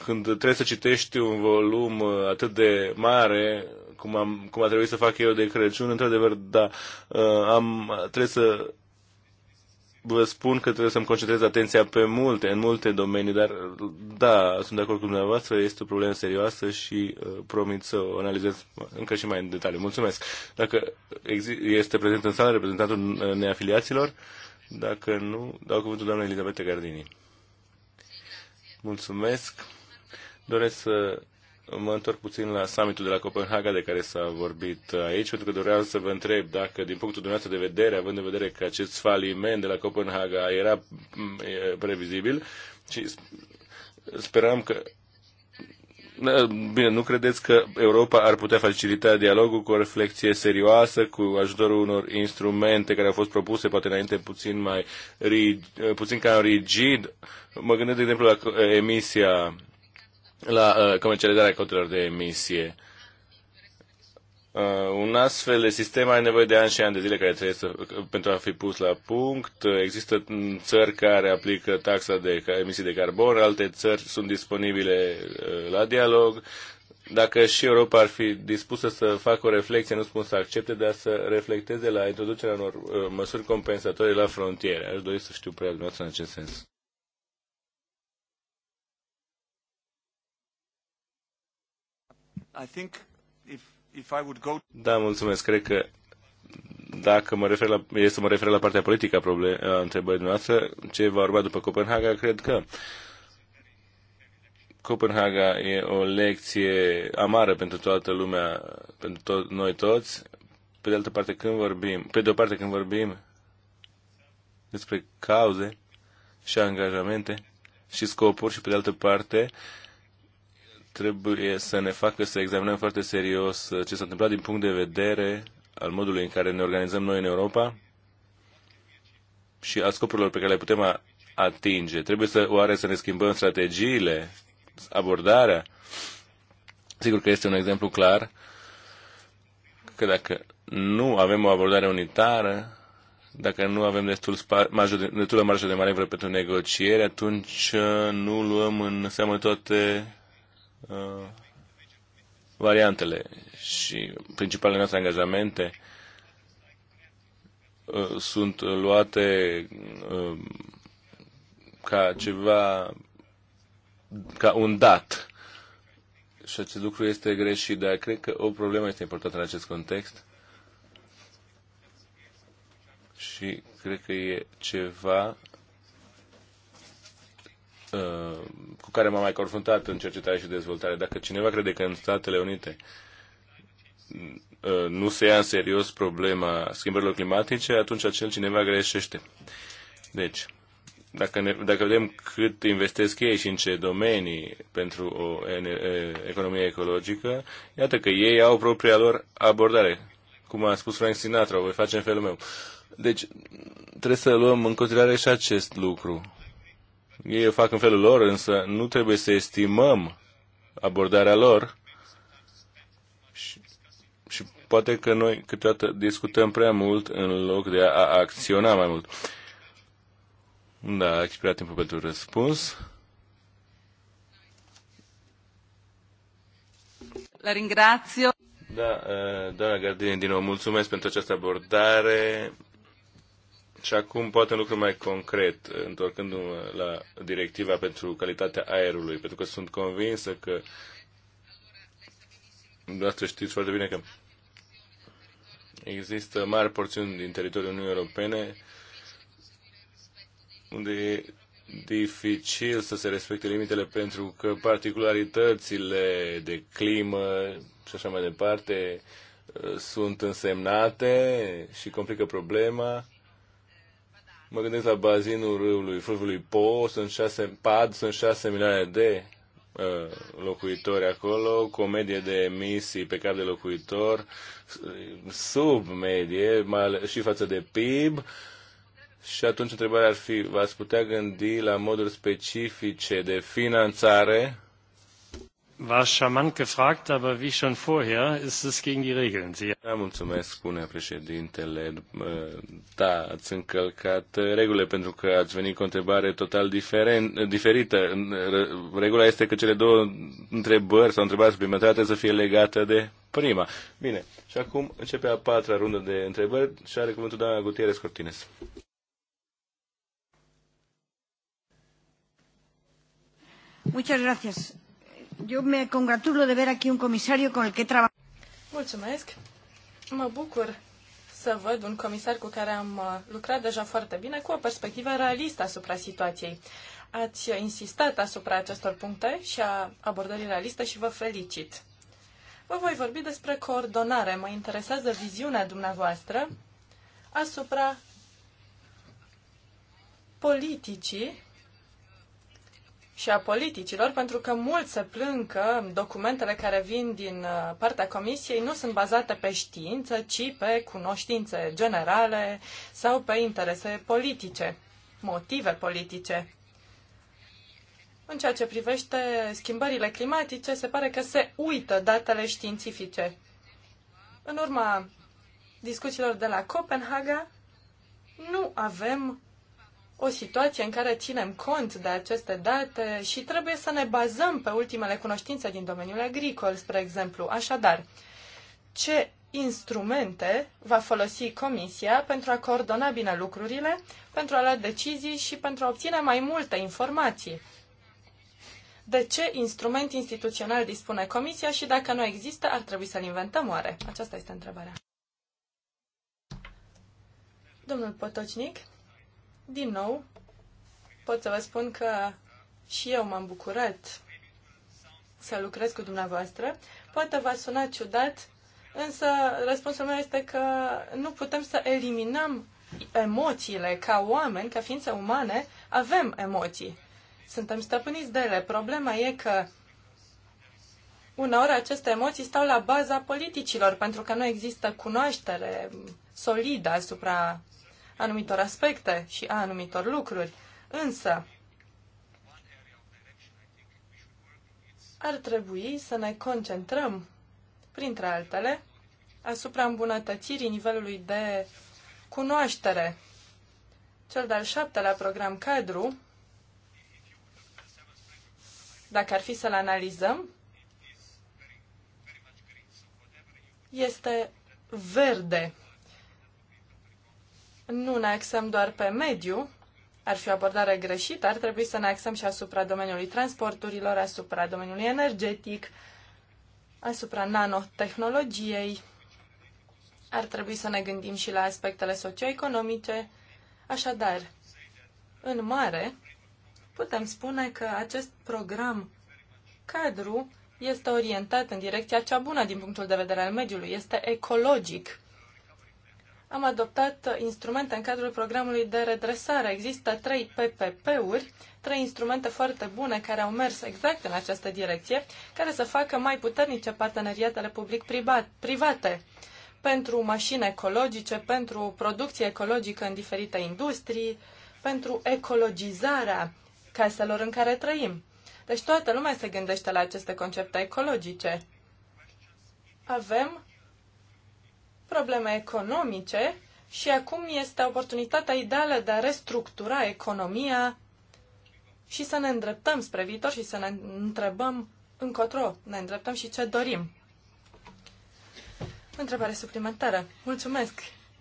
când trebuie să citești un volum atât de mare, cum, am, cum a trebuit să fac eu de Crăciun, într-adevăr, da, am, trebuie să vă spun că trebuie să-mi concentrez atenția pe multe, în multe domenii, dar da, sunt de acord cu dumneavoastră, este o problemă serioasă și uh, promit să o analizez încă și mai în detaliu. Mulțumesc. Dacă este prezent în sală reprezentantul uh, neafiliaților, dacă nu, dau cuvântul doamnei Elizabete Gardini. Mulțumesc. Doresc să mă întorc puțin la summitul de la Copenhaga de care s-a vorbit aici, pentru că doream să vă întreb dacă, din punctul dumneavoastră de vedere, având în vedere că acest faliment de la Copenhaga era mm, previzibil, și speram că da, Bine, nu credeți că Europa ar putea facilita dialogul cu o reflexie serioasă, cu ajutorul unor instrumente care au fost propuse, poate înainte puțin mai rigid, puțin cam rigid? Mă gândesc, de exemplu, la eh, emisia la uh, comercializarea cotelor de emisie. Uh, un astfel de sistem are nevoie de ani și ani de zile care trebuie să, pentru a fi pus la punct. Uh, există mm, țări care aplică taxa de emisii de carbon, alte țări sunt disponibile uh, la dialog. Dacă și Europa ar fi dispusă să facă o reflexie, nu spun să accepte, dar să reflecteze la introducerea unor uh, măsuri compensatorii la frontiere. Aș dori să știu prea dumneavoastră în acest sens. Da, mulțumesc. Cred că dacă mă refer la, e să mă refer la partea politică a, problem, a întrebării noastre, ce va urma după Copenhaga, cred că Copenhaga e o lecție amară pentru toată lumea, pentru to- noi toți. Pe de altă parte, când vorbim, pe de o parte când vorbim despre cauze și angajamente și scopuri și pe de altă parte trebuie să ne facă să examinăm foarte serios uh, ce s-a întâmplat din punct de vedere al modului în care ne organizăm noi în Europa și al scopurilor pe care le putem atinge. Trebuie să, oare să ne schimbăm strategiile, abordarea? Sigur că este un exemplu clar că dacă nu avem o abordare unitară, dacă nu avem destul spa- marjă de, destulă marjă de manevră pentru negociere, atunci uh, nu luăm în seamă toate Uh, variantele și principalele noastre angajamente uh, sunt luate uh, ca ceva, ca un dat. Și acest lucru este greșit, dar cred că o problemă este importantă în acest context și cred că e ceva cu care m-am mai confruntat în cercetare și dezvoltare. Dacă cineva crede că în Statele Unite uh, nu se ia în serios problema schimbărilor climatice, atunci acel cineva greșește. Deci, dacă, ne, dacă vedem cât investesc ei și în ce domenii pentru o economie ecologică, iată că ei au propria lor abordare. Cum a spus Frank Sinatra, o voi face în felul meu. Deci, trebuie să luăm în considerare și acest lucru. Ei o fac în felul lor, însă nu trebuie să estimăm abordarea lor și, și poate că noi câteodată discutăm prea mult în loc de a acționa mai mult. Da, a expirat timpul pentru răspuns. La ringrazio. Da, eh, doamna Gardini, din nou, mulțumesc pentru această abordare și acum poate un lucru mai concret, întorcându-mă la directiva pentru calitatea aerului, pentru că sunt convinsă că dumneavoastră știți foarte bine că există mari porțiuni din teritoriul Uniunii Europene unde e dificil să se respecte limitele pentru că particularitățile de climă și așa mai departe uh, sunt însemnate și complică problema Mă gândesc la bazinul râului Fluviului Po, sunt șase PAD, sunt șase milioane de uh, locuitori acolo, cu o medie de emisii pe cap de locuitor sub medie mai și față de PIB. Și atunci întrebarea ar fi, v-ați putea gândi la moduri specifice de finanțare war charmant gefragt, aber wie schon vorher ist es gegen die Regeln. Sie da, mulțumesc, spune președintele. Da, ați încălcat regulile pentru că ați venit cu o întrebare total diferent, diferită. Regula este că cele două întrebări sau întrebări suplimentare să fie legată de prima. Bine, și acum începe a patra rundă de întrebări și are cuvântul doamna Gutierrez Cortines. Muchas gracias. Eu me congratulo de ver aquí un comisario con el que trabajo. Mulțumesc. Mă bucur să văd un comisar cu care am uh, lucrat deja foarte bine, cu o perspectivă realistă asupra situației. Ați insistat asupra acestor puncte și a abordării realiste și vă felicit. Vă voi vorbi despre coordonare. Mă interesează viziunea dumneavoastră asupra politicii și a politicilor, pentru că mulți se plâng că documentele care vin din uh, partea Comisiei nu sunt bazate pe știință, ci pe cunoștințe generale sau pe interese politice, motive politice. În ceea ce privește schimbările climatice, se pare că se uită datele științifice. În urma discuțiilor de la Copenhaga, nu avem o situație în care ținem cont de aceste date și trebuie să ne bazăm pe ultimele cunoștințe din domeniul agricol, spre exemplu. Așadar, ce instrumente va folosi Comisia pentru a coordona bine lucrurile, pentru a lua decizii și pentru a obține mai multe informații? De ce instrument instituțional dispune Comisia și dacă nu există, ar trebui să-l inventăm oare? Aceasta este întrebarea. Domnul Potocnic. Din nou, pot să vă spun că și eu m-am bucurat să lucrez cu dumneavoastră. Poate va suna ciudat, însă răspunsul meu este că nu putem să eliminăm emoțiile ca oameni, ca ființe umane, avem emoții. Suntem stăpâniți de ele. Problema e că uneori aceste emoții stau la baza politicilor, pentru că nu există cunoaștere solidă asupra anumitor aspecte și a anumitor lucruri. Însă, ar trebui să ne concentrăm, printre altele, asupra îmbunătățirii nivelului de cunoaștere. Cel de-al șaptelea program cadru, dacă ar fi să-l analizăm, este verde nu ne axăm doar pe mediu, ar fi o abordare greșită, ar trebui să ne axăm și asupra domeniului transporturilor, asupra domeniului energetic, asupra nanotehnologiei. Ar trebui să ne gândim și la aspectele socioeconomice. Așadar, în mare, putem spune că acest program cadru este orientat în direcția cea bună din punctul de vedere al mediului, este ecologic am adoptat instrumente în cadrul programului de redresare. Există trei PPP-uri, trei instrumente foarte bune care au mers exact în această direcție, care să facă mai puternice parteneriatele public-private pentru mașini ecologice, pentru producție ecologică în diferite industrii, pentru ecologizarea caselor în care trăim. Deci toată lumea se gândește la aceste concepte ecologice. Avem probleme economice și acum este oportunitatea ideală de a restructura economia și să ne îndreptăm spre viitor și să ne întrebăm încotro ne îndreptăm și ce dorim. Întrebare suplimentară. Mulțumesc.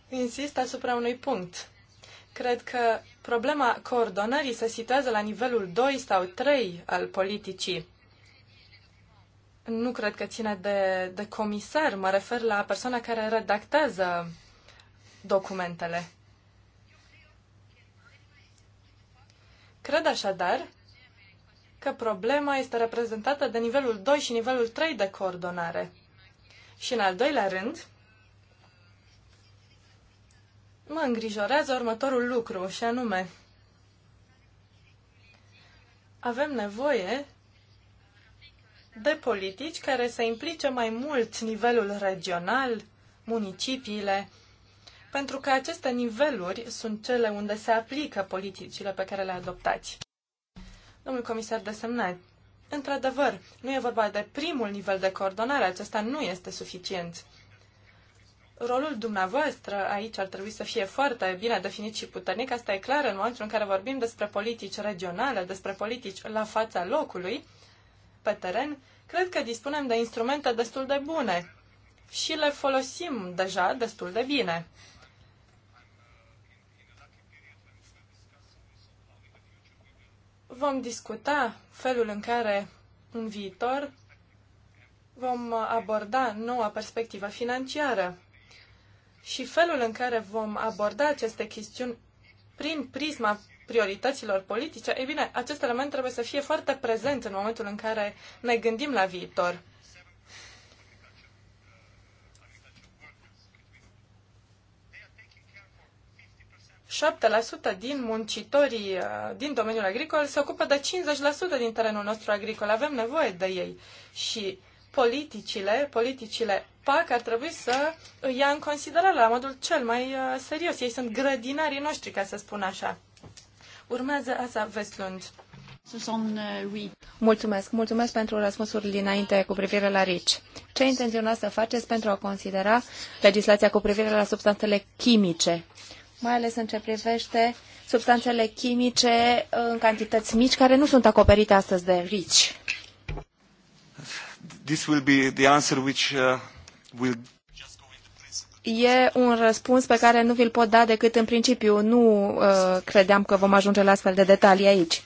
Insist asupra unui punct. Cred că problema coordonării se situează la nivelul 2 sau 3 al politicii nu cred că ține de, de comisar, mă refer la persoana care redactează documentele. Cred așadar că problema este reprezentată de nivelul 2 și nivelul 3 de coordonare. Și în al doilea rând, mă îngrijorează următorul lucru, și anume, avem nevoie de politici care să implice mai mult nivelul regional, municipiile, pentru că aceste niveluri sunt cele unde se aplică politicile pe care le adoptați. Domnul comisar de semnat, într-adevăr, nu e vorba de primul nivel de coordonare, acesta nu este suficient. Rolul dumneavoastră aici ar trebui să fie foarte bine definit și puternic, asta e clar în momentul în care vorbim despre politici regionale, despre politici la fața locului, pe teren, cred că dispunem de instrumente destul de bune și le folosim deja destul de bine. Vom discuta felul în care în viitor vom aborda noua perspectivă financiară și felul în care vom aborda aceste chestiuni prin prisma priorităților politice, ei bine, acest element trebuie să fie foarte prezent în momentul în care ne gândim la viitor. sută din muncitorii uh, din domeniul agricol se ocupă de 50% din terenul nostru agricol. Avem nevoie de ei și politicile, politicile PAC ar trebui să ia în considerare la modul cel mai uh, serios. Ei sunt grădinarii noștri, ca să spun așa. Urmează Asa Westlund. Mulțumesc. Mulțumesc pentru răspunsurile dinainte cu privire la RICI. Ce intenționați să faceți pentru a considera legislația cu privire la substanțele chimice, mai ales în ce privește substanțele chimice în cantități mici care nu sunt acoperite astăzi de RICI? This will be the answer which uh, will E un răspuns pe care nu vi-l pot da decât în principiu. Nu uh, credeam că vom ajunge la astfel de detalii aici.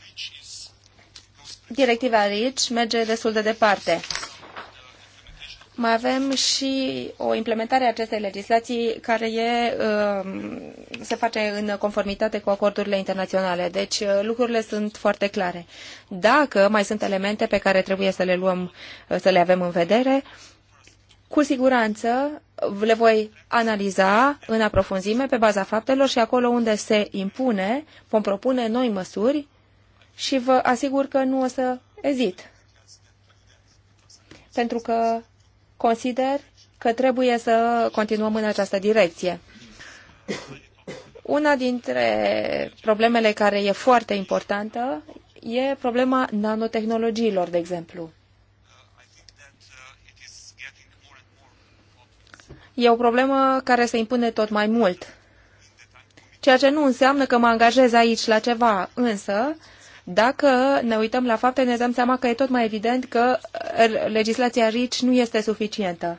Directiva aici merge destul de departe. Mai avem și o implementare a acestei legislații care e, um, se face în conformitate cu acordurile internaționale. Deci uh, lucrurile sunt foarte clare. Dacă mai sunt elemente pe care trebuie să le luăm, uh, să le avem în vedere, cu siguranță le voi analiza în aprofunzime pe baza faptelor și acolo unde se impune vom propune noi măsuri și vă asigur că nu o să ezit. Pentru că consider că trebuie să continuăm în această direcție. Una dintre problemele care e foarte importantă e problema nanotehnologiilor, de exemplu. E o problemă care se impune tot mai mult. Ceea ce nu înseamnă că mă angajez aici la ceva, însă dacă ne uităm la fapte, ne dăm seama că e tot mai evident că uh, legislația RICI nu este suficientă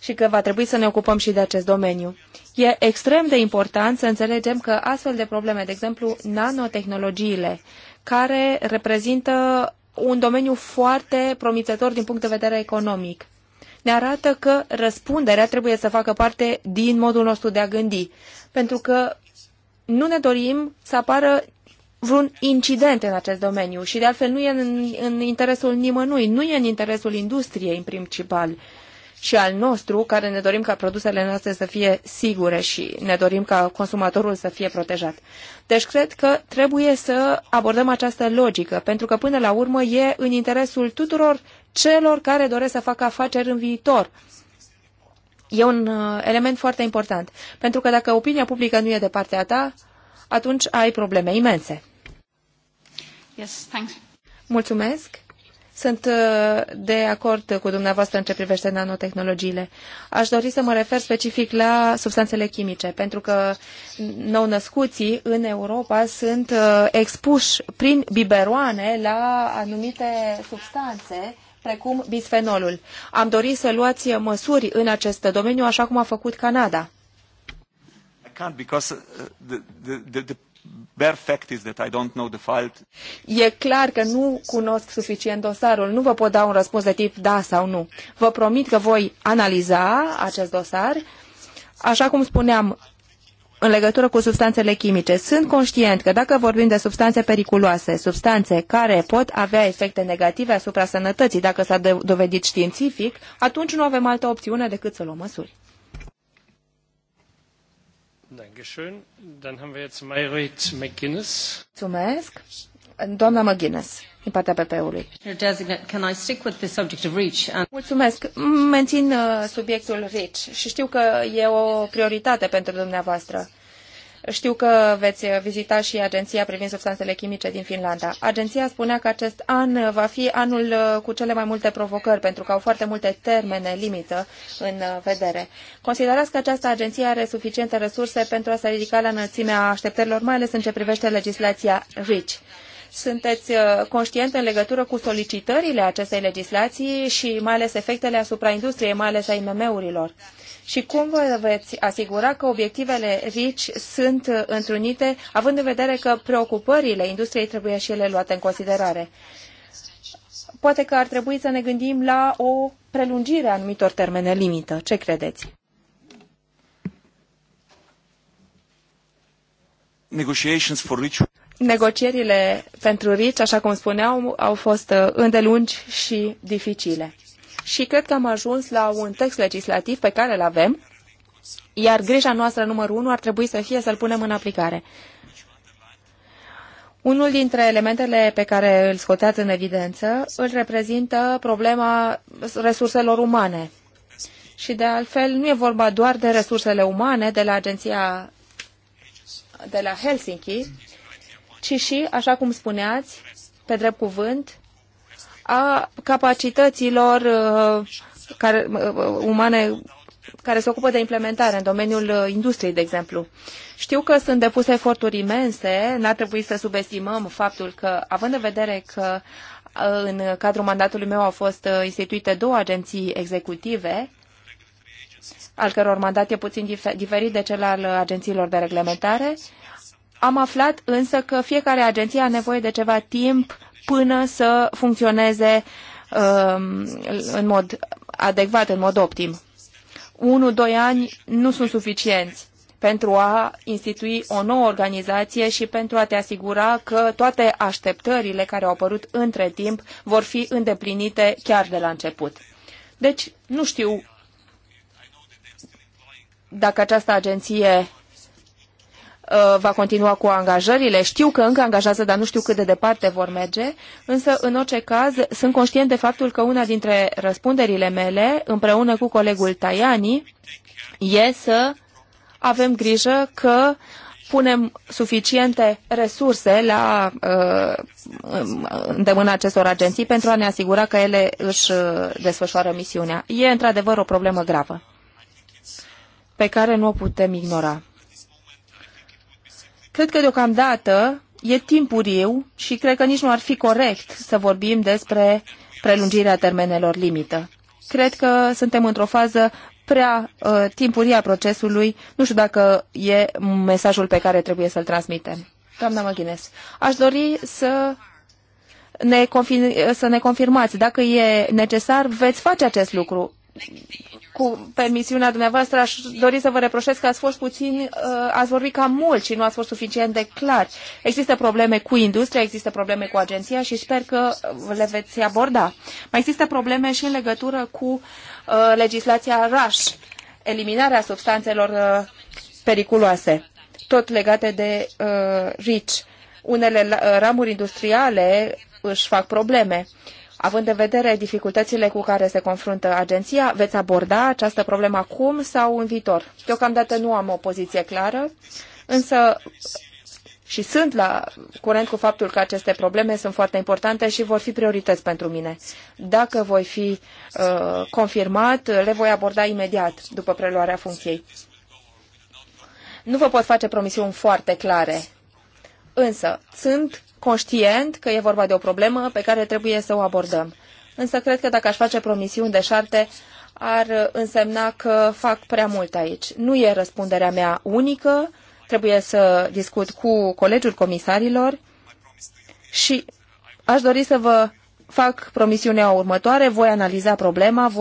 și că va trebui să ne ocupăm și de acest domeniu. E extrem de important să înțelegem că astfel de probleme, de exemplu nanotehnologiile, care reprezintă un domeniu foarte promițător din punct de vedere economic, ne arată că răspunderea trebuie să facă parte din modul nostru de a gândi, pentru că nu ne dorim să apară vreun incident în acest domeniu și de altfel nu e în, în interesul nimănui, nu e în interesul industriei în principal și al nostru, care ne dorim ca produsele noastre să fie sigure și ne dorim ca consumatorul să fie protejat. Deci cred că trebuie să abordăm această logică, pentru că până la urmă e în interesul tuturor celor care doresc să facă afaceri în viitor. E un uh, element foarte important, pentru că dacă opinia publică nu e de partea ta, atunci ai probleme imense. Yes, thanks. Mulțumesc. Sunt uh, de acord cu dumneavoastră în ce privește nanotehnologiile. Aș dori să mă refer specific la substanțele chimice, pentru că nou-născuții în Europa sunt uh, expuși prin biberoane la anumite substanțe precum bisfenolul. Am dorit să luați măsuri în acest domeniu, așa cum a făcut Canada. I can't because uh, the, the, the, the bare fact is that I don't know the E clar că nu cunosc suficient dosarul. Nu vă pot da un răspuns de tip da sau nu. Vă promit că voi analiza acest dosar. Așa cum spuneam, în legătură cu substanțele chimice. Sunt conștient că dacă vorbim de substanțe periculoase, substanțe care pot avea efecte negative asupra sănătății, dacă s-a dovedit științific, atunci nu avem altă opțiune decât să luăm măsuri. Mulțumesc. Doamna McGuinness, din partea PP-ului. Mulțumesc. Mențin uh, subiectul REACH și știu că e o prioritate pentru dumneavoastră. Știu că veți vizita și agenția privind substanțele chimice din Finlanda. Agenția spunea că acest an va fi anul uh, cu cele mai multe provocări, pentru că au foarte multe termene limită în uh, vedere. Considerați că această agenție are suficiente resurse pentru a se ridica la înălțimea așteptărilor, mai ales în ce privește legislația RICH sunteți uh, conștient în legătură cu solicitările acestei legislații și mai ales efectele asupra industriei, mai ales a IMM-urilor? Și cum vă veți asigura că obiectivele RICI sunt uh, întrunite, având în vedere că preocupările industriei trebuie și ele luate în considerare? Poate că ar trebui să ne gândim la o prelungire a anumitor termene limită. Ce credeți? Negotiations for RICI Negocierile pentru RICI, așa cum spuneau, au fost uh, îndelungi și dificile. Și cred că am ajuns la un text legislativ pe care îl avem, iar grija noastră numărul unu ar trebui să fie să-l punem în aplicare. Unul dintre elementele pe care îl scoteați în evidență îl reprezintă problema resurselor umane. Și de altfel nu e vorba doar de resursele umane de la agenția de la Helsinki, ci și, așa cum spuneați, pe drept cuvânt, a capacităților uh, care, uh, uh, umane care se ocupă de implementare în domeniul industriei, de exemplu. Știu că sunt depuse eforturi imense, n-ar trebui să subestimăm faptul că, având în vedere că în cadrul mandatului meu au fost instituite două agenții executive, al căror mandat e puțin diferit de cel al agențiilor de reglementare, am aflat însă că fiecare agenție a nevoie de ceva timp până să funcționeze um, în mod adecvat, în mod optim. Unu, doi ani nu sunt suficienți pentru a institui o nouă organizație și pentru a te asigura că toate așteptările care au apărut între timp vor fi îndeplinite chiar de la început. Deci, nu știu dacă această agenție Uh, va continua cu angajările. Știu că încă angajează, dar nu știu cât de departe vor merge, însă, în orice caz, sunt conștient de faptul că una dintre răspunderile mele, împreună cu colegul Tajani, e să avem grijă că punem suficiente resurse la uh, îndemâna acestor agenții pentru a ne asigura că ele își uh, desfășoară misiunea. E într-adevăr o problemă gravă pe care nu o putem ignora. Cred că deocamdată e timpuriu și cred că nici nu ar fi corect să vorbim despre prelungirea termenelor limită. Cred că suntem într-o fază prea uh, timpurie a procesului. Nu știu dacă e mesajul pe care trebuie să-l transmitem. Doamna Măghines, aș dori să ne, confir- să ne confirmați dacă e necesar, veți face acest lucru cu permisiunea dumneavoastră, aș dori să vă reproșez că ați fost puțin, uh, ați vorbit cam mult și nu ați fost suficient de clar. Există probleme cu industria, există probleme cu agenția și sper că le veți aborda. Mai există probleme și în legătură cu uh, legislația RASH, eliminarea substanțelor uh, periculoase, tot legate de RICH. Unele ramuri industriale își fac probleme. Având în vedere dificultățile cu care se confruntă agenția, veți aborda această problemă acum sau în viitor? Deocamdată nu am o poziție clară, însă și sunt la curent cu faptul că aceste probleme sunt foarte importante și vor fi priorități pentru mine. Dacă voi fi uh, confirmat, le voi aborda imediat după preluarea funcției. Nu vă pot face promisiuni foarte clare Însă, sunt conștient că e vorba de o problemă pe care trebuie să o abordăm. Însă cred că dacă aș face promisiuni de șarte, ar însemna că fac prea mult aici. Nu e răspunderea mea unică, trebuie să discut cu colegiul comisarilor și aș dori să vă fac promisiunea următoare, voi analiza problema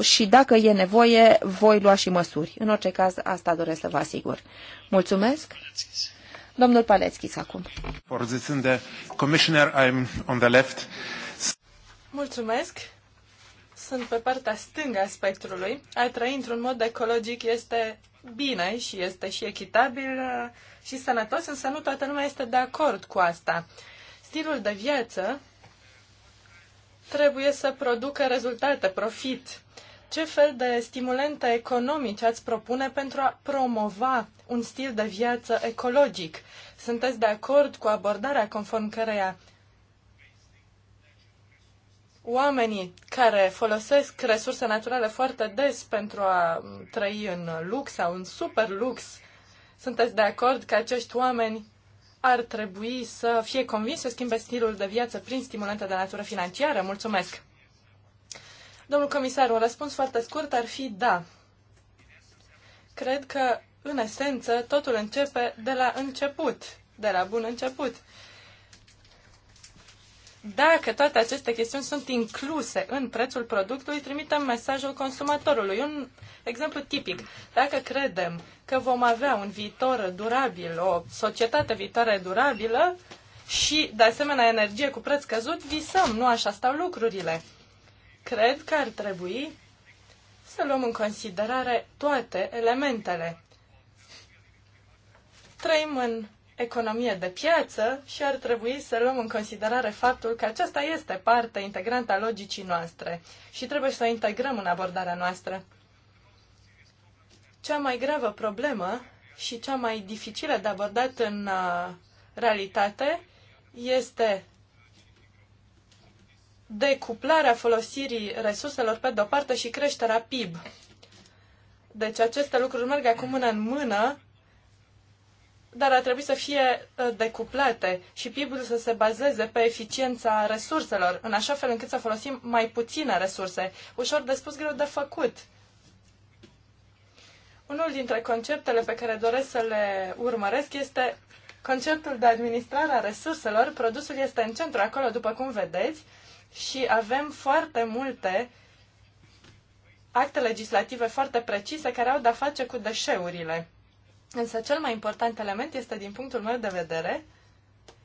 și dacă e nevoie, voi lua și măsuri. În orice caz, asta doresc să vă asigur. Mulțumesc! Domnul Paleckis acum. Mulțumesc. Sunt pe partea stângă a spectrului. A trăi într-un mod ecologic este bine și este și echitabil și sănătos, însă nu toată lumea este de acord cu asta. Stilul de viață trebuie să producă rezultate, profit ce fel de stimulente economice ați propune pentru a promova un stil de viață ecologic? Sunteți de acord cu abordarea conform căreia oamenii care folosesc resurse naturale foarte des pentru a trăi în lux sau în super lux, sunteți de acord că acești oameni ar trebui să fie convins să schimbe stilul de viață prin stimulente de natură financiară? Mulțumesc! Domnul comisar, un răspuns foarte scurt ar fi da. Cred că, în esență, totul începe de la început, de la bun început. Dacă toate aceste chestiuni sunt incluse în prețul produsului, trimitem mesajul consumatorului. Un exemplu tipic. Dacă credem că vom avea un viitor durabil, o societate viitoare durabilă și, de asemenea, energie cu preț căzut, visăm, nu așa stau lucrurile cred că ar trebui să luăm în considerare toate elementele. Trăim în economie de piață și ar trebui să luăm în considerare faptul că aceasta este parte integrantă a logicii noastre și trebuie să o integrăm în abordarea noastră. Cea mai gravă problemă și cea mai dificilă de abordat în uh, realitate este decuplarea folosirii resurselor pe de-o parte și creșterea PIB. Deci aceste lucruri merg acum mână în mână, dar ar trebui să fie ă, decuplate și PIB-ul să se bazeze pe eficiența resurselor, în așa fel încât să folosim mai puține resurse. Ușor de spus, greu de făcut. Unul dintre conceptele pe care doresc să le urmăresc este conceptul de administrare a resurselor. Produsul este în centru acolo, după cum vedeți, și avem foarte multe acte legislative foarte precise care au de-a face cu deșeurile. Însă cel mai important element este, din punctul meu de vedere,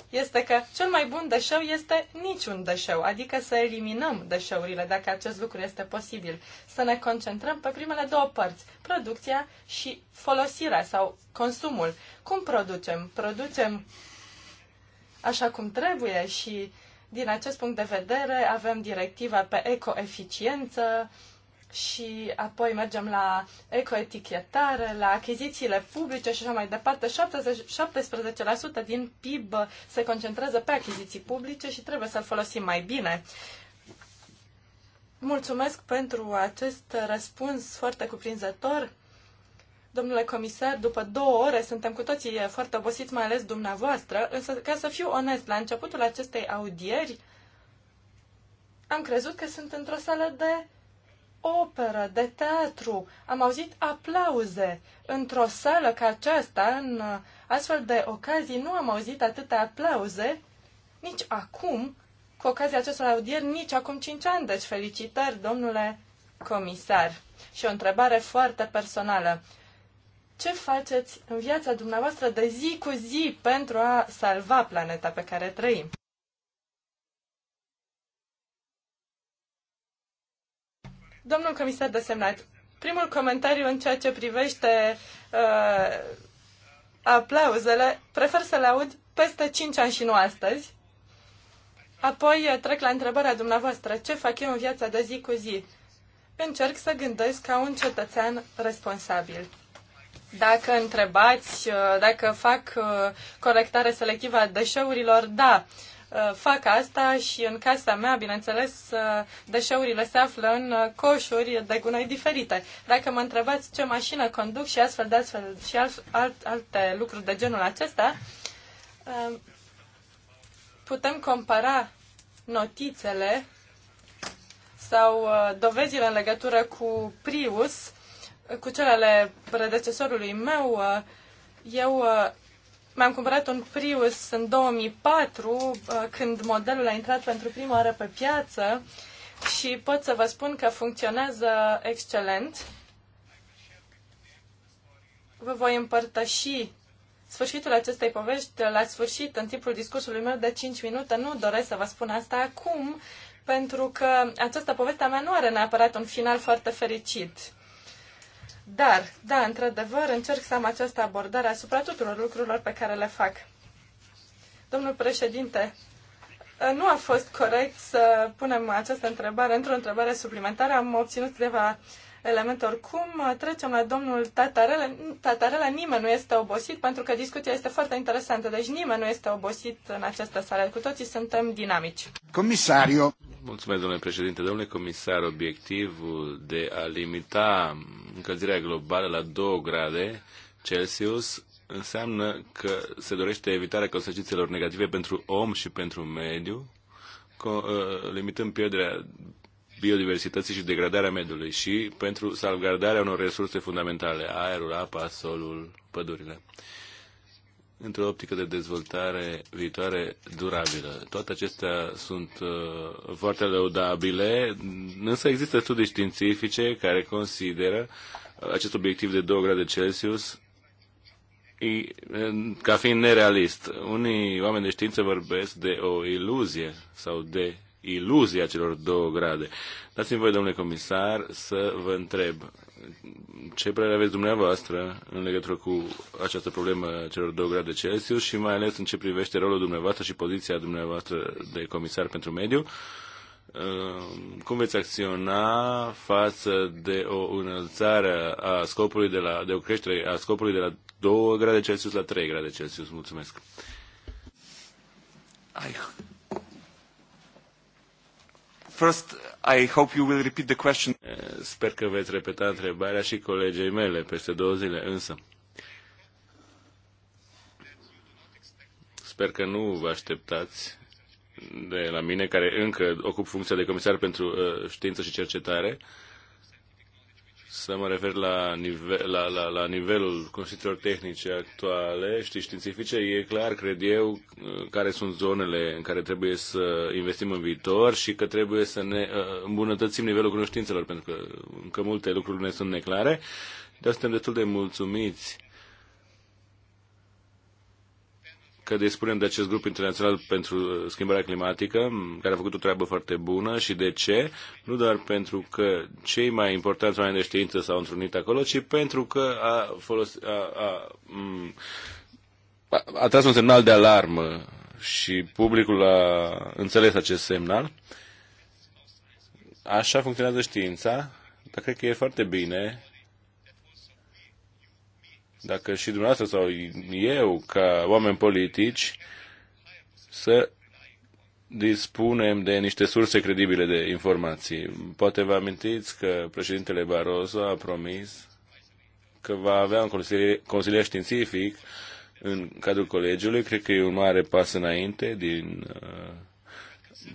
este că cel mai bun deșeu este niciun deșeu, adică să eliminăm deșeurile, dacă acest lucru este posibil. Să ne concentrăm pe primele două părți, producția și folosirea sau consumul. Cum producem? Producem așa cum trebuie și din acest punct de vedere, avem directiva pe ecoeficiență și apoi mergem la ecoetichetare, la achizițiile publice și așa mai departe. 70, 17% din PIB se concentrează pe achiziții publice și trebuie să-l folosim mai bine. Mulțumesc pentru acest răspuns foarte cuprinzător. Domnule comisar, după două ore suntem cu toții foarte obosiți, mai ales dumneavoastră, însă ca să fiu onest, la începutul acestei audieri am crezut că sunt într-o sală de operă, de teatru. Am auzit aplauze. Într-o sală ca aceasta, în astfel de ocazii, nu am auzit atâtea aplauze nici acum, cu ocazia acestor audieri, nici acum cinci ani. Deci felicitări, domnule comisar. Și o întrebare foarte personală ce faceți în viața dumneavoastră de zi cu zi pentru a salva planeta pe care trăim. Domnul comisar de semnat, primul comentariu în ceea ce privește uh, aplauzele, prefer să le aud peste 5 ani și nu astăzi. Apoi uh, trec la întrebarea dumneavoastră, ce fac eu în viața de zi cu zi? Încerc să gândesc ca un cetățean responsabil. Dacă întrebați uh, dacă fac uh, corectare selectivă a deșeurilor, da, uh, fac asta și în casa mea, bineînțeles, deșeurile se află în coșuri de gunoi diferite. Dacă mă întrebați ce mașină conduc și astfel de astfel și alt, alt, alte lucruri de genul acesta, putem compara notițele sau dovezile în legătură cu Prius cu cel ale predecesorului meu. Uh, eu uh, mi-am cumpărat un Prius în 2004, uh, când modelul a intrat pentru prima oară pe piață și pot să vă spun că funcționează excelent. Vă voi împărtăși sfârșitul acestei povești, la sfârșit, în timpul discursului meu de 5 minute, nu doresc să vă spun asta acum, pentru că această poveste a mea nu are neapărat un final foarte fericit. Dar, da, într-adevăr, încerc să am această abordare asupra tuturor lucrurilor pe care le fac. Domnul președinte, ă, nu a fost corect să punem această întrebare într-o întrebare suplimentară. Am obținut câteva elemente oricum. Trecem la domnul Tatarele. Tatarele, nimeni nu este obosit pentru că discuția este foarte interesantă. Deci nimeni nu este obosit în această sală. Cu toții suntem dinamici. Comisario. Mulțumesc, domnule președinte. Domnule comisar, obiectivul de a limita încălzirea globală la 2 grade Celsius înseamnă că se dorește evitarea consecințelor negative pentru om și pentru mediu, uh, limitând pierderea biodiversității și degradarea mediului și pentru salvgardarea unor resurse fundamentale, aerul, apa, solul, pădurile într-o optică de dezvoltare viitoare durabilă. Toate acestea sunt uh, foarte lăudabile, însă există studii științifice care consideră acest obiectiv de 2 grade Celsius ca fiind nerealist. Unii oameni de știință vorbesc de o iluzie sau de iluzia celor două grade. Dați-mi voi, domnule comisar, să vă întreb ce părere aveți dumneavoastră în legătură cu această problemă a celor două grade Celsius și mai ales în ce privește rolul dumneavoastră și poziția dumneavoastră de comisar pentru mediu? Uh, cum veți acționa față de o înălțare a scopului de la, de o creștere a scopului de la 2 grade Celsius la 3 grade Celsius? Mulțumesc! First, I hope you will repeat the question. Eh, sper că veți repeta întrebarea și colegei mele peste două zile, însă. Sper că nu vă așteptați de la mine, care încă ocup funcția de comisar pentru eh, știință și cercetare, să mă refer la, nive- la, la, la nivelul construcțiilor tehnice actuale, știi, științifice, e clar, cred eu, uh, care sunt zonele în care trebuie să investim în viitor și că trebuie să ne uh, îmbunătățim nivelul cunoștințelor, pentru că încă multe lucruri ne sunt neclare. De asta suntem destul de mulțumiți că dispunem de acest grup internațional pentru uh, schimbarea climatică, care a făcut o treabă foarte bună și de ce? Nu doar pentru că cei mai importanți oameni de știință s-au întrunit acolo, ci pentru că a, folos, a, a, a, a tras un semnal de alarmă și publicul a înțeles acest semnal. Așa funcționează știința, dar cred că e foarte bine dacă și dumneavoastră sau eu, ca oameni politici, să dispunem de niște surse credibile de informații. Poate vă amintiți că președintele Barroso a promis că va avea un consilier, consilier științific în cadrul colegiului. Cred că e un mare pas înainte din uh,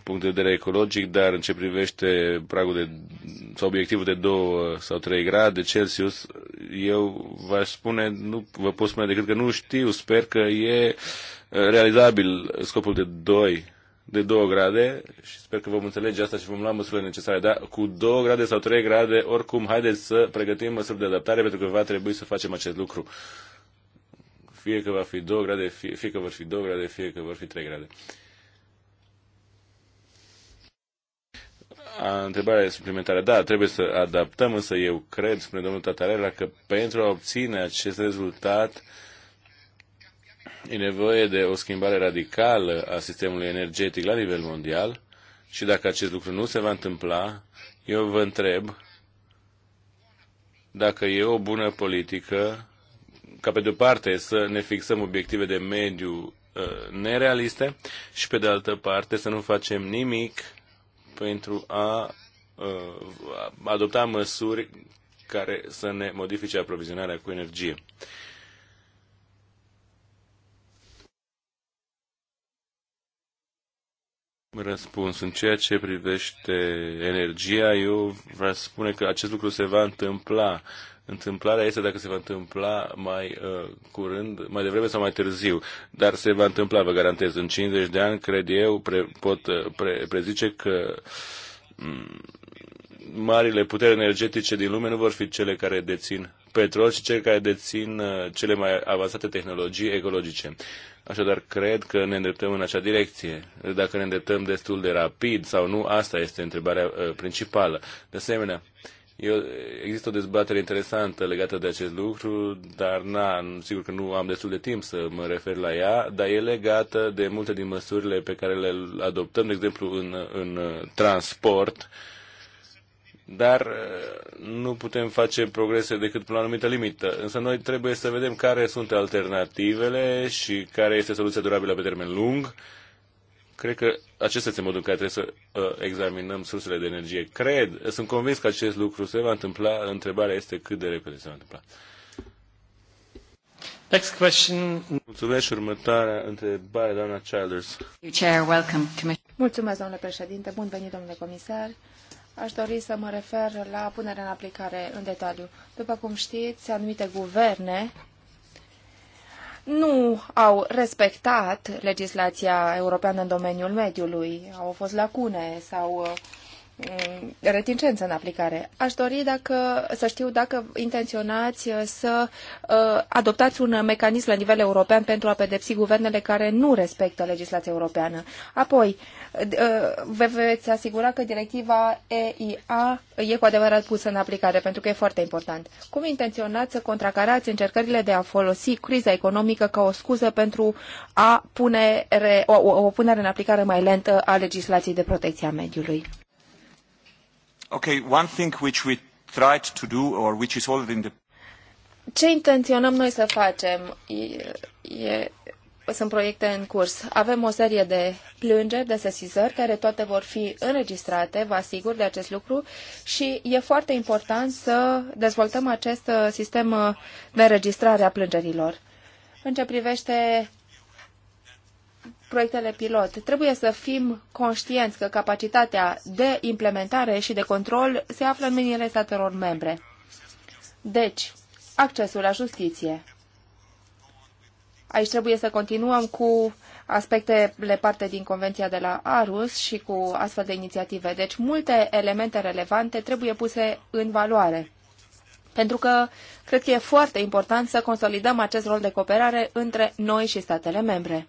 punct de vedere ecologic, dar în ce privește pragul de, sau obiectivul de 2 sau 3 grade Celsius, eu vă spune, nu vă pot spune decât că nu știu, sper că e uh, realizabil scopul de 2 de 2 grade și sper că vom înțelege asta și vom lua măsurile necesare. Dar cu 2 grade sau 3 grade, oricum, haideți să pregătim măsuri de adaptare pentru că va trebui să facem acest lucru. Fie că va fi 2 grade, fie, fie că vor fi 2 grade, fie că vor fi 3 grade. A întrebarea suplimentară. Da, trebuie să adaptăm, însă eu cred, spune domnul Tatarela, că pentru a obține acest rezultat e nevoie de o schimbare radicală a sistemului energetic la nivel mondial și dacă acest lucru nu se va întâmpla, eu vă întreb dacă e o bună politică ca pe de-o parte să ne fixăm obiective de mediu uh, nerealiste și pe de altă parte să nu facem nimic pentru a uh, adopta măsuri care să ne modifice aprovizionarea cu energie. Răspuns. În ceea ce privește energia, eu vreau să spune că acest lucru se va întâmpla Întâmplarea este dacă se va întâmpla mai uh, curând, mai devreme sau mai târziu. Dar se va întâmpla, vă garantez. În 50 de ani, cred eu, pre, pot uh, pre, prezice că mm, marile puteri energetice din lume nu vor fi cele care dețin petrol, ci cele care dețin uh, cele mai avansate tehnologii ecologice. Așadar, cred că ne îndreptăm în acea direcție. Dacă ne îndreptăm destul de rapid sau nu, asta este întrebarea uh, principală. De asemenea, uh, eu, există o dezbatere interesantă legată de acest lucru, dar na, sigur că nu am destul de timp să mă refer la ea, dar e legată de multe din măsurile pe care le adoptăm, de exemplu, în, în uh, transport, dar uh, nu putem face progrese decât până la o anumită limită. Însă noi trebuie să vedem care sunt alternativele și care este soluția durabilă pe termen lung Cred că acesta este modul în care trebuie să uh, examinăm sursele de energie. Cred, sunt convins că acest lucru se va întâmpla. Întrebarea este cât de repede se va întâmpla. Next question. Mulțumesc și următoarea întrebare, doamna Childers. Chair, welcome, Mulțumesc, domnule președinte. Bun venit, domnule comisar. Aș dori să mă refer la punerea în aplicare în detaliu. După cum știți, anumite guverne nu au respectat legislația europeană în domeniul mediului, au fost lacune sau uh, Mm, reticență în aplicare. Aș dori dacă, să știu dacă intenționați uh, să uh, adoptați un mecanism la nivel european pentru a pedepsi guvernele care nu respectă legislația europeană. Apoi, uh, vă veți asigura că directiva EIA e cu adevărat pusă în aplicare, pentru că e foarte important. Cum intenționați să contracarați încercările de a folosi criza economică ca o scuză pentru a pune o, o punere în aplicare mai lentă a legislației de protecție a mediului? Okay, one thing which we tried to do or which is already in the ce intenționăm noi să facem? E, e, sunt proiecte în curs. Avem o serie de plângeri, de sesizări, care toate vor fi înregistrate, vă asigur de acest lucru, și e foarte important să dezvoltăm acest uh, sistem uh, de înregistrare a plângerilor. În ce privește proiectele pilot. Trebuie să fim conștienți că capacitatea de implementare și de control se află în mâinile statelor membre. Deci, accesul la justiție. Aici trebuie să continuăm cu aspectele parte din Convenția de la Arus și cu astfel de inițiative. Deci, multe elemente relevante trebuie puse în valoare pentru că cred că e foarte important să consolidăm acest rol de cooperare între noi și statele membre.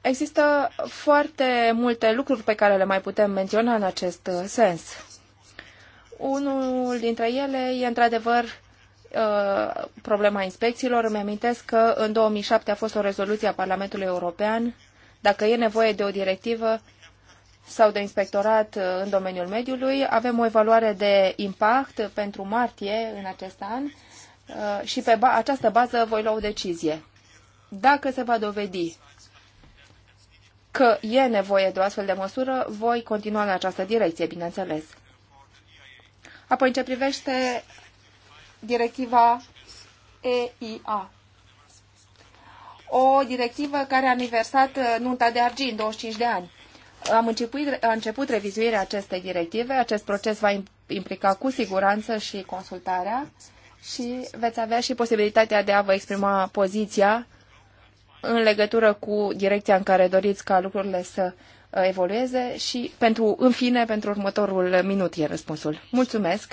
Există foarte multe lucruri pe care le mai putem menționa în acest sens. Unul dintre ele e într-adevăr uh, problema inspecțiilor. Îmi amintesc că în 2007 a fost o rezoluție a Parlamentului European dacă e nevoie de o directivă sau de inspectorat uh, în domeniul mediului. Avem o evaluare de impact pentru martie în acest an uh, și pe această bază voi lua o decizie. Dacă se va dovedi că e nevoie de o astfel de măsură, voi continua în această direcție, bineînțeles. Apoi, în ce privește directiva EIA, o directivă care a aniversat uh, nunta de argint, 25 de ani. Am început, a început revizuirea acestei directive, acest proces va implica cu siguranță și consultarea și veți avea și posibilitatea de a vă exprima poziția în legătură cu direcția în care doriți ca lucrurile să uh, evolueze și, pentru, în fine, pentru următorul minut e răspunsul. Mulțumesc!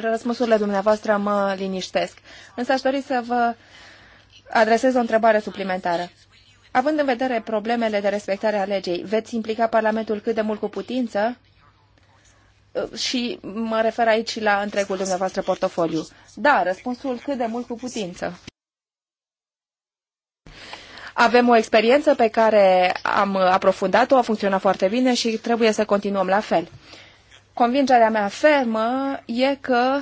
Răspunsurile dumneavoastră mă liniștesc, însă aș dori să vă adresez o întrebare suplimentară. Având în vedere problemele de respectare a legei, veți implica Parlamentul cât de mult cu putință? Uh, și mă refer aici la întregul dumneavoastră portofoliu. Da, răspunsul cât de mult cu putință. Avem o experiență pe care am aprofundat-o, a funcționat foarte bine și trebuie să continuăm la fel. Convingerea mea fermă e că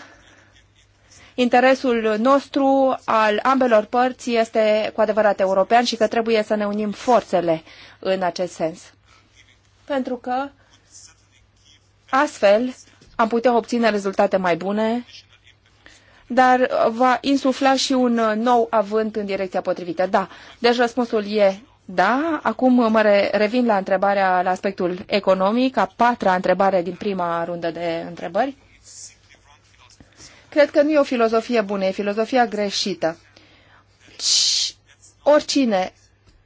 interesul nostru al ambelor părți este cu adevărat european și că trebuie să ne unim forțele în acest sens. Pentru că astfel am putea obține rezultate mai bune dar uh, va insufla și un uh, nou avânt în direcția potrivită. Da, deci răspunsul e da. Acum mă revin la întrebarea, la aspectul economic, a patra întrebare din prima rundă de întrebări. Cred că nu e o filozofie bună, e filozofia greșită. oricine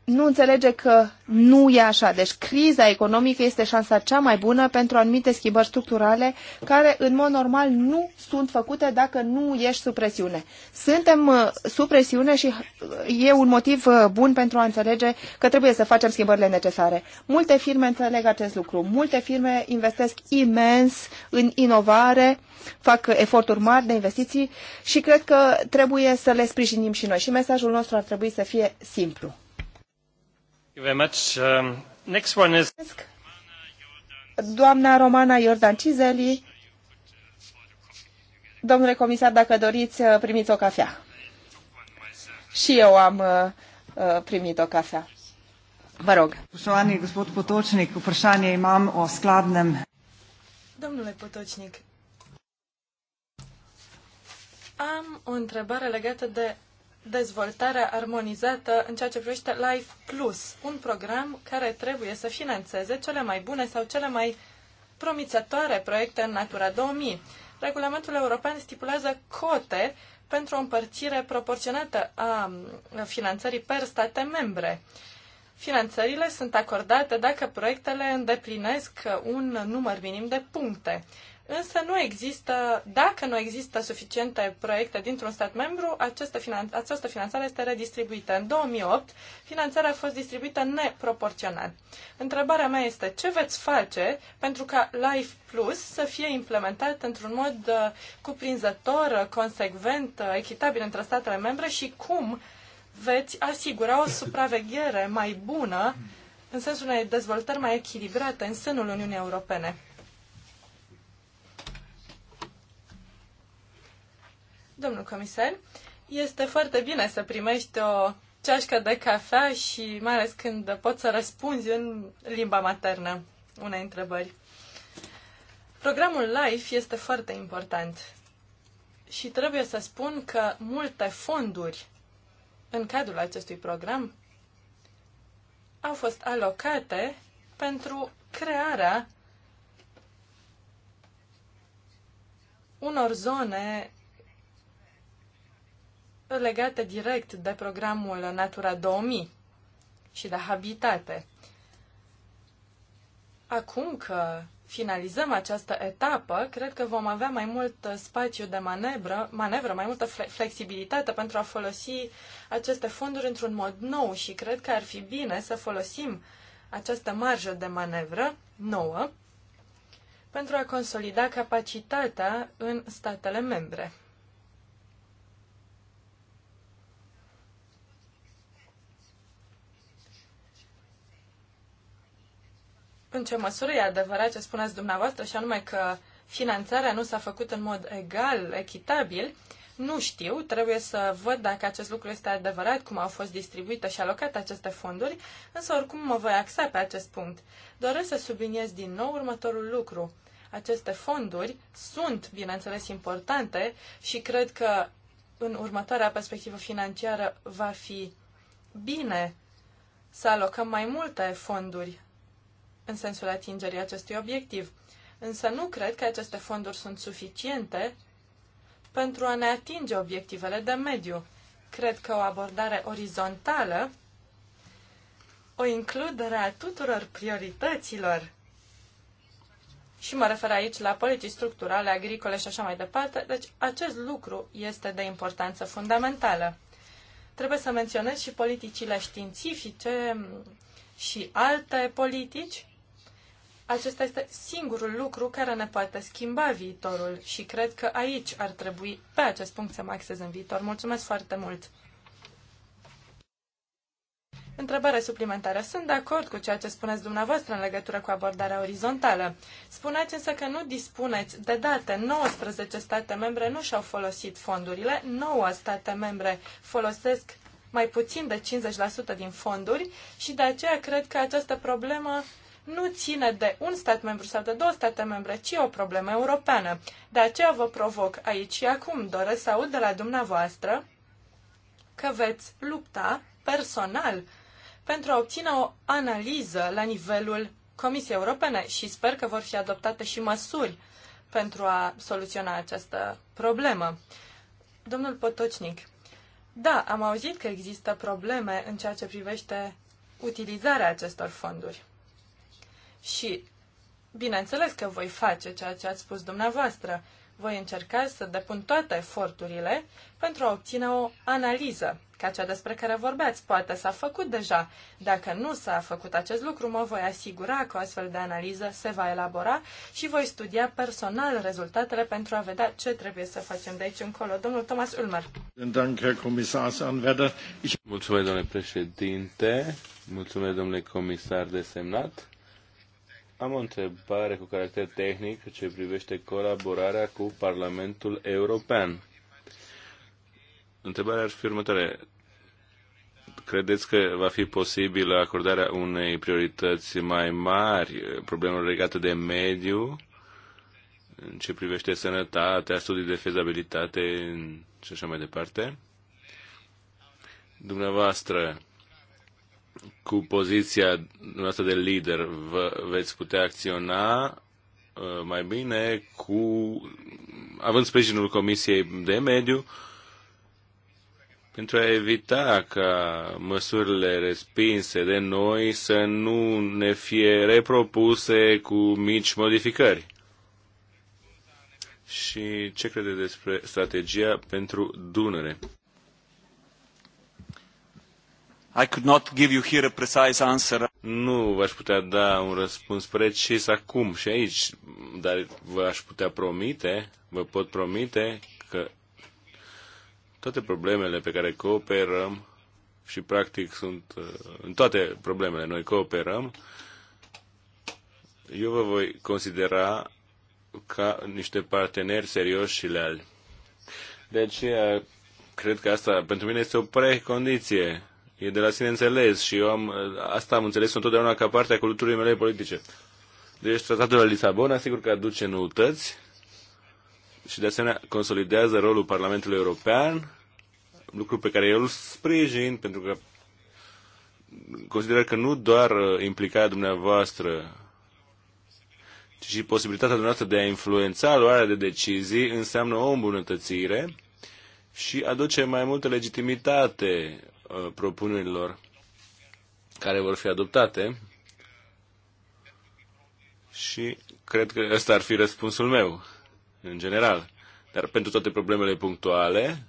nu înțelege că nu e așa. Deci criza economică este șansa cea mai bună pentru anumite schimbări structurale care în mod normal nu sunt făcute dacă nu ești sub presiune. Suntem uh, sub presiune și uh, e un motiv uh, bun pentru a înțelege că trebuie să facem schimbările necesare. Multe firme înțeleg acest lucru. Multe firme investesc imens în inovare, fac eforturi mari de investiții și cred că trebuie să le sprijinim și noi. Și mesajul nostru ar trebui să fie simplu Um, Mulțumesc. Doamna Romana Iordan Cizeli, domnule comisar, dacă doriți, uh, primiți o cafea. Și eu am uh, uh, primit o cafea. Vă rog. Domnule Potočnik, am o întrebare legată de dezvoltarea armonizată în ceea ce privește Life Plus, un program care trebuie să financeze cele mai bune sau cele mai promițătoare proiecte în Natura 2000. Regulamentul european stipulează cote pentru o împărțire proporționată a finanțării per state membre. Finanțările sunt acordate dacă proiectele îndeplinesc un număr minim de puncte însă nu există, dacă nu există suficiente proiecte dintr-un stat membru, această, finanț- această finanțare este redistribuită. În 2008, finanțarea a fost distribuită neproporțional. Întrebarea mea este ce veți face pentru ca Life Plus să fie implementat într-un mod uh, cuprinzător, uh, consecvent, uh, echitabil între statele membre și cum veți asigura o supraveghere mai bună în sensul unei dezvoltări mai echilibrate în sânul Uniunii Europene. Domnul comisar, este foarte bine să primești o ceașcă de cafea și mai ales când poți să răspunzi în limba maternă unei întrebări. Programul LIFE este foarte important și trebuie să spun că multe fonduri în cadrul acestui program au fost alocate pentru crearea unor zone legate direct de programul Natura 2000 și de habitate. Acum că finalizăm această etapă, cred că vom avea mai mult spațiu de manevră, manevră mai multă flexibilitate pentru a folosi aceste fonduri într-un mod nou și cred că ar fi bine să folosim această marjă de manevră nouă pentru a consolida capacitatea în statele membre. în ce măsură e adevărat ce spuneți dumneavoastră, și anume că finanțarea nu s-a făcut în mod egal, echitabil, nu știu, trebuie să văd dacă acest lucru este adevărat, cum au fost distribuite și alocate aceste fonduri, însă oricum mă voi axa pe acest punct. Doresc să subliniez din nou următorul lucru. Aceste fonduri sunt, bineînțeles, importante și cred că în următoarea perspectivă financiară va fi bine să alocăm mai multe fonduri în sensul atingerii acestui obiectiv. Însă nu cred că aceste fonduri sunt suficiente pentru a ne atinge obiectivele de mediu. Cred că o abordare orizontală, o includere a tuturor priorităților, și mă refer aici la politici structurale, agricole și așa mai departe, deci acest lucru este de importanță fundamentală. Trebuie să menționez și politicile științifice și alte politici acesta este singurul lucru care ne poate schimba viitorul și cred că aici ar trebui, pe acest punct, să mă axez în viitor. Mulțumesc foarte mult! Întrebare suplimentară. Sunt de acord cu ceea ce spuneți dumneavoastră în legătură cu abordarea orizontală. Spuneți însă că nu dispuneți de date. 19 state membre nu și-au folosit fondurile, 9 state membre folosesc mai puțin de 50% din fonduri și de aceea cred că această problemă nu ține de un stat membru sau de două state membre, ci o problemă europeană. De aceea vă provoc aici și acum. Doresc să aud de la dumneavoastră că veți lupta personal pentru a obține o analiză la nivelul Comisiei Europene și sper că vor fi adoptate și măsuri pentru a soluționa această problemă. Domnul Potocnic, da, am auzit că există probleme în ceea ce privește utilizarea acestor fonduri. Și bineînțeles că voi face ceea ce ați spus dumneavoastră. Voi încerca să depun toate eforturile pentru a obține o analiză, ca cea despre care vorbeați. Poate s-a făcut deja. Dacă nu s-a făcut acest lucru, mă voi asigura că o astfel de analiză se va elabora și voi studia personal rezultatele pentru a vedea ce trebuie să facem de aici încolo. Domnul Thomas Ulmer. Mulțumesc, domnule președinte. Mulțumesc, domnule comisar desemnat am o întrebare cu caracter tehnic ce privește colaborarea cu Parlamentul European. Întrebarea ar fi următoare. Credeți că va fi posibilă acordarea unei priorități mai mari problemelor legate de mediu, în ce privește sănătatea, studii de fezabilitate și așa mai departe? Dumneavoastră, cu poziția noastră de lider vă, veți putea acționa uh, mai bine cu, având sprijinul Comisiei de Mediu pentru a evita ca măsurile respinse de noi să nu ne fie repropuse cu mici modificări. Și ce credeți despre strategia pentru Dunăre? I could not give you here a precise answer. Nu v-aș putea da un răspuns precis acum și aici, dar v-aș putea promite, vă pot promite că toate problemele pe care cooperăm și practic sunt în toate problemele noi cooperăm, eu vă voi considera ca niște parteneri serioși și leali. De aceea, cred că asta pentru mine este o precondiție E de la sine înțeles și eu am, asta am înțeles întotdeauna ca parte a culturii mele politice. Deci tratatul de la Lisabona, sigur că aduce noutăți și de asemenea consolidează rolul Parlamentului European, lucru pe care eu îl sprijin, pentru că consider că nu doar uh, implicarea dumneavoastră, ci și posibilitatea dumneavoastră de a influența luarea de decizii înseamnă o îmbunătățire și aduce mai multă legitimitate Uh, propunerilor care vor fi adoptate și cred că ăsta ar fi răspunsul meu, în general. Dar pentru toate problemele punctuale,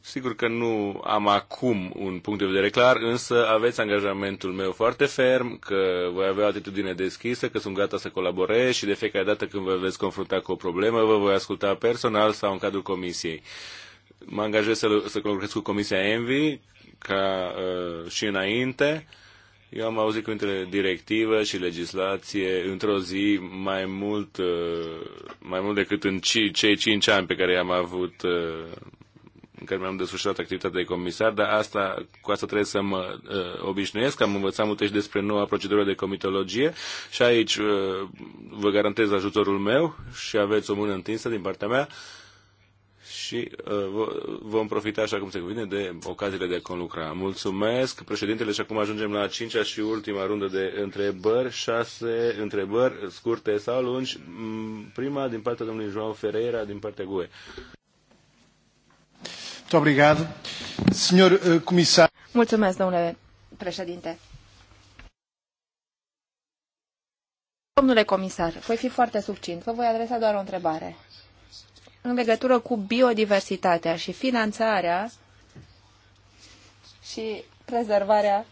sigur că nu am acum un punct de vedere clar, însă aveți angajamentul meu foarte ferm că voi avea o atitudine deschisă, că sunt gata să colaborez și de fiecare dată când vă veți confrunta cu o problemă, vă voi asculta personal sau în cadrul comisiei. Mă angajez să, să colaborez cu Comisia Envi, ca uh, și înainte. Eu am auzit cuvintele directivă și legislație într-o zi mai mult, uh, mai mult decât în ci, cei cinci ani pe care i-am avut, uh, în care mi-am desfășurat activitatea de comisar, dar asta, cu asta trebuie să mă uh, obișnuiesc. Am învățat multe și despre noua procedură de comitologie și aici uh, vă garantez ajutorul meu și aveți o mână întinsă din partea mea. Uh, și uh, vom profita, așa cum se cuvine, de ocaziile de a conlucra. Mulțumesc, președintele, și acum ajungem la a cincea și ultima rundă de întrebări, șase întrebări scurte sau lungi. Mm, prima din partea domnului João Ferreira, din partea GUE. Eh, Mulțumesc, domnule președinte. Domnule comisar, voi fi foarte succint. Vă voi adresa doar o întrebare în legătură cu biodiversitatea și finanțarea și prezervarea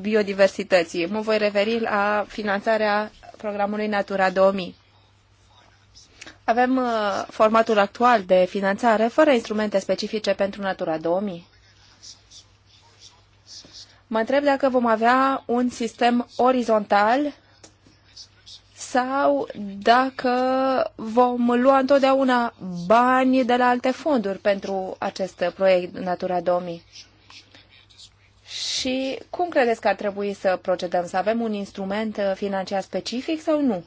biodiversității. Mă voi referi la finanțarea programului Natura 2000. Avem uh, formatul actual de finanțare fără instrumente specifice pentru Natura 2000. Mă întreb dacă vom avea un sistem orizontal sau dacă vom lua întotdeauna bani de la alte fonduri pentru acest proiect Natura 2000. Și cum credeți că ar trebui să procedăm? Să avem un instrument financiar specific sau nu?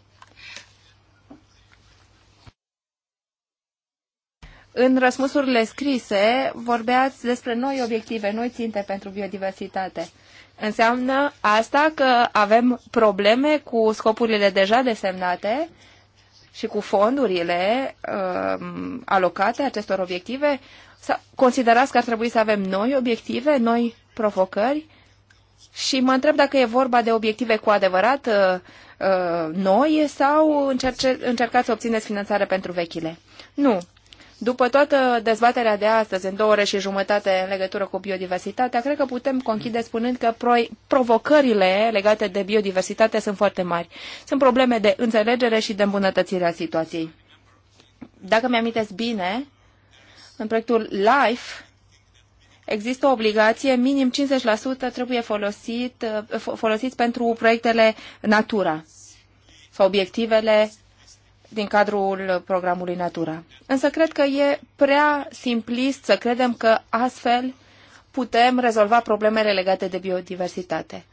În răspunsurile scrise vorbeați despre noi obiective, noi ținte pentru biodiversitate. Înseamnă asta că avem probleme cu scopurile deja desemnate și cu fondurile uh, alocate acestor obiective? Sau considerați că ar trebui să avem noi obiective, noi provocări? Și mă întreb dacă e vorba de obiective cu adevărat uh, uh noi sau încerce, încercați să obțineți finanțare pentru vechile. Nu, după toată dezbaterea de astăzi, în două ore și jumătate în legătură cu biodiversitatea, cred că putem conchide spunând că provocările legate de biodiversitate sunt foarte mari. Sunt probleme de înțelegere și de îmbunătățire a situației. Dacă mi-amintesc bine, în proiectul LIFE, există o obligație, minim 50% trebuie folosit, folosit pentru proiectele Natura sau obiectivele din cadrul programului Natura. Însă cred că e prea simplist să credem că astfel putem rezolva problemele legate de biodiversitate.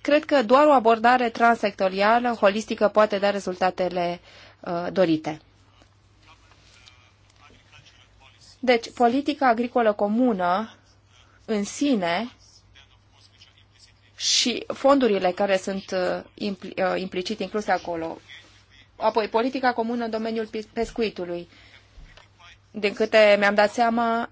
Cred că doar o abordare transsectorială, holistică, poate da rezultatele uh, dorite. Deci, politica agricolă comună în sine și fondurile care sunt uh, impl uh, implicit incluse acolo apoi politica comună în domeniul pescuitului. Din câte mi-am dat seama,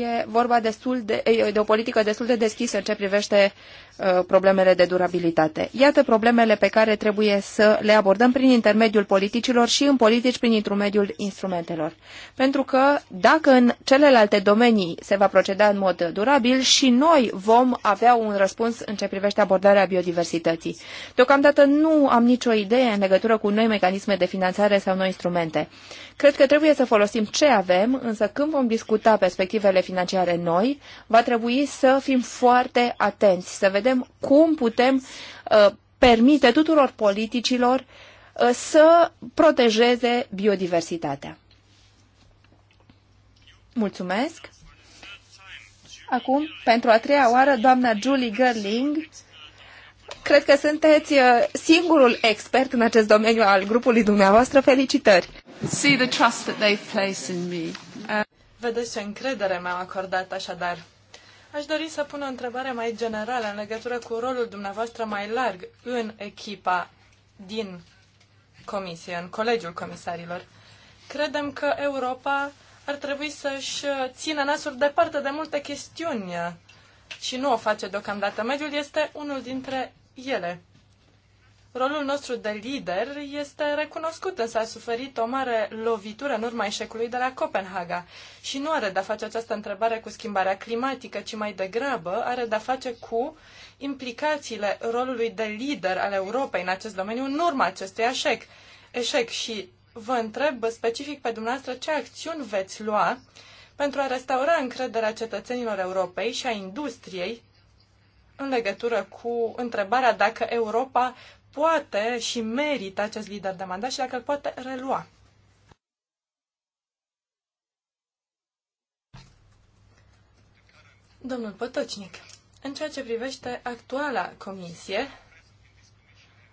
e vorba destul de, de o politică destul de deschisă în ce privește Uh, problemele de durabilitate. Iată problemele pe care trebuie să le abordăm prin intermediul politicilor și în politici prin intermediul instrumentelor. Pentru că dacă în celelalte domenii se va proceda în mod durabil și noi vom avea un răspuns în ce privește abordarea biodiversității. Deocamdată nu am nicio idee în legătură cu noi mecanisme de finanțare sau noi instrumente. Cred că trebuie să folosim ce avem, însă când vom discuta perspectivele financiare noi, va trebui să fim foarte atenți, să vedem vedem cum putem uh, permite tuturor politicilor uh, să protejeze biodiversitatea. Mulțumesc! Acum, pentru a treia oară, doamna Julie Gerling, cred că sunteți uh, singurul expert în acest domeniu al grupului dumneavoastră. Felicitări! Vedeți ce încredere mi-am acordat așadar. Aș dori să pun o întrebare mai generală în legătură cu rolul dumneavoastră mai larg în echipa din Comisie, în Colegiul Comisarilor. Credem că Europa ar trebui să-și țină nasul departe de multe chestiuni și nu o face deocamdată. Mediul este unul dintre ele. Rolul nostru de lider este recunoscut, însă a suferit o mare lovitură în urma eșecului de la Copenhaga. Și nu are de-a face această întrebare cu schimbarea climatică, ci mai degrabă are de-a face cu implicațiile rolului de lider al Europei în acest domeniu în urma acestui eșec. eșec. Și vă întreb specific pe dumneavoastră ce acțiuni veți lua pentru a restaura încrederea cetățenilor Europei și a industriei în legătură cu întrebarea dacă Europa poate și merită acest lider de mandat și dacă îl poate relua. Domnul Potocnic, în ceea ce privește actuala comisie,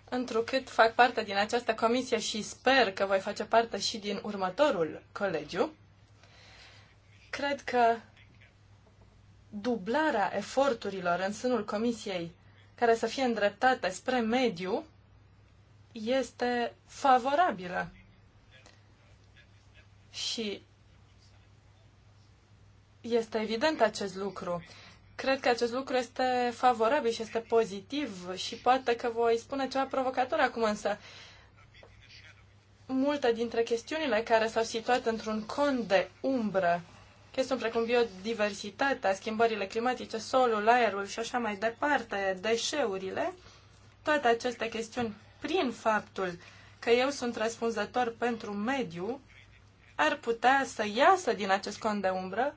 întrucât fac parte din această comisie și sper că voi face parte și din următorul colegiu, cred că dublarea eforturilor în sânul comisiei care să fie îndreptate spre mediu este favorabilă. Și este evident acest lucru. Cred că acest lucru este favorabil și este pozitiv și poate că voi spune ceva provocator acum, însă multe dintre chestiunile care s-au situat într-un cont de umbră, chestiuni precum biodiversitatea, schimbările climatice, solul, aerul și așa mai departe, deșeurile, toate aceste chestiuni prin faptul că eu sunt răspunzător pentru mediu, ar putea să iasă din acest cont de umbră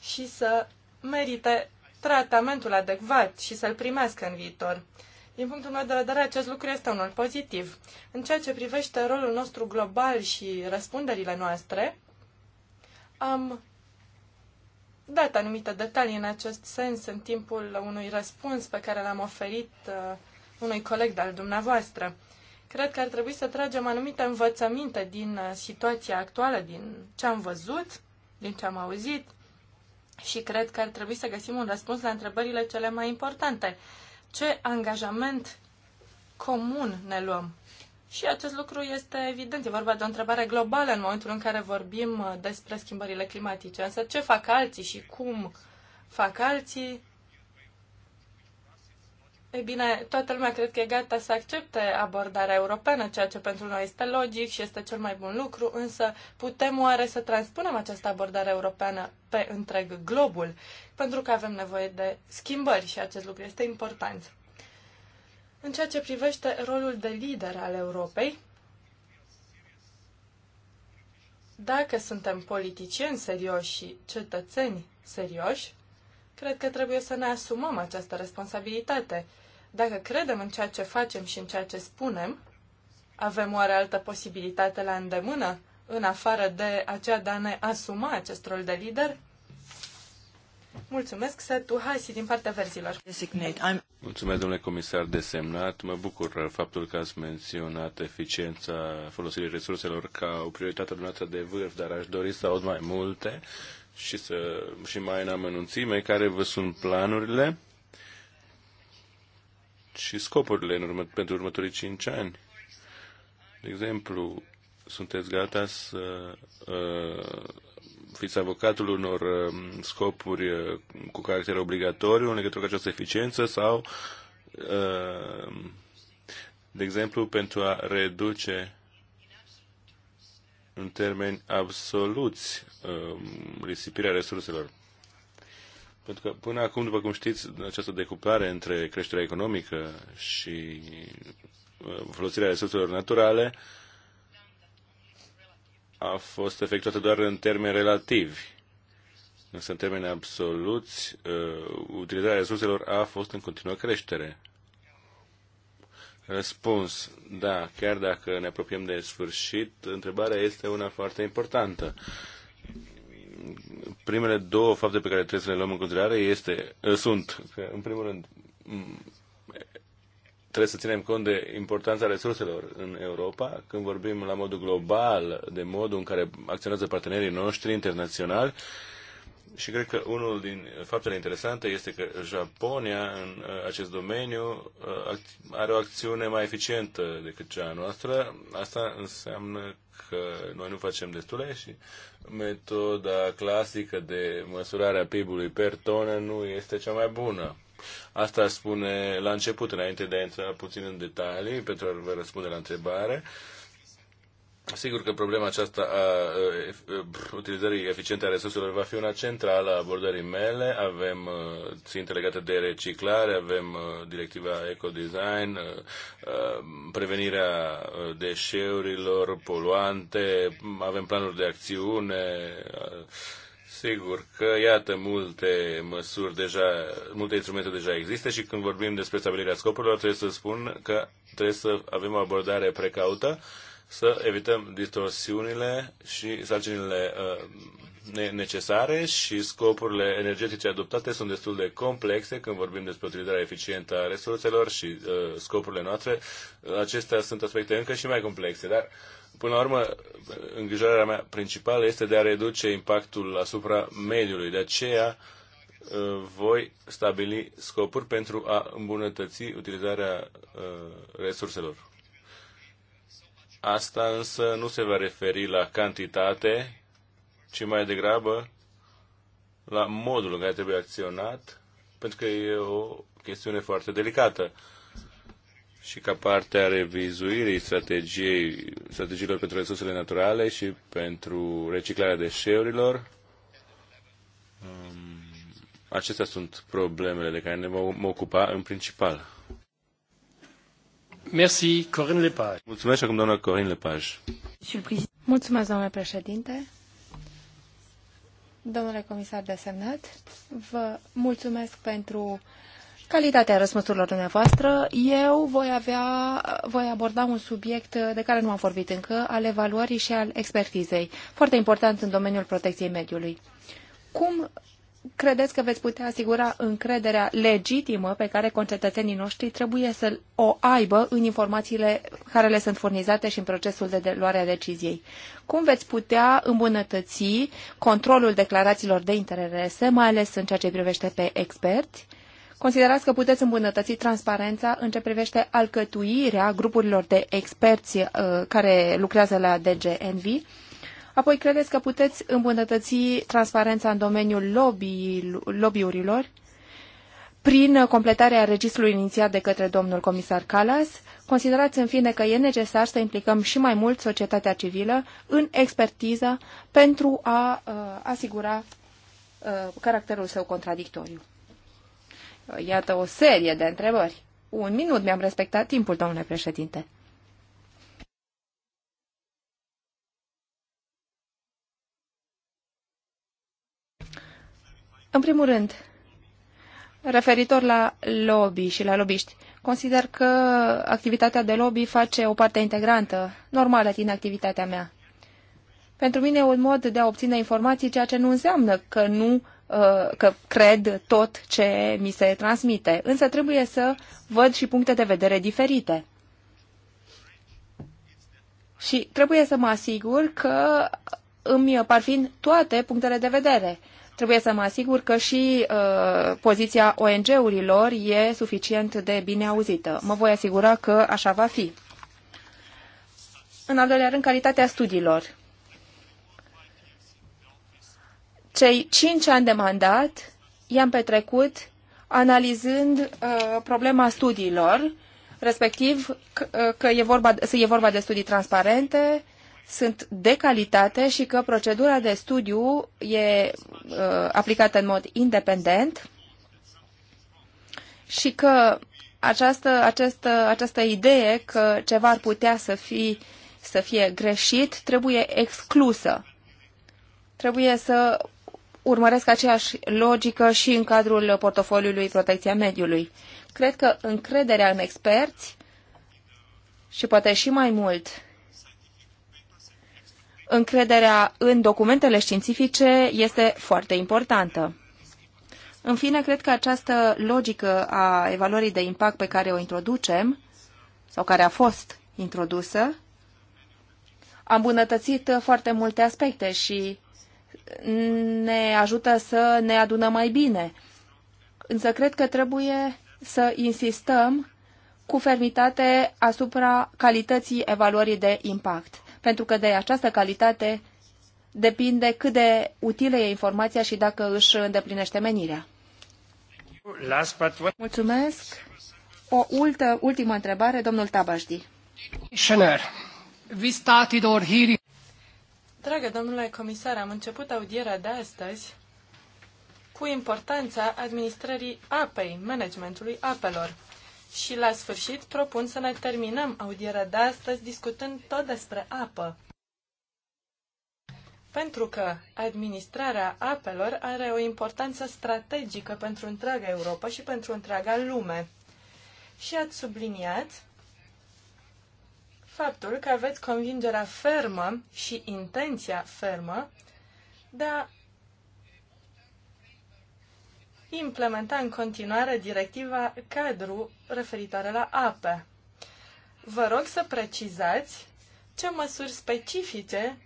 și să merite tratamentul adecvat și să-l primească în viitor. Din punctul meu de vedere, acest lucru este unul pozitiv. În ceea ce privește rolul nostru global și răspunderile noastre, am dat anumite detalii în acest sens în timpul unui răspuns pe care l-am oferit uh, unui coleg de-al dumneavoastră. Cred că ar trebui să tragem anumite învățăminte din uh, situația actuală, din ce am văzut, din ce am auzit și cred că ar trebui să găsim un răspuns la întrebările cele mai importante. Ce angajament comun ne luăm? Și acest lucru este evident, e vorba de o întrebare globală în momentul în care vorbim uh, despre schimbările climatice. Însă ce fac alții și cum fac alții ei bine, toată lumea cred că e gata să accepte abordarea europeană, ceea ce pentru noi este logic și este cel mai bun lucru, însă putem oare să transpunem această abordare europeană pe întreg globul? Pentru că avem nevoie de schimbări și acest lucru este important. În ceea ce privește rolul de lider al Europei, dacă suntem politicieni serioși și cetățeni serioși, Cred că trebuie să ne asumăm această responsabilitate. Dacă credem în ceea ce facem și în ceea ce spunem, avem oare altă posibilitate la îndemână, în afară de aceea de a ne asuma acest rol de lider? Mulțumesc, Setu Hasi, din partea verzilor. Mulțumesc, domnule comisar desemnat. Mă bucur faptul că ați menționat eficiența folosirii resurselor ca o prioritate dumneavoastră de vârf, dar aș dori să aud mai multe și, să, și mai în amănunțime care vă sunt planurile și scopurile în urmă, pentru următorii 5 ani. De exemplu, sunteți gata să uh, fiți avocatul unor uh, scopuri uh, cu caracter obligatoriu în legătură cu această eficiență sau, uh, de exemplu, pentru a reduce în termeni absoluți um, risipirea resurselor. Pentru că până acum, după cum știți, această decuplare între creșterea economică și uh, folosirea resurselor naturale a fost efectuată doar în termeni relativi. Însă, în termeni absoluți, uh, utilizarea resurselor a fost în continuă creștere. Răspuns, da, chiar dacă ne apropiem de sfârșit, întrebarea este una foarte importantă. Primele două fapte pe care trebuie să le luăm în considerare este, eh, sunt, că, în primul rând, trebuie să ținem cont de importanța resurselor în Europa, când vorbim la modul global de modul în care acționează partenerii noștri internaționali, și cred că unul din faptele interesante este că Japonia în uh, acest domeniu uh, are o acțiune mai eficientă decât cea noastră. Asta înseamnă că noi nu facem destule și metoda clasică de măsurare a PIB-ului per tonă nu este cea mai bună. Asta spune la început, înainte de a intra puțin în detalii, pentru a vă răspunde la întrebare. Uh, Sigur că problema aceasta a utilizării eficiente a resurselor va fi una centrală a abordării mele. Avem uh, ținte legate de reciclare, avem uh, directiva ecodesign, uh, prevenirea deșeurilor poluante, avem planuri de acțiune. Sigur că, iată, multe măsuri deja, multe instrumente deja există și când vorbim despre stabilirea scopurilor, trebuie să spun că trebuie să avem o abordare precaută să evităm distorsiunile și sarcinile uh, necesare și scopurile energetice adoptate sunt destul de complexe când vorbim despre utilizarea eficientă a resurselor și uh, scopurile noastre. Acestea sunt aspecte încă și mai complexe, dar până la urmă îngrijorarea mea principală este de a reduce impactul asupra mediului. De aceea uh, voi stabili scopuri pentru a îmbunătăți utilizarea uh, resurselor. Asta însă nu se va referi la cantitate, ci mai degrabă la modul în care trebuie acționat, pentru că e o chestiune foarte delicată. Și ca parte a revizuirii strategiei, strategiilor pentru resursele naturale și pentru reciclarea deșeurilor, um, acestea sunt problemele de care ne vom ocupa în principal. Mulțumesc acum doamna Mulțumesc, domnule președinte. Domnule comisar desemnat, vă mulțumesc pentru calitatea răspunsurilor dumneavoastră. Eu voi, avea, voi aborda un subiect de care nu am vorbit încă, al evaluării și al expertizei, foarte important în domeniul protecției mediului. Cum credeți că veți putea asigura încrederea legitimă pe care concetățenii noștri trebuie să o aibă în informațiile care le sunt furnizate și în procesul de luare a deciziei? Cum veți putea îmbunătăți controlul declarațiilor de interese, mai ales în ceea ce privește pe experți? Considerați că puteți îmbunătăți transparența în ce privește alcătuirea grupurilor de experți uh, care lucrează la DGNV? Apoi, credeți că puteți îmbunătăți transparența în domeniul lobby, urilor prin completarea registrului inițiat de către domnul comisar Calas? Considerați, în fine, că e necesar să implicăm și mai mult societatea civilă în expertiză pentru a uh, asigura uh, caracterul său contradictoriu? Iată o serie de întrebări. Un minut mi-am respectat timpul, domnule președinte. În primul rând, referitor la lobby și la lobbyști, consider că activitatea de lobby face o parte integrantă, normală din activitatea mea. Pentru mine e un mod de a obține informații, ceea ce nu înseamnă că nu uh, că cred tot ce mi se transmite, însă trebuie să văd și puncte de vedere diferite. Și trebuie să mă asigur că îmi parfin toate punctele de vedere. Trebuie să mă asigur că și uh, poziția ONG-urilor e suficient de bine auzită. Mă voi asigura că așa va fi. În al doilea rând, calitatea studiilor. Cei cinci ani de mandat i-am petrecut analizând uh, problema studiilor, respectiv că, uh, că e, vorba, să e vorba de studii transparente, uh, sunt de calitate și că procedura de studiu e uh, aplicată în mod independent și că această, această, această idee că ceva ar putea să, fi, să fie greșit trebuie exclusă. Trebuie să urmăresc aceeași logică și în cadrul portofoliului protecția mediului. Cred că încrederea în experți și poate și mai mult încrederea în documentele științifice este foarte importantă. În fine, cred că această logică a evaluării de impact pe care o introducem, sau care a fost introdusă, a îmbunătățit foarte multe aspecte și ne ajută să ne adunăm mai bine. Însă cred că trebuie să insistăm cu fermitate asupra calității evaluării de impact pentru că de această calitate depinde cât de utilă e informația și dacă își îndeplinește menirea. Mulțumesc. O ultă, ultimă întrebare, domnul Tabajdi. Dragă domnule comisar, am început audierea de astăzi cu importanța administrării apei, managementului apelor. Și la sfârșit propun să ne terminăm audierea de astăzi discutând tot despre apă. Pentru că administrarea apelor are o importanță strategică pentru întreaga Europa și pentru întreaga lume. Și ați subliniat faptul că aveți convingerea fermă și intenția fermă de a implementa în continuare directiva cadru referitoare la ape. Vă rog să precizați ce măsuri specifice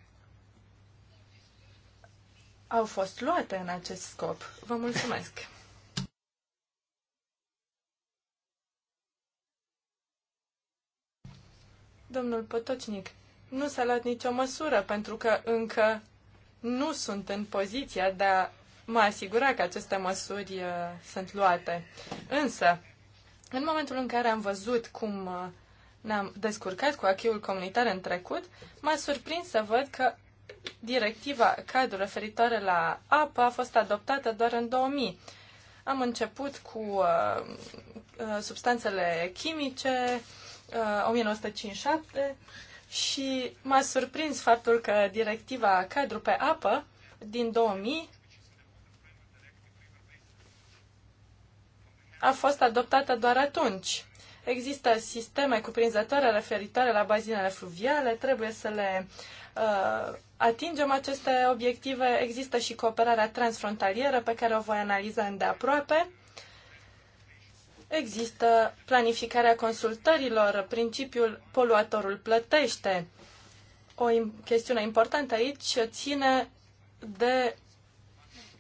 au fost luate în acest scop. Vă mulțumesc! Domnul Potocnic, nu s-a luat nicio măsură pentru că încă nu sunt în poziția de a mă asigura că aceste măsuri uh, sunt luate. Însă, în momentul în care am văzut cum uh, ne-am descurcat cu achiul comunitar în trecut, m-a surprins să văd că directiva cadru referitoare la apă a fost adoptată doar în 2000. Am început cu uh, uh substanțele chimice, uh, 1957, și m-a surprins faptul că directiva cadru pe apă din 2000 a fost adoptată doar atunci. Există sisteme cuprinzătoare referitoare la bazinele fluviale, trebuie să le uh, atingem aceste obiective. Există și cooperarea transfrontalieră pe care o voi analiza îndeaproape. Există planificarea consultărilor, principiul poluatorul plătește. O chestiune importantă aici ține de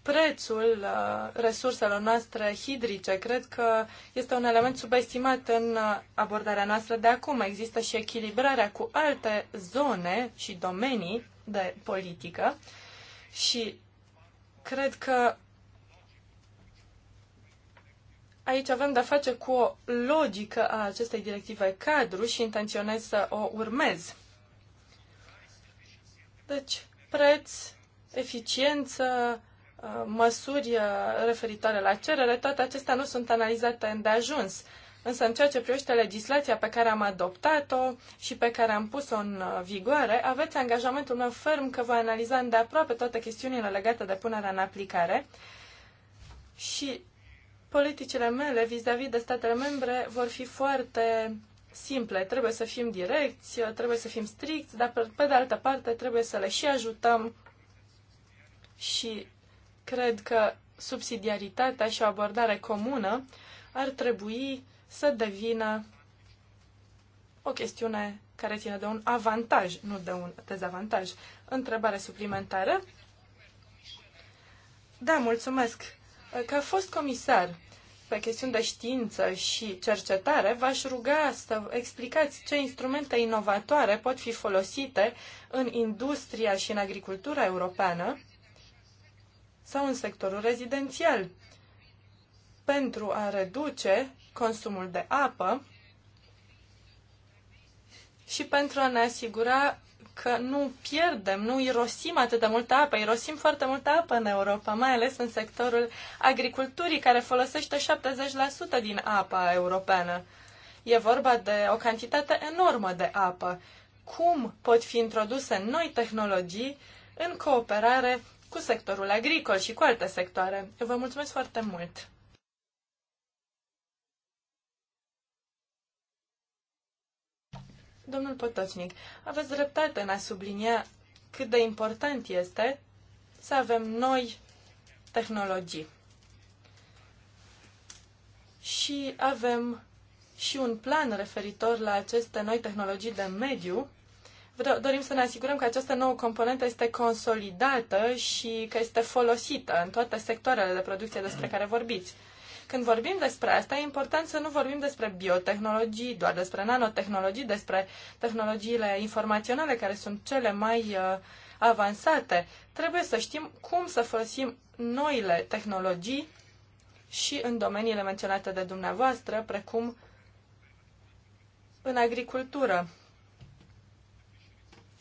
prețul uh, resurselor noastre hidrice. Cred că este un element subestimat în uh, abordarea noastră de acum. Există și echilibrarea cu alte zone și domenii de politică și cred că aici avem de-a face cu o logică a acestei directive cadru și intenționez să o urmez. Deci, preț, eficiență, Uh, măsuri uh, referitoare la cerere, toate acestea nu sunt analizate îndeajuns. Însă în ceea ce privește legislația pe care am adoptat-o și pe care am pus-o în uh, vigoare, aveți angajamentul meu ferm că voi analiza îndeaproape toate chestiunile legate de punerea în aplicare și politicile mele vis-a-vis -vis de statele membre vor fi foarte simple. Trebuie să fim direcți, trebuie să fim stricți, dar pe de altă parte trebuie să le și ajutăm și Cred că subsidiaritatea și o abordare comună ar trebui să devină o chestiune care ține de un avantaj, nu de un dezavantaj. Întrebare suplimentară? Da, mulțumesc. Ca fost comisar pe chestiuni de știință și cercetare, v-aș ruga să explicați ce instrumente inovatoare pot fi folosite în industria și în agricultura europeană sau în sectorul rezidențial pentru a reduce consumul de apă și pentru a ne asigura că nu pierdem, nu irosim atât de multă apă. Irosim foarte multă apă în Europa, mai ales în sectorul agriculturii, care folosește 70% din apa europeană. E vorba de o cantitate enormă de apă. Cum pot fi introduse noi tehnologii în cooperare cu sectorul agricol și cu alte sectoare. Eu vă mulțumesc foarte mult! Domnul Potocnic, aveți dreptate în a sublinia cât de important este să avem noi tehnologii. Și avem și un plan referitor la aceste noi tehnologii de mediu dorim să ne asigurăm că această nouă componentă este consolidată și că este folosită în toate sectoarele de producție despre care vorbiți. Când vorbim despre asta, e important să nu vorbim despre biotehnologii, doar despre nanotehnologii, despre tehnologiile informaționale care sunt cele mai uh, avansate. Trebuie să știm cum să folosim noile tehnologii și în domeniile menționate de dumneavoastră, precum în agricultură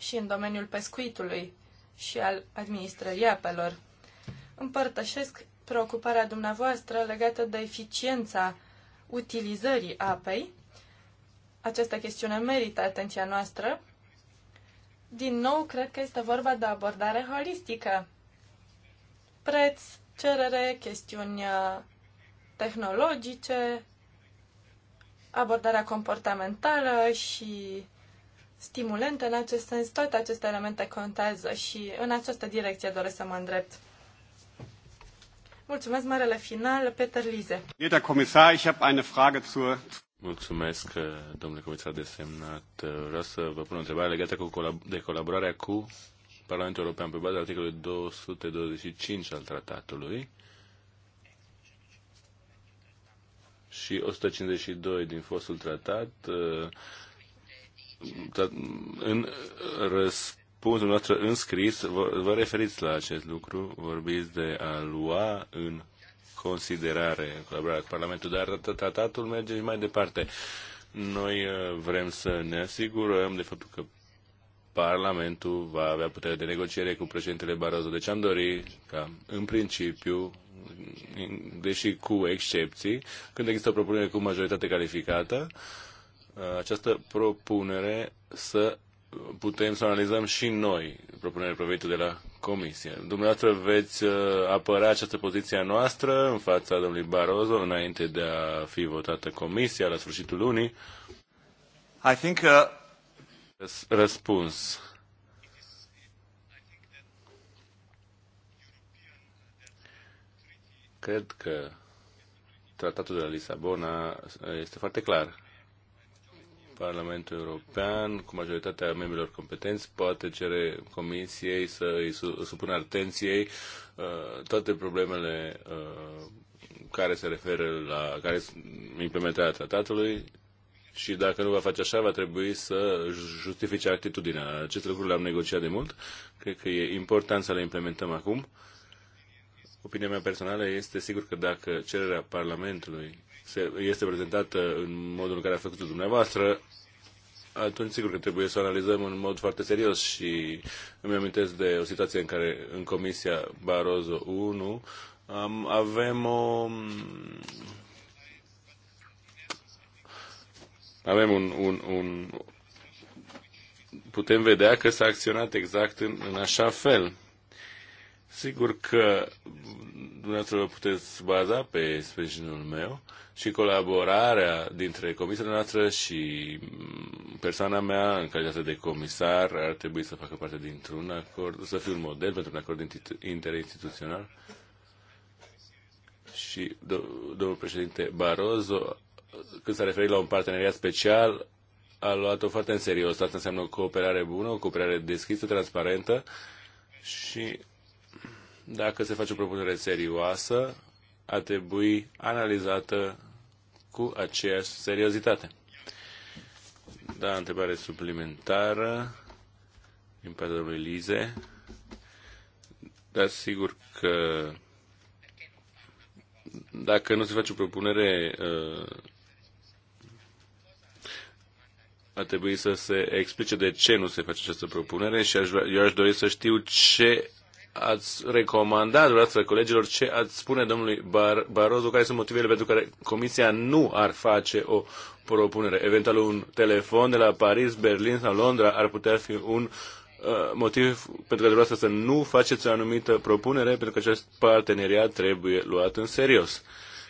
și în domeniul pescuitului și al administrării apelor. Împărtășesc preocuparea dumneavoastră legată de eficiența utilizării apei. Această chestiune merită atenția noastră. Din nou, cred că este vorba de abordare holistică. Preț, cerere, chestiuni uh, tehnologice, abordarea comportamentală și stimulente în acest sens. Toate aceste elemente contează și în această direcție doresc să mă îndrept. Mulțumesc, marele final, Peter Lize. Comisar, ich habe eine Frage zur... Mulțumesc, domnule comisar semnat. Vreau să vă pun o întrebare legată cu colab- de colaborarea cu Parlamentul European pe baza articolului 225 al tratatului și 152 din fostul tratat în răspunsul noastră în vă, vă referiți la acest lucru, vorbiți de a lua în considerare în colaborarea cu Parlamentul, dar tratatul merge și mai departe. Noi uh, vrem să ne asigurăm de faptul că Parlamentul va avea putere de negociere cu președintele Barroso. Deci am dorit ca, în principiu, deși cu excepții, când există o propunere cu majoritate calificată, uh, Uh, această propunere să putem să analizăm și noi propunerea provenită de la Comisie. Dumneavoastră veți uh, apăra această poziție a noastră în fața domnului Barroso înainte de a fi votată Comisia la sfârșitul lunii? I think, uh... Răspuns. Cred că tratatul de la Lisabona este foarte clar Parlamentul European, cu majoritatea membrilor competenți, poate cere Comisiei să îi supună atenției uh, toate problemele uh, care se referă la care implementarea tratatului și dacă nu va face așa, va trebui să justifice atitudinea. Aceste lucruri le-am negociat de mult. Cred că e important să le implementăm acum. Opinia mea personală este sigur că dacă cererea Parlamentului se, este prezentată în modul în care a făcut-o dumneavoastră, atunci sigur că trebuie să o analizăm în mod foarte serios și îmi amintesc de o situație în care în Comisia Barroso 1 um, avem o avem un, un, un putem vedea că s-a acționat exact în, în așa fel Sigur că dumneavoastră vă puteți baza pe sprijinul meu și colaborarea dintre comisia noastră și persoana mea în calitate de comisar ar trebui să facă parte dintr-un acord, să fiu un model pentru un acord interinstituțional. Și do- domnul președinte Barroso, când s-a referit la un parteneriat special, a luat-o foarte în serios. Asta înseamnă o cooperare bună, o cooperare deschisă, transparentă și dacă se face o propunere serioasă, a trebui analizată cu aceeași seriozitate. Da, întrebare suplimentară din partea lui Lize. Dar sigur că dacă nu se face o propunere, uh, a trebui să se explice de ce nu se face această propunere și aș, eu aș dori să știu ce ați recomanda dumneavoastră colegilor ce ați spune domnului Bar- Barozu, care sunt motivele pentru care Comisia nu ar face o propunere. Eventual un telefon de la Paris, Berlin sau Londra ar putea fi un uh, motiv pentru care dumneavoastră să nu faceți o anumită propunere, pentru că acest parteneriat trebuie luat în serios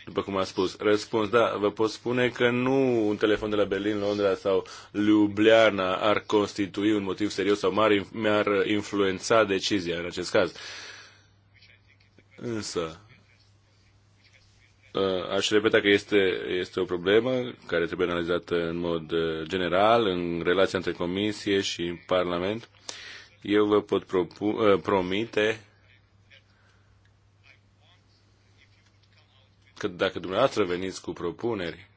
după cum am spus. Răspuns, da, vă pot spune că nu un telefon de la Berlin, Londra sau Ljubljana ar constitui un motiv serios sau mare, mi-ar influența decizia în acest caz. Însă, ă, aș repeta că este, este o problemă care trebuie analizată în mod ă, general, în relația între Comisie și Parlament. Eu vă pot propu- ă, promite că dacă dumneavoastră veniți cu propuneri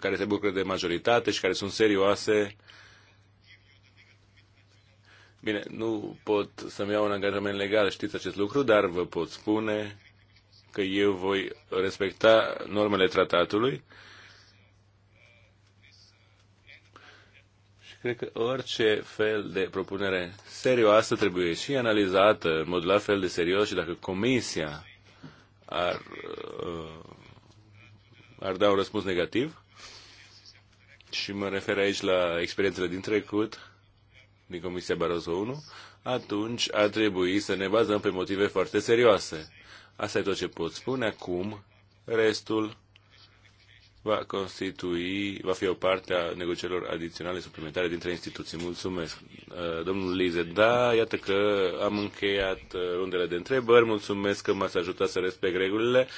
care se bucură de majoritate și care sunt serioase, bine, nu pot să-mi iau un angajament legal, știți acest lucru, dar vă pot spune că eu voi respecta normele tratatului și cred că orice fel de propunere serioasă trebuie și analizată în mod la fel de serios și dacă comisia ar, uh, ar da un răspuns negativ. Și mă refer aici la experiențele din trecut, din Comisia Barroso 1, atunci ar trebui să ne bazăm pe motive foarte serioase. Asta e tot ce pot spune acum. Restul va constitui, va fi o parte a negocierilor adiționale suplimentare dintre instituții. Mulțumesc. Uh, domnul Lize, da, iată că am încheiat uh, rundele de întrebări. Mulțumesc că m-ați ajutat să respect regulile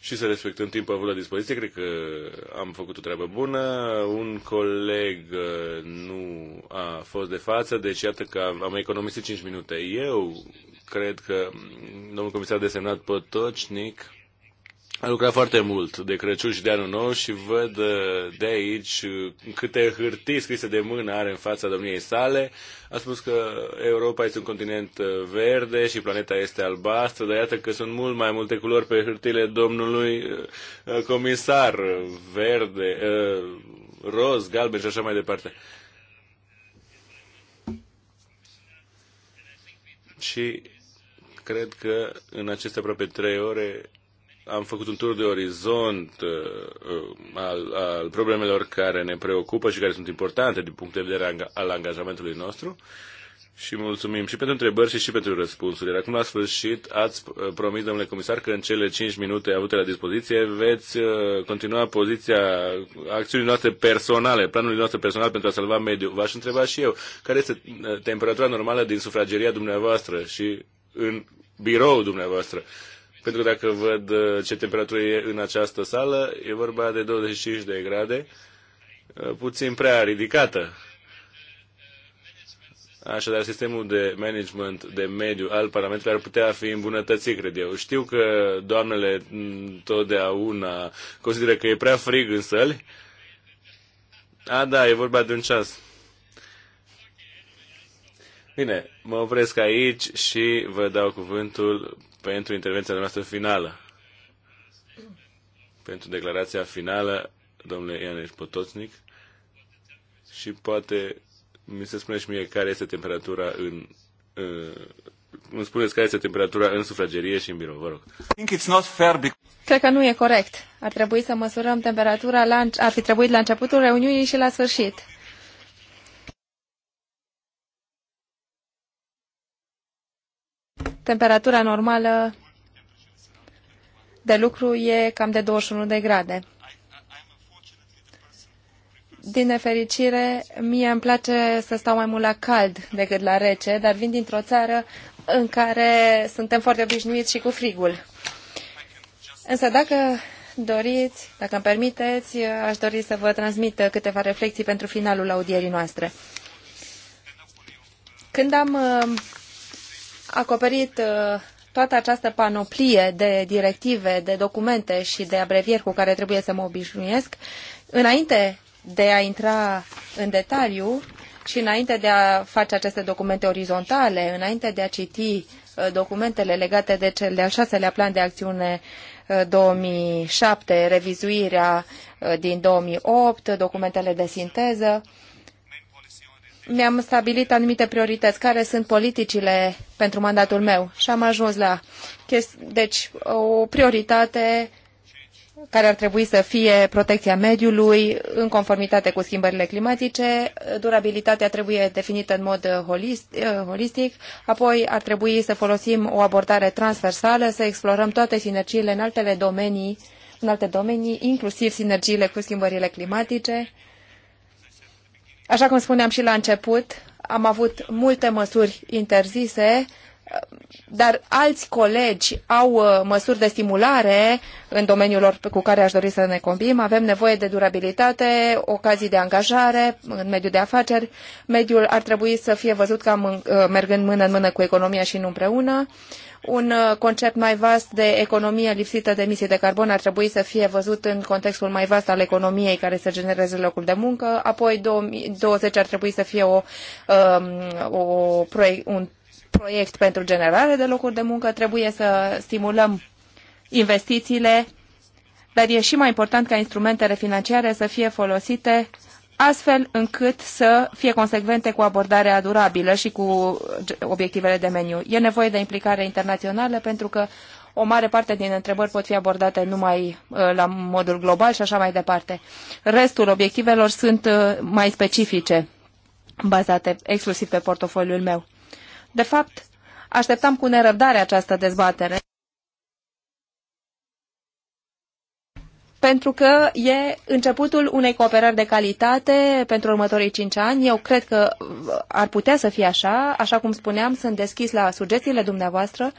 și să respectăm timpul avut la dispoziție. Cred că am făcut o treabă bună. Un coleg uh, nu a fost de față, deci iată că am economisit 5 minute. Eu cred că domnul comisar desemnat Potocnic a lucrat foarte mult de Crăciun și de Anul Nou și văd uh, de aici uh, câte hârtii scrise de mână are în fața domniei sale. A spus că Europa este un continent uh, verde și planeta este albastră, dar iată că sunt mult mai multe culori pe hârtile domnului comisar, verde, roz, galben și așa mai departe. Și cred că în aceste aproape trei ore am făcut un tur de orizont uh, uh, al, al problemelor care ne preocupă și care sunt importante din punct de vedere al angajamentului nostru și mulțumim și pentru întrebări și și pentru răspunsuri. acum, la sfârșit, ați uh, promis, domnule comisar, că în cele 5 minute avute la dispoziție veți uh, continua poziția acțiunii noastre personale, planului nostru personal pentru a salva mediul. V-aș întreba și eu, care este temperatura normală din sufrageria dumneavoastră și în birou dumneavoastră? pentru că dacă văd uh, ce temperatură e în această sală, e vorba de 25 de grade, uh, puțin prea ridicată. Așadar, sistemul de management de mediu al Parlamentului ar putea fi îmbunătățit, cred eu. Știu că doamnele totdeauna consideră că e prea frig în săli. A, da, e vorba de un ceas. Bine, mă opresc aici și vă dau cuvântul pentru intervenția noastră finală. Pentru declarația finală, domnule Ianeș Potocnic, și poate mi se spune și mie care este temperatura în... Uh, îmi spuneți care este temperatura în sufragerie și în birou, vă rog. Cred că nu e corect. Ar trebui să măsurăm temperatura, la, ar fi trebuit la începutul reuniunii și la sfârșit. Temperatura normală de lucru e cam de 21 de grade. Din nefericire, mie îmi place să stau mai mult la cald decât la rece, dar vin dintr-o țară în care suntem foarte obișnuiți și cu frigul. Însă dacă doriți, dacă îmi permiteți, aș dori să vă transmit câteva reflexii pentru finalul audierii noastre. Când am acoperit uh, toată această panoplie de directive, de documente și de abrevieri cu care trebuie să mă obișnuiesc. Înainte de a intra în detaliu și înainte de a face aceste documente orizontale, înainte de a citi uh, documentele legate de cel de-al șaselea plan de acțiune 2007, uh, revizuirea din 2008, documentele de sinteză, mi-am stabilit anumite priorități, care sunt politicile pentru mandatul meu și am ajuns la deci o prioritate care ar trebui să fie protecția mediului în conformitate cu schimbările climatice, durabilitatea trebuie definită în mod uh, uh, holistic, apoi ar trebui să folosim o abordare transversală, să explorăm toate sinergiile în altele domenii, în alte domenii, inclusiv sinergiile cu schimbările climatice Așa cum spuneam și la început, am avut multe măsuri interzise, dar alți colegi au uh, măsuri de stimulare în domeniul lor cu care aș dori să ne combim. Avem nevoie de durabilitate, ocazii de angajare în mediul de afaceri. Mediul ar trebui să fie văzut ca uh, mergând mână în mână cu economia și nu împreună. Un uh, concept mai vast de economie lipsită de emisii de carbon ar trebui să fie văzut în contextul mai vast al economiei care să genereze locul de muncă. Apoi 2020 ar trebui să fie o, um, o, un proiect pentru generare de locuri de muncă. Trebuie să stimulăm investițiile, dar e și mai important ca instrumentele financiare să fie folosite astfel încât să fie consecvente cu abordarea durabilă și cu obiectivele de meniu. E nevoie de implicare internațională pentru că o mare parte din întrebări pot fi abordate numai uh, la modul global și așa mai departe. Restul obiectivelor sunt uh, mai specifice, bazate exclusiv pe portofoliul meu. De fapt, așteptam cu nerăbdare această dezbatere pentru că e începutul unei cooperări de calitate pentru următorii cinci ani. Eu cred că ar putea să fie așa. Așa cum spuneam, sunt deschis la sugestiile dumneavoastră,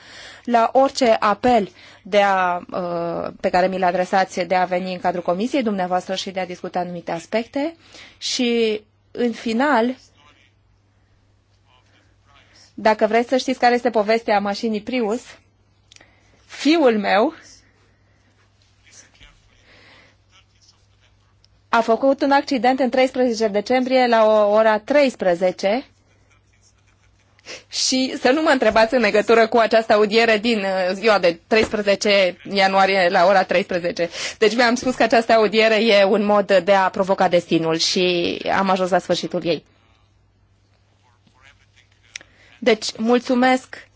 la orice apel de a, uh, pe care mi l adresați de a veni în cadrul comisiei dumneavoastră și de a discuta anumite aspecte. Și, în final, dacă vreți să știți care este povestea mașinii Prius, fiul meu, a făcut un accident în 13 decembrie la o ora 13 și să nu mă întrebați în legătură cu această audiere din uh, ziua de 13 ianuarie la ora 13. Deci mi-am spus că această audiere e un mod de a provoca destinul și am ajuns la sfârșitul ei. Deci, mulțumesc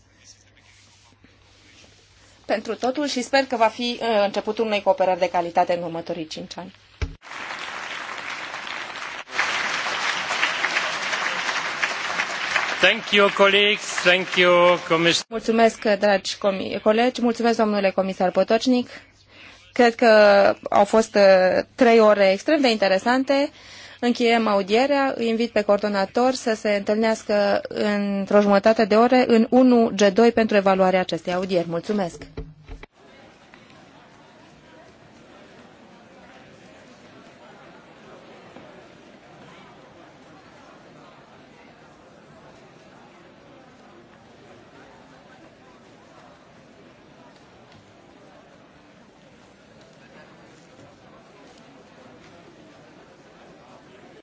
pentru totul și sper că va fi uh, începutul unei cooperări de calitate în următorii 5 ani. Thank you, colleagues. Thank you, mulțumesc, dragi colegi, mulțumesc, domnule comisar Potocnic. Cred că au fost uh, trei ore extrem de interesante. Încheiem audierea, îi invit pe coordonator să se întâlnească într-o jumătate de ore în 1G2 pentru evaluarea acestei audieri. Mulțumesc!